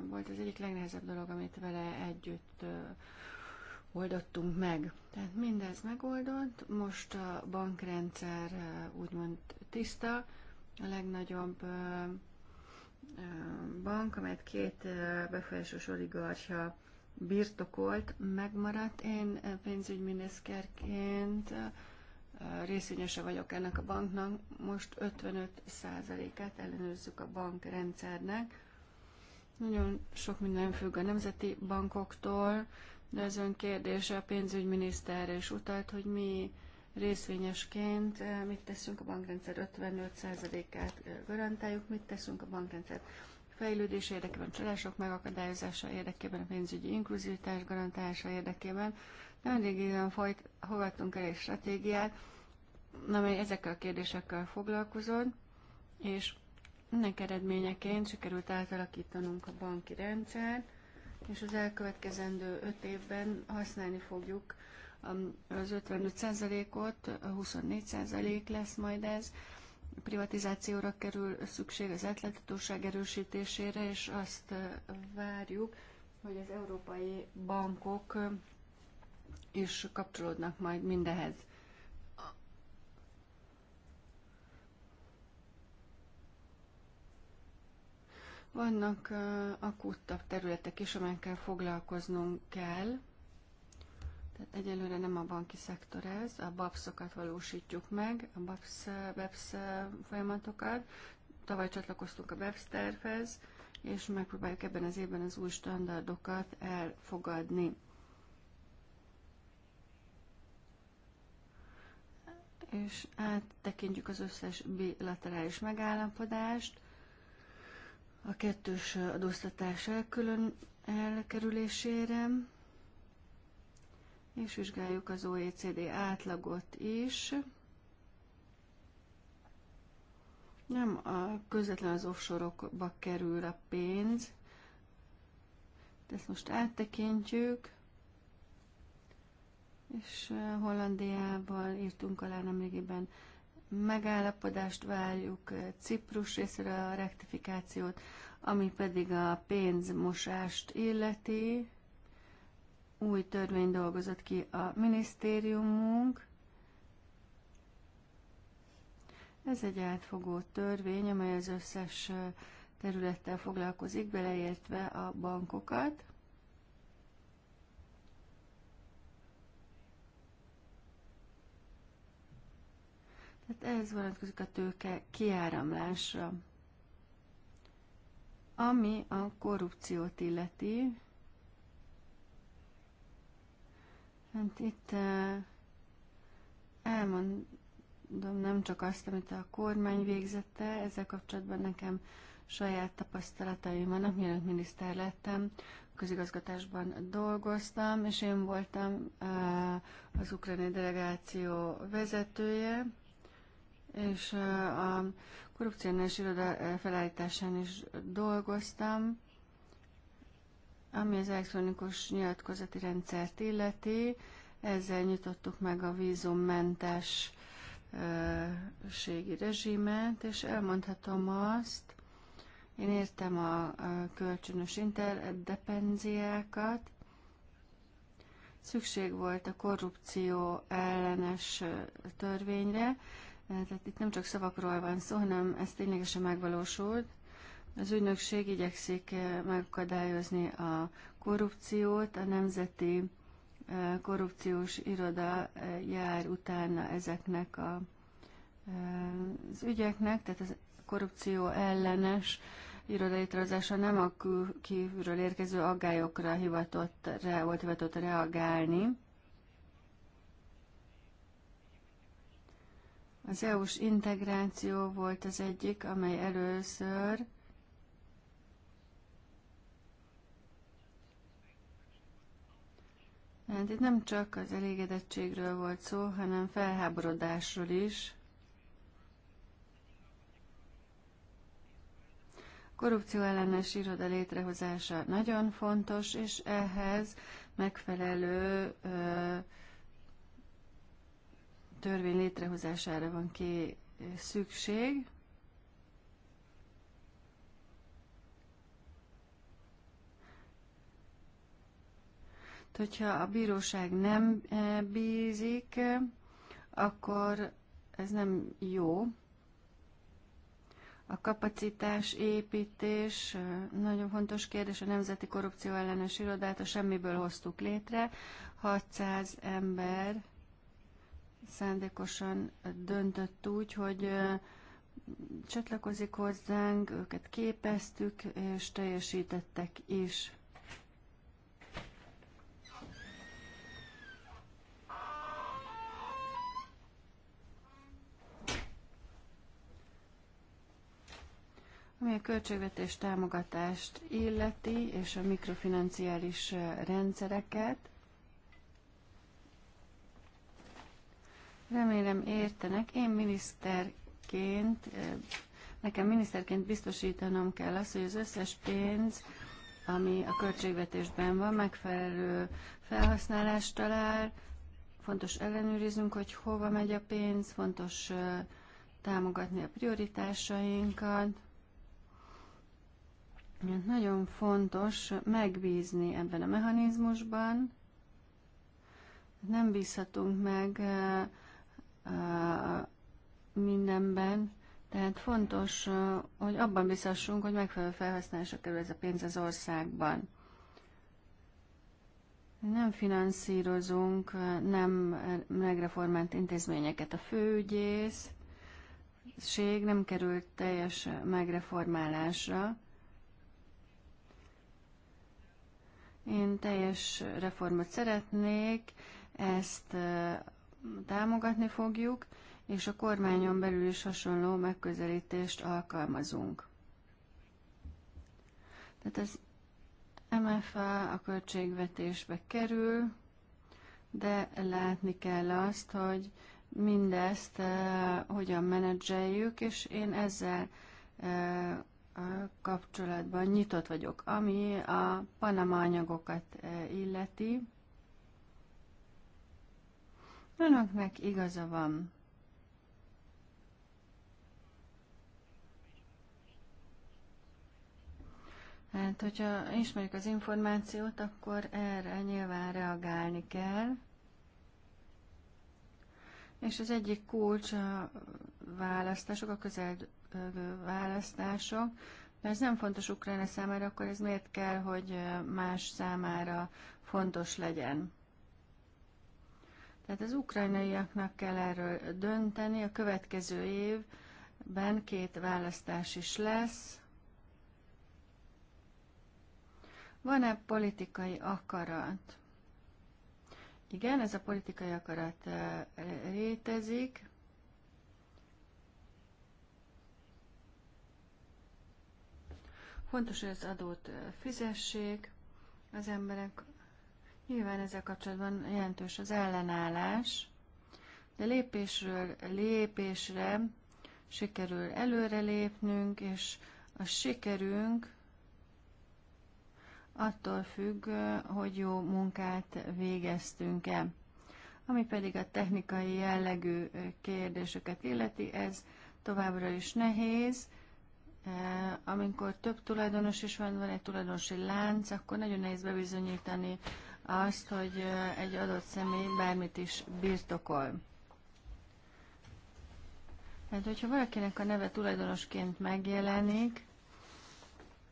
S4: volt az egyik legnehezebb dolog, amit vele együtt oldottunk meg. Tehát mindez megoldott, most a bankrendszer úgymond tiszta, a legnagyobb bank, amelyet két befolyásos oligarcha birtokolt, megmaradt. Én pénzügyminiszterként részvényese vagyok ennek a banknak, most 55%-át ellenőrzzük a bankrendszernek. Nagyon sok minden függ a nemzeti bankoktól, de az ön kérdése a pénzügyminiszter is utalt, hogy mi részvényesként eh, mit teszünk a bankrendszer 55%-át eh, garantáljuk, mit teszünk a bankrendszer fejlődés érdekében, csalások megakadályozása érdekében, a pénzügyi inkluzivitás garantálása érdekében, nem mindig folyt, hovattunk el egy stratégiát, amely ezekkel a kérdésekkel foglalkozott, és ennek eredményeként sikerült átalakítanunk a banki rendszert, és az elkövetkezendő öt évben használni fogjuk um, az 55%-ot, 24% lesz majd ez. Privatizációra kerül szükség az átláthatóság erősítésére, és azt uh, várjuk, hogy az európai bankok um, és kapcsolódnak majd mindehez. Vannak akuttabb területek is, amelyekkel foglalkoznunk kell. Tehát egyelőre nem a banki szektor ez, a BAPS-okat valósítjuk meg, a BAPS, BAPS folyamatokat. Tavaly csatlakoztunk a BAPS tervhez, és megpróbáljuk ebben az évben az új standardokat elfogadni. és áttekintjük az összes bilaterális megállapodást, a kettős adóztatás külön elkerülésére, és vizsgáljuk az OECD átlagot is. Nem a, közvetlen az offshore-okba kerül a pénz, de ezt most áttekintjük és Hollandiával írtunk alá nemrégiben megállapodást várjuk, Ciprus részre a rektifikációt, ami pedig a pénzmosást illeti. Új törvény dolgozott ki a minisztériumunk. Ez egy átfogó törvény, amely az összes területtel foglalkozik, beleértve a bankokat. Tehát ez vonatkozik a tőke kiáramlásra. Ami a korrupciót illeti, hát itt eh, elmondom nem csak azt, amit a kormány végzette, ezzel kapcsolatban nekem saját tapasztalataim vannak, mielőtt miniszter lettem, közigazgatásban dolgoztam, és én voltam eh, az ukrajnai delegáció vezetője, és a korrupciós iroda felállításán is dolgoztam, ami az elektronikus nyilatkozati rendszert illeti. Ezzel nyitottuk meg a vízummentes ségi rezsimet, és elmondhatom azt, én értem a, kölcsönös interdepenziákat, szükség volt a korrupció ellenes törvényre, tehát itt nem csak szavakról van szó, hanem ez ténylegesen megvalósult. Az ügynökség igyekszik eh, megakadályozni a korrupciót, a nemzeti eh, korrupciós iroda eh, jár utána ezeknek a, az ügyeknek, tehát a korrupció ellenes irodaitrozása nem a kívülről érkező aggályokra hivatott, rá volt hivatott reagálni, Az EU-s integráció volt az egyik, amely először Hát itt nem csak az elégedettségről volt szó, hanem felháborodásról is. Korrupció ellenes iroda létrehozása nagyon fontos, és ehhez megfelelő ö, törvény létrehozására van ki szükség. Hogyha a bíróság nem bízik, akkor ez nem jó. A kapacitás építés nagyon fontos kérdés, a Nemzeti Korrupció Ellenes Irodát a semmiből hoztuk létre. 600 ember szándékosan döntött úgy, hogy csatlakozik hozzánk, őket képeztük, és teljesítettek is. Ami a költségvetés támogatást illeti, és a mikrofinanciális rendszereket, Remélem értenek. Én miniszterként, nekem miniszterként biztosítanom kell azt, hogy az összes pénz, ami a költségvetésben van, megfelelő felhasználást talál, fontos ellenőriznünk, hogy hova megy a pénz, fontos támogatni a prioritásainkat. Nagyon fontos megbízni ebben a mechanizmusban. Nem bízhatunk meg mindenben. Tehát fontos, hogy abban biztosunk, hogy megfelelő felhasználásra kerül ez a pénz az országban. Nem finanszírozunk nem megreformált intézményeket. A főügyész nem került teljes megreformálásra. Én teljes reformot szeretnék, ezt támogatni fogjuk, és a kormányon belül is hasonló megközelítést alkalmazunk. Tehát az MFA a költségvetésbe kerül, de látni kell azt, hogy mindezt uh, hogyan menedzseljük, és én ezzel uh, kapcsolatban nyitott vagyok. Ami a Panama anyagokat uh, illeti,
S3: Önöknek
S4: igaza van. Hát, hogyha ismerjük az információt, akkor erre nyilván reagálni kell. És az egyik kulcs a választások, a közelgő választások. De ez nem fontos Ukrajna számára, akkor ez miért kell, hogy más számára fontos legyen? Tehát az ukrajnaiaknak kell erről dönteni. A következő évben két választás is lesz. Van-e politikai akarat? Igen, ez a politikai akarat eh, létezik. Fontos, hogy az adót eh, fizessék az emberek, Nyilván ezzel kapcsolatban jelentős az ellenállás, de lépésről lépésre sikerül előrelépnünk, és a sikerünk attól függ, hogy jó munkát végeztünk-e. Ami pedig a technikai jellegű kérdéseket illeti, ez továbbra is nehéz. E, amikor több tulajdonos is van, van egy tulajdonosi lánc, akkor nagyon nehéz bebizonyítani azt, hogy egy adott személy bármit is birtokol. mert hát, hogyha valakinek a neve tulajdonosként megjelenik,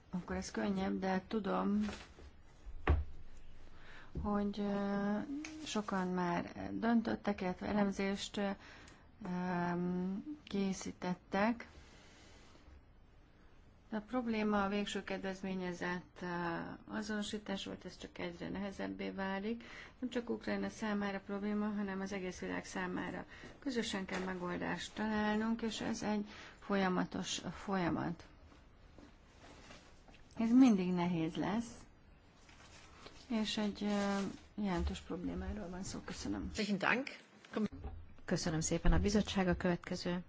S4: akkor ez könnyebb, de tudom, hogy sokan már döntöttek, illetve elemzést készítettek, a probléma a végső kedvezményezett eh, azonosítás volt, ez csak egyre nehezebbé válik. Nem csak Ukrajna számára probléma, hanem az egész világ számára. Közösen kell megoldást találnunk, és ez egy folyamatos folyamat. Ez mindig nehéz lesz, és egy eh, jelentős problémáról van szó. Köszönöm.
S2: Köszönöm szépen a bizottság. A következő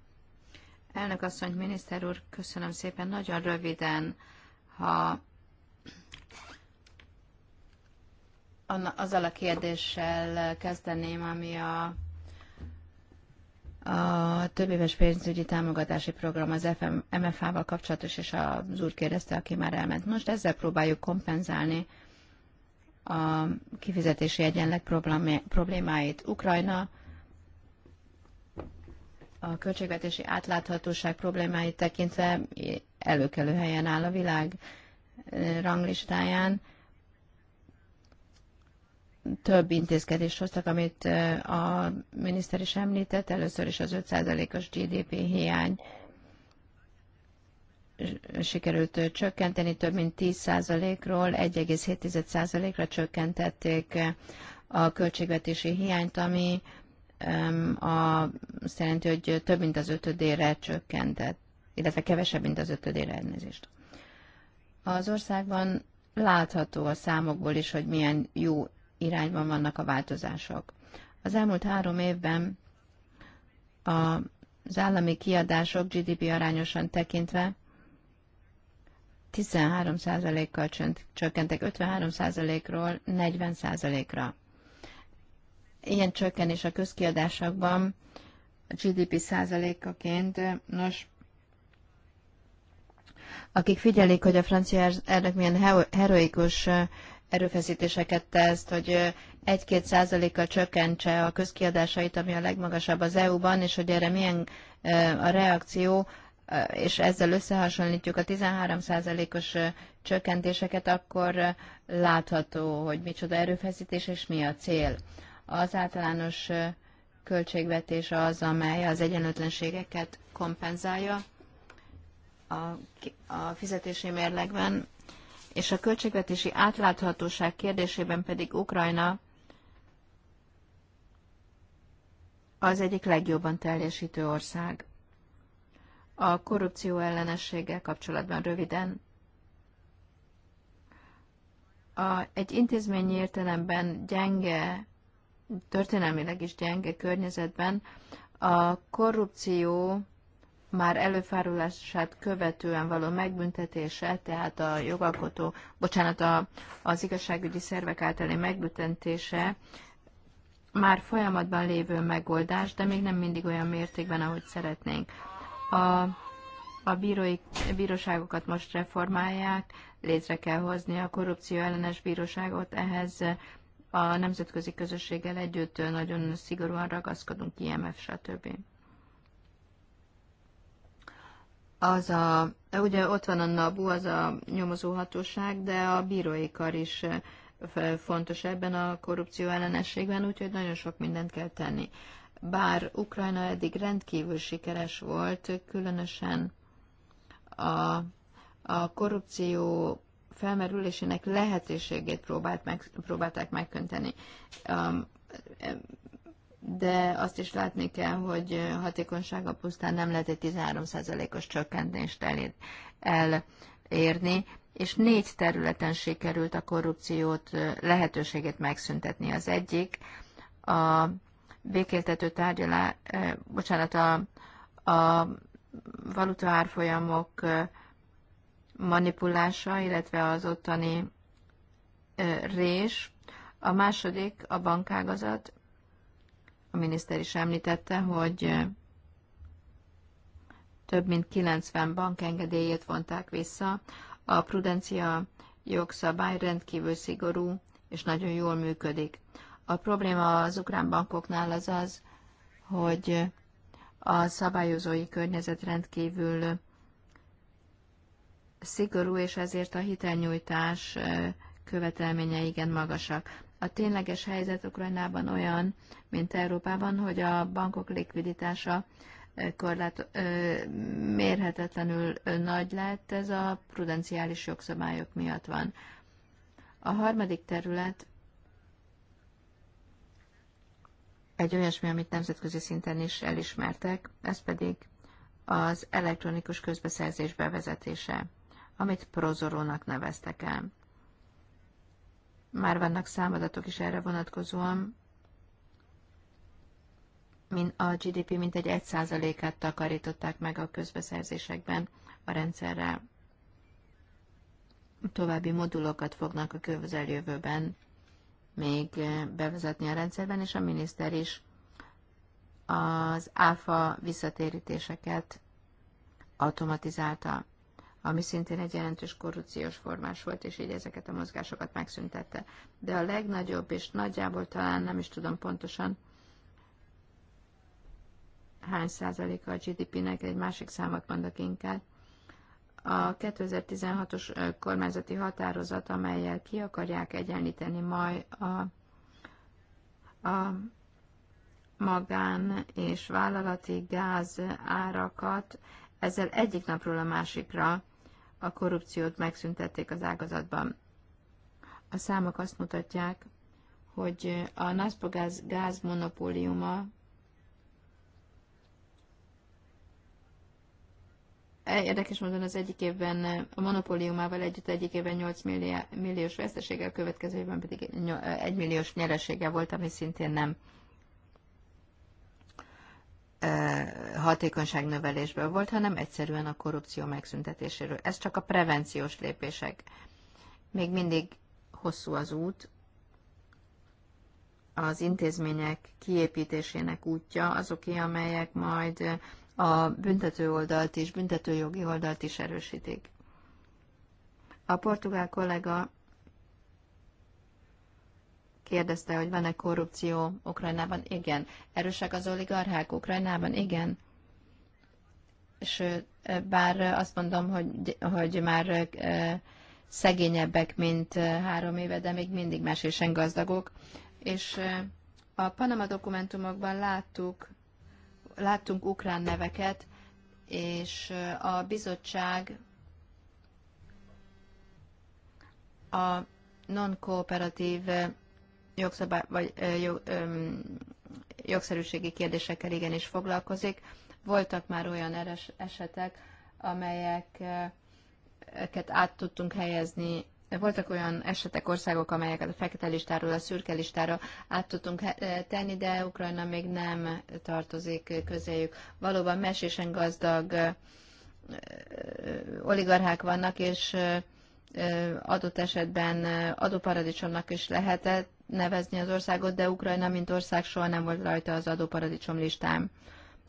S4: Elnök asszony, miniszter úr,
S2: köszönöm szépen. Nagyon röviden, ha azzal a kérdéssel kezdeném, ami a, a többéves pénzügyi támogatási program az FM, MFA-val kapcsolatos, és az úr kérdezte, aki már elment. Most ezzel próbáljuk kompenzálni a kifizetési egyenleg problémáit. Ukrajna a költségvetési átláthatóság problémáit tekintve előkelő helyen áll a világ eh, ranglistáján. Több intézkedést hoztak, amit eh, a miniszter is említett, először is az 5%-os GDP hiány sikerült eh, csökkenteni, több mint 10%-ról 1,7%-ra csökkentették a költségvetési hiányt, ami a, azt jelenti, hogy több mint az ötödére csökkentett, illetve kevesebb, mint az ötödére elnézést. Az országban látható a számokból is, hogy milyen jó irányban vannak a változások. Az elmúlt három évben a, az állami kiadások GDP arányosan tekintve 13%-kal csökkentek 53%-ról 40%-ra. Ilyen csökkenés a közkiadásokban a GDP százalékaként, nos, akik figyelik, hogy a francia er- elnök milyen heroikus erőfeszítéseket tesz, hogy 1-2 százalékkal csökkentse a közkiadásait, ami a legmagasabb az EU-ban, és hogy erre milyen a reakció, és ezzel összehasonlítjuk a 13 százalékos csökkentéseket, akkor látható, hogy micsoda erőfeszítés és mi a cél. Az általános költségvetés az, amely az egyenlőtlenségeket kompenzálja a, a fizetési mérlegben, és a költségvetési átláthatóság kérdésében pedig Ukrajna az egyik legjobban teljesítő ország. A korrupció ellenességgel kapcsolatban röviden. A, egy intézményi értelemben gyenge történelmileg is gyenge környezetben a korrupció már előfárulását követően való megbüntetése, tehát a jogalkotó, bocsánat, a, az igazságügyi szervek általi megbüntetése már folyamatban lévő megoldás, de még nem mindig olyan mértékben, ahogy szeretnénk. A, a bírói, bíróságokat most reformálják, létre kell hozni a korrupció ellenes bíróságot, ehhez a nemzetközi közösséggel együtt nagyon szigorúan ragaszkodunk, IMF, stb. Az a, ugye ott van a NABU, az a nyomozóhatóság, de a bírói kar is fontos ebben a korrupció ellenességben, úgyhogy nagyon sok mindent kell tenni. Bár Ukrajna eddig rendkívül sikeres volt, különösen a, a korrupció felmerülésének lehetőségét próbált meg, próbálták megkönteni. Um, de azt is látni kell, hogy hatékonysága pusztán nem lehet egy 13%-os csökkentést elérni, és négy területen sikerült a korrupciót lehetőségét megszüntetni. Az egyik a békéltető tárgyalás, bocsánat, a, a valuta árfolyamok manipulása, illetve az ottani rés. A második a bankágazat. A miniszter is említette, hogy több mint 90 bank engedélyét vonták vissza. A prudencia jogszabály rendkívül szigorú és nagyon jól működik. A probléma az ukrán bankoknál az az, hogy a szabályozói környezet rendkívül szigorú, és ezért a hitelnyújtás követelményei igen magasak. A tényleges helyzet Ukrajnában olyan, mint Európában, hogy a bankok likviditása korlát, mérhetetlenül nagy lett, ez a prudenciális jogszabályok miatt van. A harmadik terület egy olyasmi, amit nemzetközi szinten is elismertek, ez pedig az elektronikus közbeszerzés bevezetése amit prozorónak neveztek el. Már vannak számadatok is erre vonatkozóan, mint a GDP mintegy 1%-át takarították meg a közbeszerzésekben a rendszerrel. További modulokat fognak a közeljövőben még bevezetni a rendszerben, és a miniszter is az áfa visszatérítéseket automatizálta ami szintén egy jelentős korrupciós formás volt, és így ezeket a mozgásokat megszüntette. De a legnagyobb, és nagyjából talán nem is tudom pontosan, hány százaléka a GDP-nek, egy másik számot mondok inkább, a 2016-os kormányzati határozat, amelyel ki akarják egyenlíteni majd a, a magán és vállalati gáz árakat, ezzel egyik napról a másikra a korrupciót megszüntették az ágazatban. A számok azt mutatják, hogy a Naspogáz gáz monopóliuma Érdekes módon az egyik évben a monopóliumával együtt egyik évben 8 millió, milliós veszteséggel, következő évben pedig 1 milliós nyeresége volt, ami szintén nem hatékonyság volt, hanem egyszerűen a korrupció megszüntetéséről. Ez csak a prevenciós lépések. Még mindig hosszú az út, az intézmények kiépítésének útja azoké, amelyek majd a büntető oldalt is, büntetőjogi oldalt is erősítik. A portugál kollega kérdezte, hogy van-e korrupció Ukrajnában? Igen. Erősek az oligarchák Ukrajnában? Igen. Sőt, bár azt mondom, hogy, hogy már eh, szegényebbek, mint eh, három éve, de még mindig mesésen gazdagok. És eh, a Panama dokumentumokban láttuk, láttunk ukrán neveket, és a bizottság a non-kooperatív jogszabály, vagy jog, jogszerűségi kérdésekkel igenis foglalkozik. Voltak már olyan esetek, amelyeket át tudtunk helyezni voltak olyan esetek, országok, amelyeket a fekete listáról a szürke listára át tudtunk tenni, de Ukrajna még nem tartozik közéjük. Valóban mesésen gazdag oligarchák vannak, és adott esetben adóparadicsomnak is lehetett, nevezni az országot, de Ukrajna, mint ország soha nem volt rajta az adóparadicsom listán.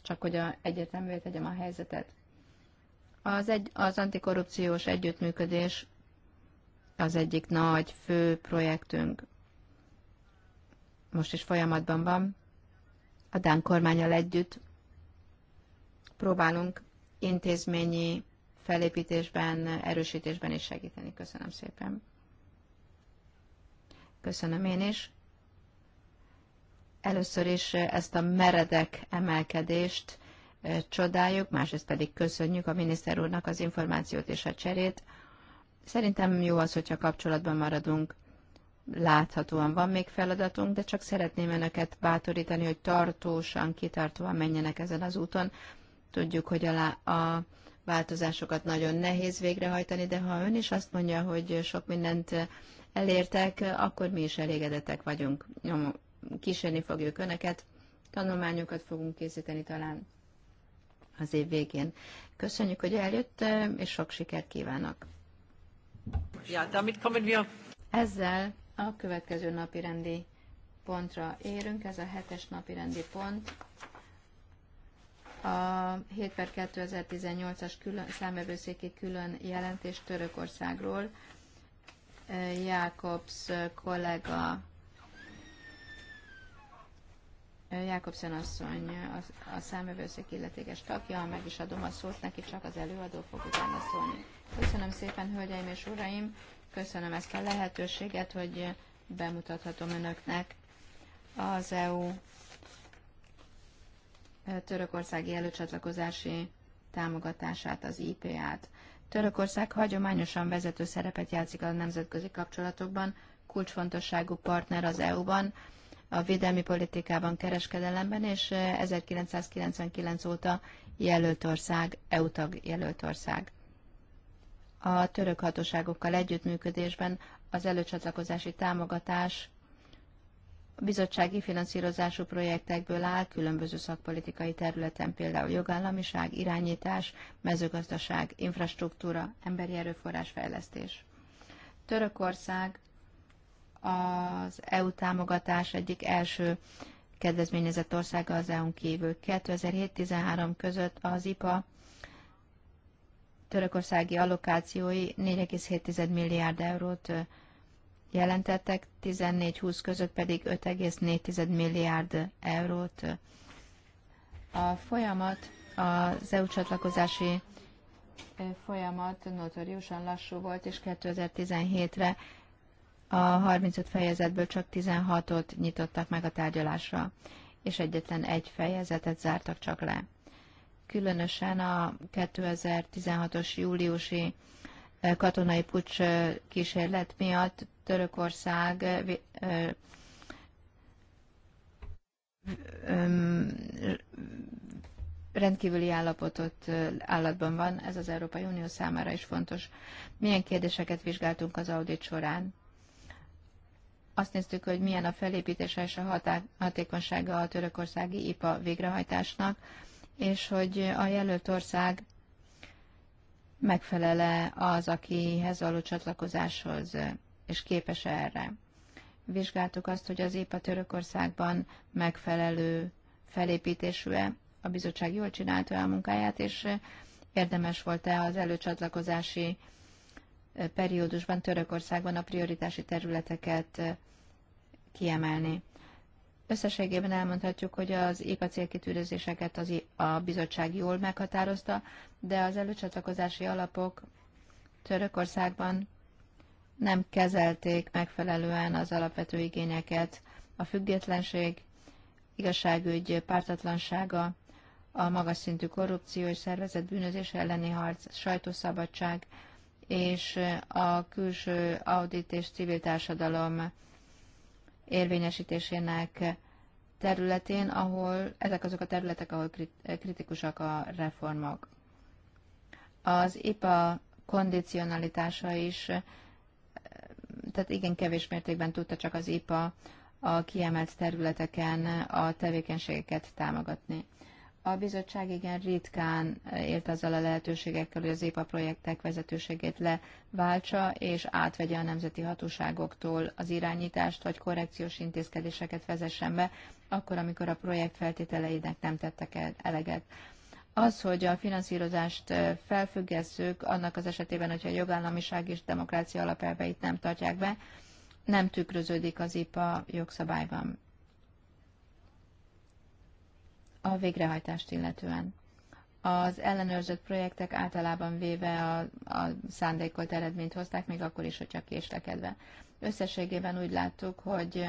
S2: Csak hogy a egyetemvé tegyem a helyzetet. Az, egy, az antikorrupciós együttműködés az egyik nagy fő projektünk. Most is folyamatban van. A Dán kormányal együtt próbálunk intézményi felépítésben, erősítésben is segíteni. Köszönöm szépen. Köszönöm én is. Először is eh, ezt a meredek emelkedést eh, csodáljuk, másrészt pedig köszönjük a miniszter úrnak az információt és a cserét. Szerintem jó az, hogyha kapcsolatban maradunk. Láthatóan van még feladatunk, de csak szeretném önöket bátorítani, hogy tartósan, kitartóan menjenek ezen az úton. Tudjuk, hogy a, a változásokat nagyon nehéz végrehajtani, de ha ön is azt mondja, hogy sok mindent eh, elértek, akkor mi is elégedetek vagyunk. kísérni fogjuk Önöket, tanulmányokat fogunk készíteni talán az év végén. Köszönjük, hogy eljött, és sok sikert kívánok!
S4: Ja, damit
S2: Ezzel a következő napi rendi pontra érünk, ez a hetes napi rendi pont. A 7 per 2018-as külön, számövőszéki külön jelentés Törökországról, Jakobs kollega, Jakobsen asszony a, a számövőszék illetékes tagja, meg is adom a szót neki, csak az előadó fog utána szólni. Köszönöm szépen, hölgyeim és uraim, köszönöm ezt a lehetőséget, hogy bemutathatom önöknek az EU törökországi előcsatlakozási támogatását, az IPA-t. Törökország hagyományosan vezető szerepet játszik a nemzetközi kapcsolatokban, kulcsfontosságú partner az EU-ban, a védelmi politikában, kereskedelemben, és 1999 óta jelölt ország, EU tag jelölt ország. A török hatóságokkal együttműködésben az előcsatlakozási támogatás a bizottsági finanszírozású projektekből áll különböző szakpolitikai területen, például jogállamiság, irányítás, mezőgazdaság, infrastruktúra, emberi erőforrás fejlesztés. Törökország az EU támogatás egyik első kedvezményezett országa az EU-n kívül. 2007-13 között az IPA törökországi allokációi 4,7 milliárd eurót jelentettek, 14-20 között pedig 5,4 milliárd eurót. A folyamat, az EU csatlakozási folyamat notoriusan lassú volt, és 2017-re a 35 fejezetből csak 16-ot nyitottak meg a tárgyalásra, és egyetlen egy fejezetet zártak csak le. Különösen a 2016-os júliusi katonai pucs kísérlet miatt Törökország rendkívüli állapotot állatban van, ez az Európai Unió számára is fontos. Milyen kérdéseket vizsgáltunk az audit során? Azt néztük, hogy milyen a felépítése és a hatékonysága a törökországi IPA végrehajtásnak, és hogy a jelölt ország megfelele az, akihez való csatlakozáshoz, és képes erre. Vizsgáltuk azt, hogy az ÉPA Törökországban megfelelő felépítésű-e, a bizottság jól csinálta a munkáját, és érdemes volt-e az előcsatlakozási periódusban Törökországban a prioritási területeket kiemelni. Összességében elmondhatjuk, hogy az IKA célkitűzéseket az, a bizottság jól meghatározta, de az előcsatlakozási alapok Törökországban nem kezelték megfelelően az alapvető igényeket, a függetlenség, igazságügy pártatlansága, a magas szintű korrupció és szervezett bűnözés elleni harc, sajtószabadság és a külső audit és civil társadalom érvényesítésének területén, ahol ezek azok a területek, ahol kritikusak a reformok. Az IPA kondicionalitása is, eh, tehát igen kevés mértékben tudta csak az IPA a kiemelt területeken a tevékenységeket támogatni. A bizottság igen ritkán élt azzal a lehetőségekkel, hogy az ÉPA projektek vezetőségét leváltsa, és átvegye a nemzeti hatóságoktól az irányítást, vagy korrekciós intézkedéseket vezessen be, akkor, amikor a projekt feltételeinek nem tettek eleget. Az, hogy a finanszírozást felfüggesszük, annak az esetében, hogyha a jogállamiság és demokrácia alapelveit nem tartják be, nem tükröződik az IPA jogszabályban a végrehajtást illetően. Az ellenőrzött projektek általában véve a, a szándékolt eredményt hozták, még akkor is, hogyha késlekedve. Összességében úgy láttuk, hogy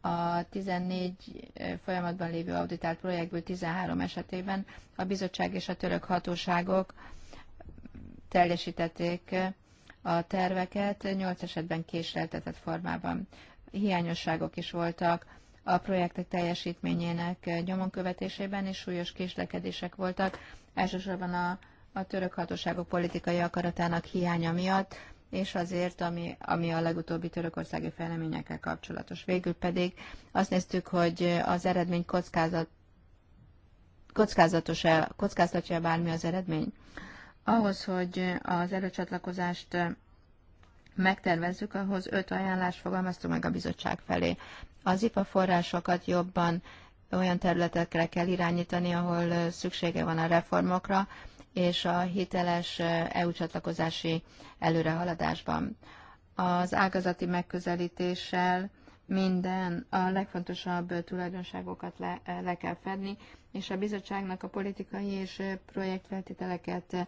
S2: a 14 folyamatban lévő auditált projektből 13 esetében a bizottság és a török hatóságok teljesítették a terveket, 8 esetben késleltetett formában. Hiányosságok is voltak a projektek teljesítményének nyomon követésében, is súlyos késlekedések voltak, elsősorban a, a török hatóságok politikai akaratának hiánya miatt, és azért, ami, ami a legutóbbi törökországi fejleményekkel kapcsolatos. Végül pedig azt néztük, hogy az eredmény kockázat, kockázatos-e, kockáztatja bármi az eredmény. Ahhoz, hogy az előcsatlakozást megtervezzük, ahhoz öt ajánlást fogalmaztunk meg a bizottság felé. Az IPA forrásokat jobban olyan területekre kell irányítani, ahol szüksége van a reformokra, és a hiteles EU csatlakozási előrehaladásban. Az ágazati megközelítéssel minden a legfontosabb tulajdonságokat le, le kell fedni, és a bizottságnak a politikai és projektfeltételeket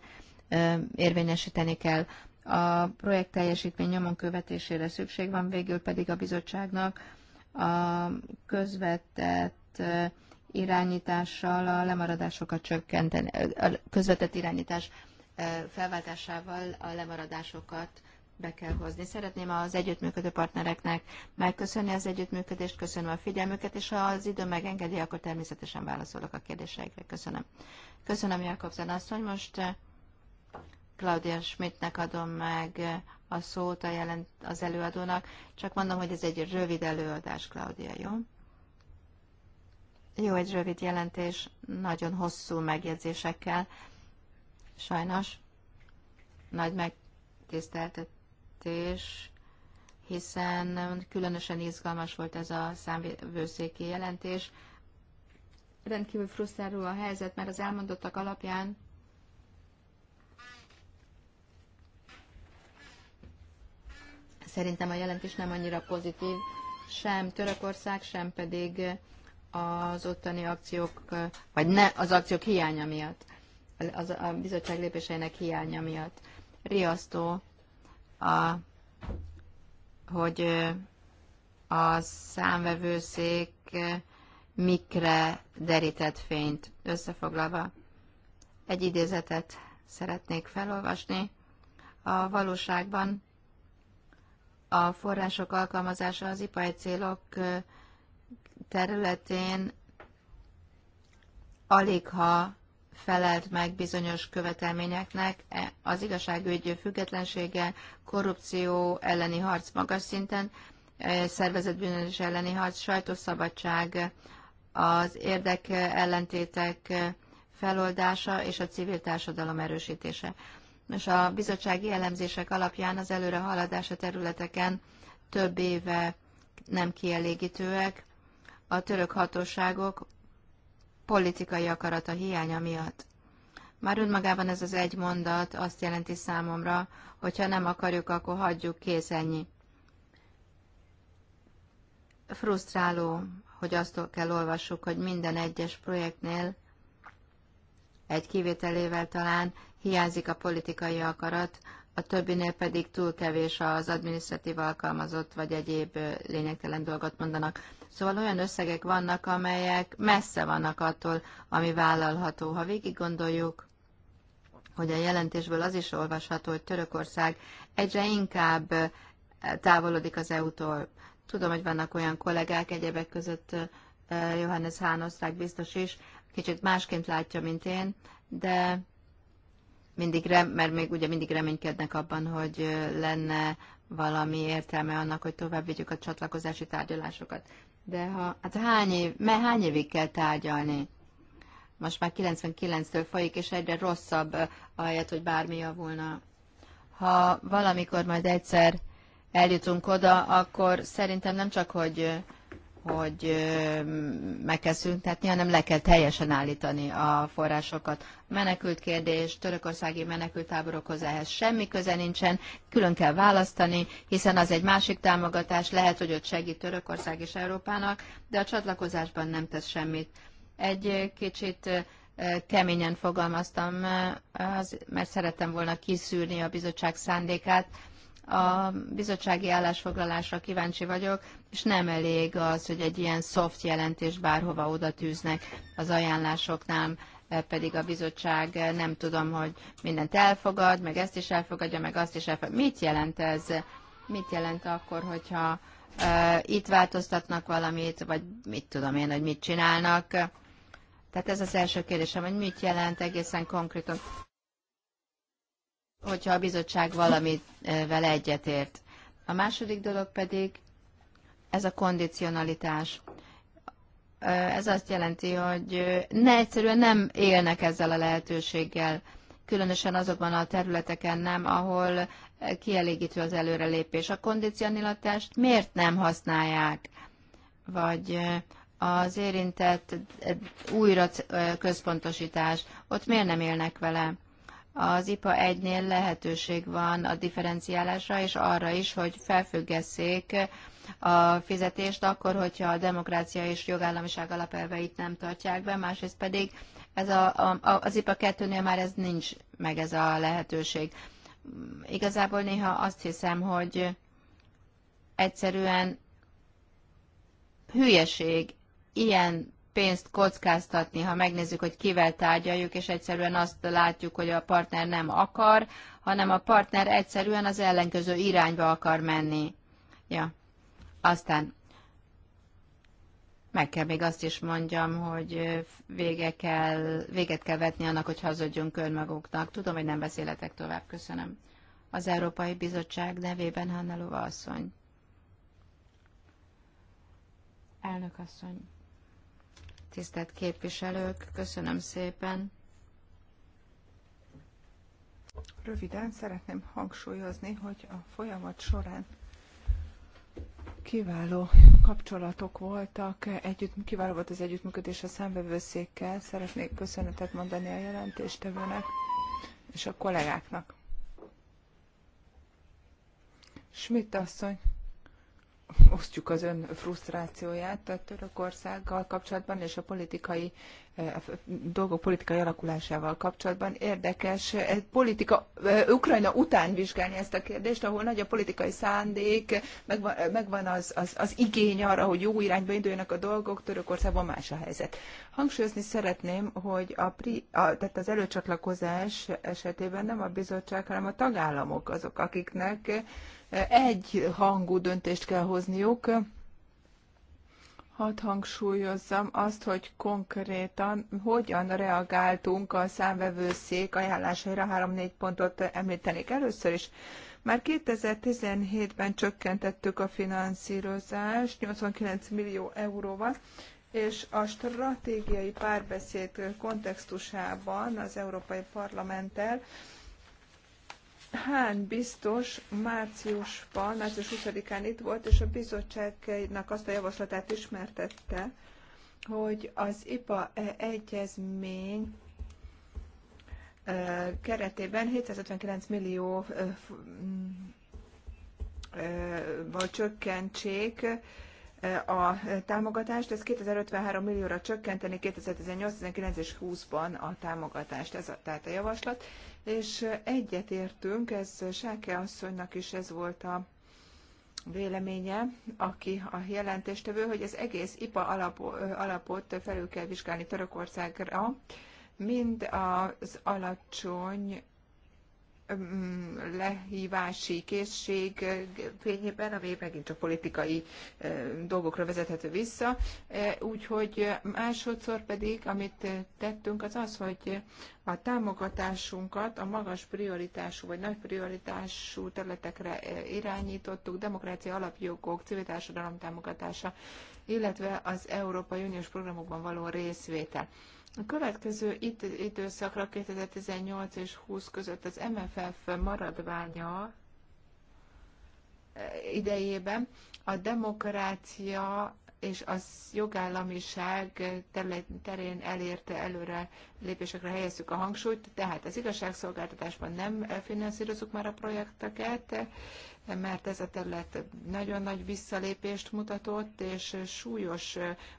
S2: érvényesíteni kell. A projekt teljesítmény nyomon követésére szükség van, végül pedig a bizottságnak a közvetett eh, irányítással a lemaradásokat csökkenteni, a közvetett irányítás eh, felváltásával a lemaradásokat be kell hozni. Szeretném az együttműködő partnereknek megköszönni az együttműködést, köszönöm a figyelmüket, és ha az idő megengedi, akkor természetesen válaszolok a kérdéseikre. Köszönöm. Köszönöm, Jakobzen asszony. Most eh, Claudia Schmidtnek adom meg a szót a jelent, az előadónak, csak mondom, hogy ez egy rövid előadás, Claudia, jó? Jó, egy rövid jelentés, nagyon hosszú megjegyzésekkel. Sajnos nagy megtiszteltetés, hiszen különösen izgalmas volt ez a számvőszéki jelentés. Rendkívül frusztráló a helyzet, mert az elmondottak alapján Szerintem a jelentés nem annyira pozitív, sem Törökország, sem pedig az ottani akciók, vagy ne, az akciók hiánya miatt, az, a bizottság lépéseinek hiánya miatt. Riasztó, a, hogy a számvevőszék mikre derített fényt. Összefoglalva egy idézetet szeretnék felolvasni. A valóságban a források alkalmazása az ipari célok területén alig ha felelt meg bizonyos követelményeknek, e, az igazságügy függetlensége, korrupció elleni harc magas szinten, e, szervezetbűnözés elleni harc, sajtószabadság, az érdek ellentétek feloldása és a civil társadalom erősítése. Nos, a bizottsági elemzések alapján az előre haladás a területeken több éve nem kielégítőek, a török hatóságok politikai akarata hiánya miatt. Már önmagában ez az egy mondat azt jelenti számomra, hogy ha nem akarjuk, akkor hagyjuk kész ennyi. Frusztráló, hogy azt kell olvassuk, hogy minden egyes projektnél, egy kivételével talán, hiányzik a politikai akarat, a többinél pedig túl kevés az administratív alkalmazott vagy egyéb lényegtelen dolgot mondanak. Szóval olyan összegek vannak, amelyek messze vannak attól, ami vállalható. Ha végig gondoljuk, hogy a jelentésből az is olvasható, hogy Törökország egyre inkább távolodik az EU-tól. Tudom, hogy vannak olyan kollégák, egyebek között Johannes Hán osztrák biztos is, kicsit másként látja, mint én, de mindig rem, mert még ugye mindig reménykednek abban, hogy lenne valami értelme annak, hogy tovább vigyük a csatlakozási tárgyalásokat. De ha, hát hány, év, me, hány évig kell tárgyalni? Most már 99-től folyik, és egyre rosszabb, ahelyett, hogy bármi javulna. Ha valamikor majd egyszer eljutunk oda, akkor szerintem nem csak, hogy hogy meg kell szüntetni, hanem le kell teljesen állítani a forrásokat. Menekült kérdés, törökországi menekültáborokhoz ehhez semmi köze nincsen, külön kell választani, hiszen az egy másik támogatás, lehet, hogy ott segít Törökország és Európának, de a csatlakozásban nem tesz semmit. Egy kicsit keményen fogalmaztam, mert szerettem volna kiszűrni a bizottság szándékát, a bizottsági állásfoglalásra kíváncsi vagyok, és nem elég az, hogy egy ilyen soft jelentés bárhova oda tűznek az ajánlásoknál, eh, pedig a bizottság eh, nem tudom, hogy mindent elfogad, meg ezt is elfogadja, meg azt is elfogadja. Mit jelent ez? Mit jelent akkor, hogyha uh, itt változtatnak valamit, vagy mit tudom én, hogy mit csinálnak? Tehát ez az első kérdésem, hogy mit jelent egészen konkrétan hogyha a bizottság vele egyetért. A második dolog pedig ez a kondicionalitás. Ez azt jelenti, hogy ne egyszerűen nem élnek ezzel a lehetőséggel, különösen azokban a területeken nem, ahol kielégítő az előrelépés. A kondicionalitást miért nem használják? Vagy az érintett újra központosítás, ott miért nem élnek vele? az IPA 1-nél lehetőség van a differenciálásra, és arra is, hogy felfüggesszék a fizetést akkor, hogyha a demokrácia és jogállamiság alapelveit nem tartják be, másrészt pedig ez a, a, az IPA 2-nél már ez nincs meg ez a lehetőség. Igazából néha azt hiszem, hogy egyszerűen hülyeség ilyen pénzt kockáztatni, ha megnézzük, hogy kivel tárgyaljuk, és egyszerűen azt látjuk, hogy a partner nem akar, hanem a partner egyszerűen az ellenkező irányba akar menni. Ja. Aztán meg kell még azt is mondjam, hogy vége kell, véget kell vetni annak, hogy hazudjunk önmaguknak. Tudom, hogy nem beszéletek tovább. Köszönöm. Az Európai Bizottság nevében Hannelova asszony. Elnök asszony tisztelt képviselők,
S1: köszönöm szépen. Röviden szeretném hangsúlyozni, hogy a folyamat során kiváló kapcsolatok voltak, együtt, kiváló volt az együttműködés a számbevőszékkel. Szeretnék köszönetet mondani a jelentéstevőnek és a kollégáknak. Schmidt asszony, osztjuk az ön frusztrációját a Törökországgal kapcsolatban és a politikai a dolgok politikai alakulásával kapcsolatban. Érdekes politika, Ukrajna után vizsgálni ezt a kérdést, ahol nagy a politikai szándék, megvan, megvan az, az, az igény arra, hogy jó irányba induljanak a dolgok, Törökországban más a helyzet. Hangsúlyozni szeretném, hogy a, pri, a tehát az előcsatlakozás esetében nem a bizottság, hanem a tagállamok azok, akiknek egy hangú döntést kell hozniuk, Hadd hangsúlyozzam azt, hogy konkrétan hogyan reagáltunk a számvevőszék ajánlásaira, három-négy pontot említenék először is. Már 2017-ben csökkentettük a finanszírozást 89 millió euróval, és a stratégiai párbeszéd kontextusában az Európai Parlamenttel hány biztos márciusban, március 20-án itt volt, és a bizottságnak azt a javaslatát ismertette, hogy az IPA egyezmény eh, keretében 759 millió eh, mm, eh, vagy csökkentsék a támogatást, ez 2053 millióra csökkenteni 2018, 19 és 20-ban a támogatást, ez a, tehát a javaslat, és egyetértünk, ez Sáke asszonynak is ez volt a véleménye, aki a jelentéstevő, hogy az egész IPA alapot felül kell vizsgálni Törökországra, mind az alacsony lehívási készség fényében, ami megint csak politikai dolgokra vezethető vissza. Úgyhogy másodszor pedig, amit tettünk, az az, hogy a támogatásunkat a magas prioritású vagy nagy prioritású területekre irányítottuk, demokrácia, alapjogok, civil társadalom támogatása, illetve az Európai Uniós programokban való részvétel. A következő itt, időszakra 2018 és 20 között az MFF maradványa eh, idejében a demokrácia és az jogállamiság terén elérte előre lépésekre helyezzük a hangsúlyt, tehát az igazságszolgáltatásban nem finanszírozunk már a projekteket, mert ez a terület nagyon nagy visszalépést mutatott, és súlyos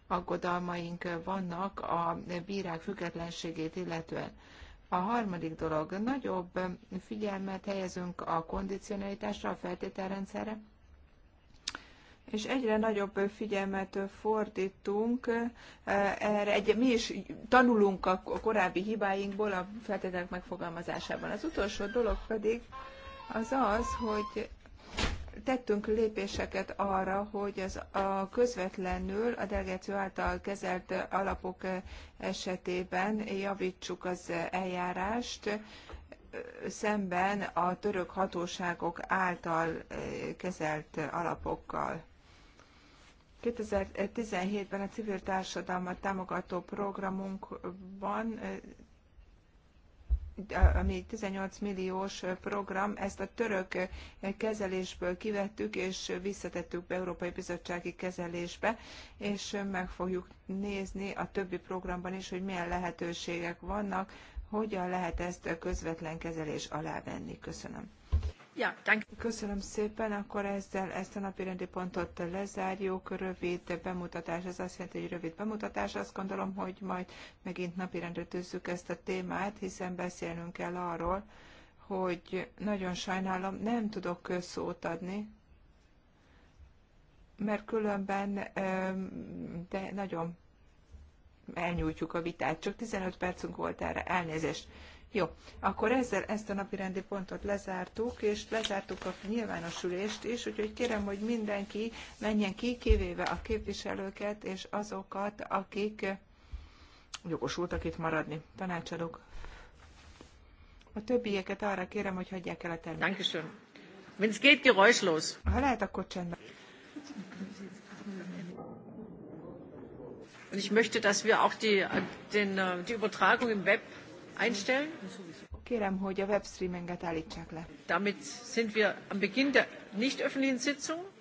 S1: aggodalmaink vannak a bírák függetlenségét illetően. A harmadik dolog, nagyobb figyelmet helyezünk a kondicionalitásra, a feltételrendszerre, és egyre nagyobb figyelmet fordítunk eh, erre. Egy, mi is tanulunk a korábbi hibáinkból a feltételek megfogalmazásában. Az utolsó dolog pedig az az, hogy tettünk lépéseket arra, hogy az a közvetlenül a delegáció által kezelt alapok esetében javítsuk az eljárást szemben a török hatóságok által kezelt alapokkal. 2017-ben a civil társadalmat támogató programunkban ami 18 milliós program, ezt a török kezelésből kivettük, és visszatettük be Európai Bizottsági kezelésbe, és meg fogjuk nézni a többi programban is, hogy milyen lehetőségek vannak, hogyan lehet ezt közvetlen kezelés alá venni. Köszönöm. Ja, Köszönöm szépen, akkor ezzel ezt a napi rendi pontot lezárjuk. Rövid bemutatás, ez azt jelenti, hogy rövid bemutatás. Azt gondolom, hogy majd megint napirendre tűzzük ezt a témát, hiszen beszélnünk kell arról, hogy nagyon sajnálom, nem tudok szót adni, mert különben de nagyon elnyújtjuk a vitát. Csak 15 percünk volt erre, elnézést. Jó, akkor ezzel ezt a napi rendi pontot lezártuk, és lezártuk a nyilvános is, úgyhogy kérem, hogy mindenki menjen ki, kivéve a képviselőket és azokat, akik jogosultak itt maradni. Tanácsadók. A többieket arra kérem, hogy hagyják el a termet. Dankeschön. Wenn es geht, geräuschlos. Ha lehet, akkor csendben.
S4: Und ich möchte, dass wir auch die, äh, den, äh, die Übertragung im Web einstellen?
S1: Kérem, hogy a webstreaminget állítsák le. Damit sind wir am Beginn der nicht öffentlichen Sitzung.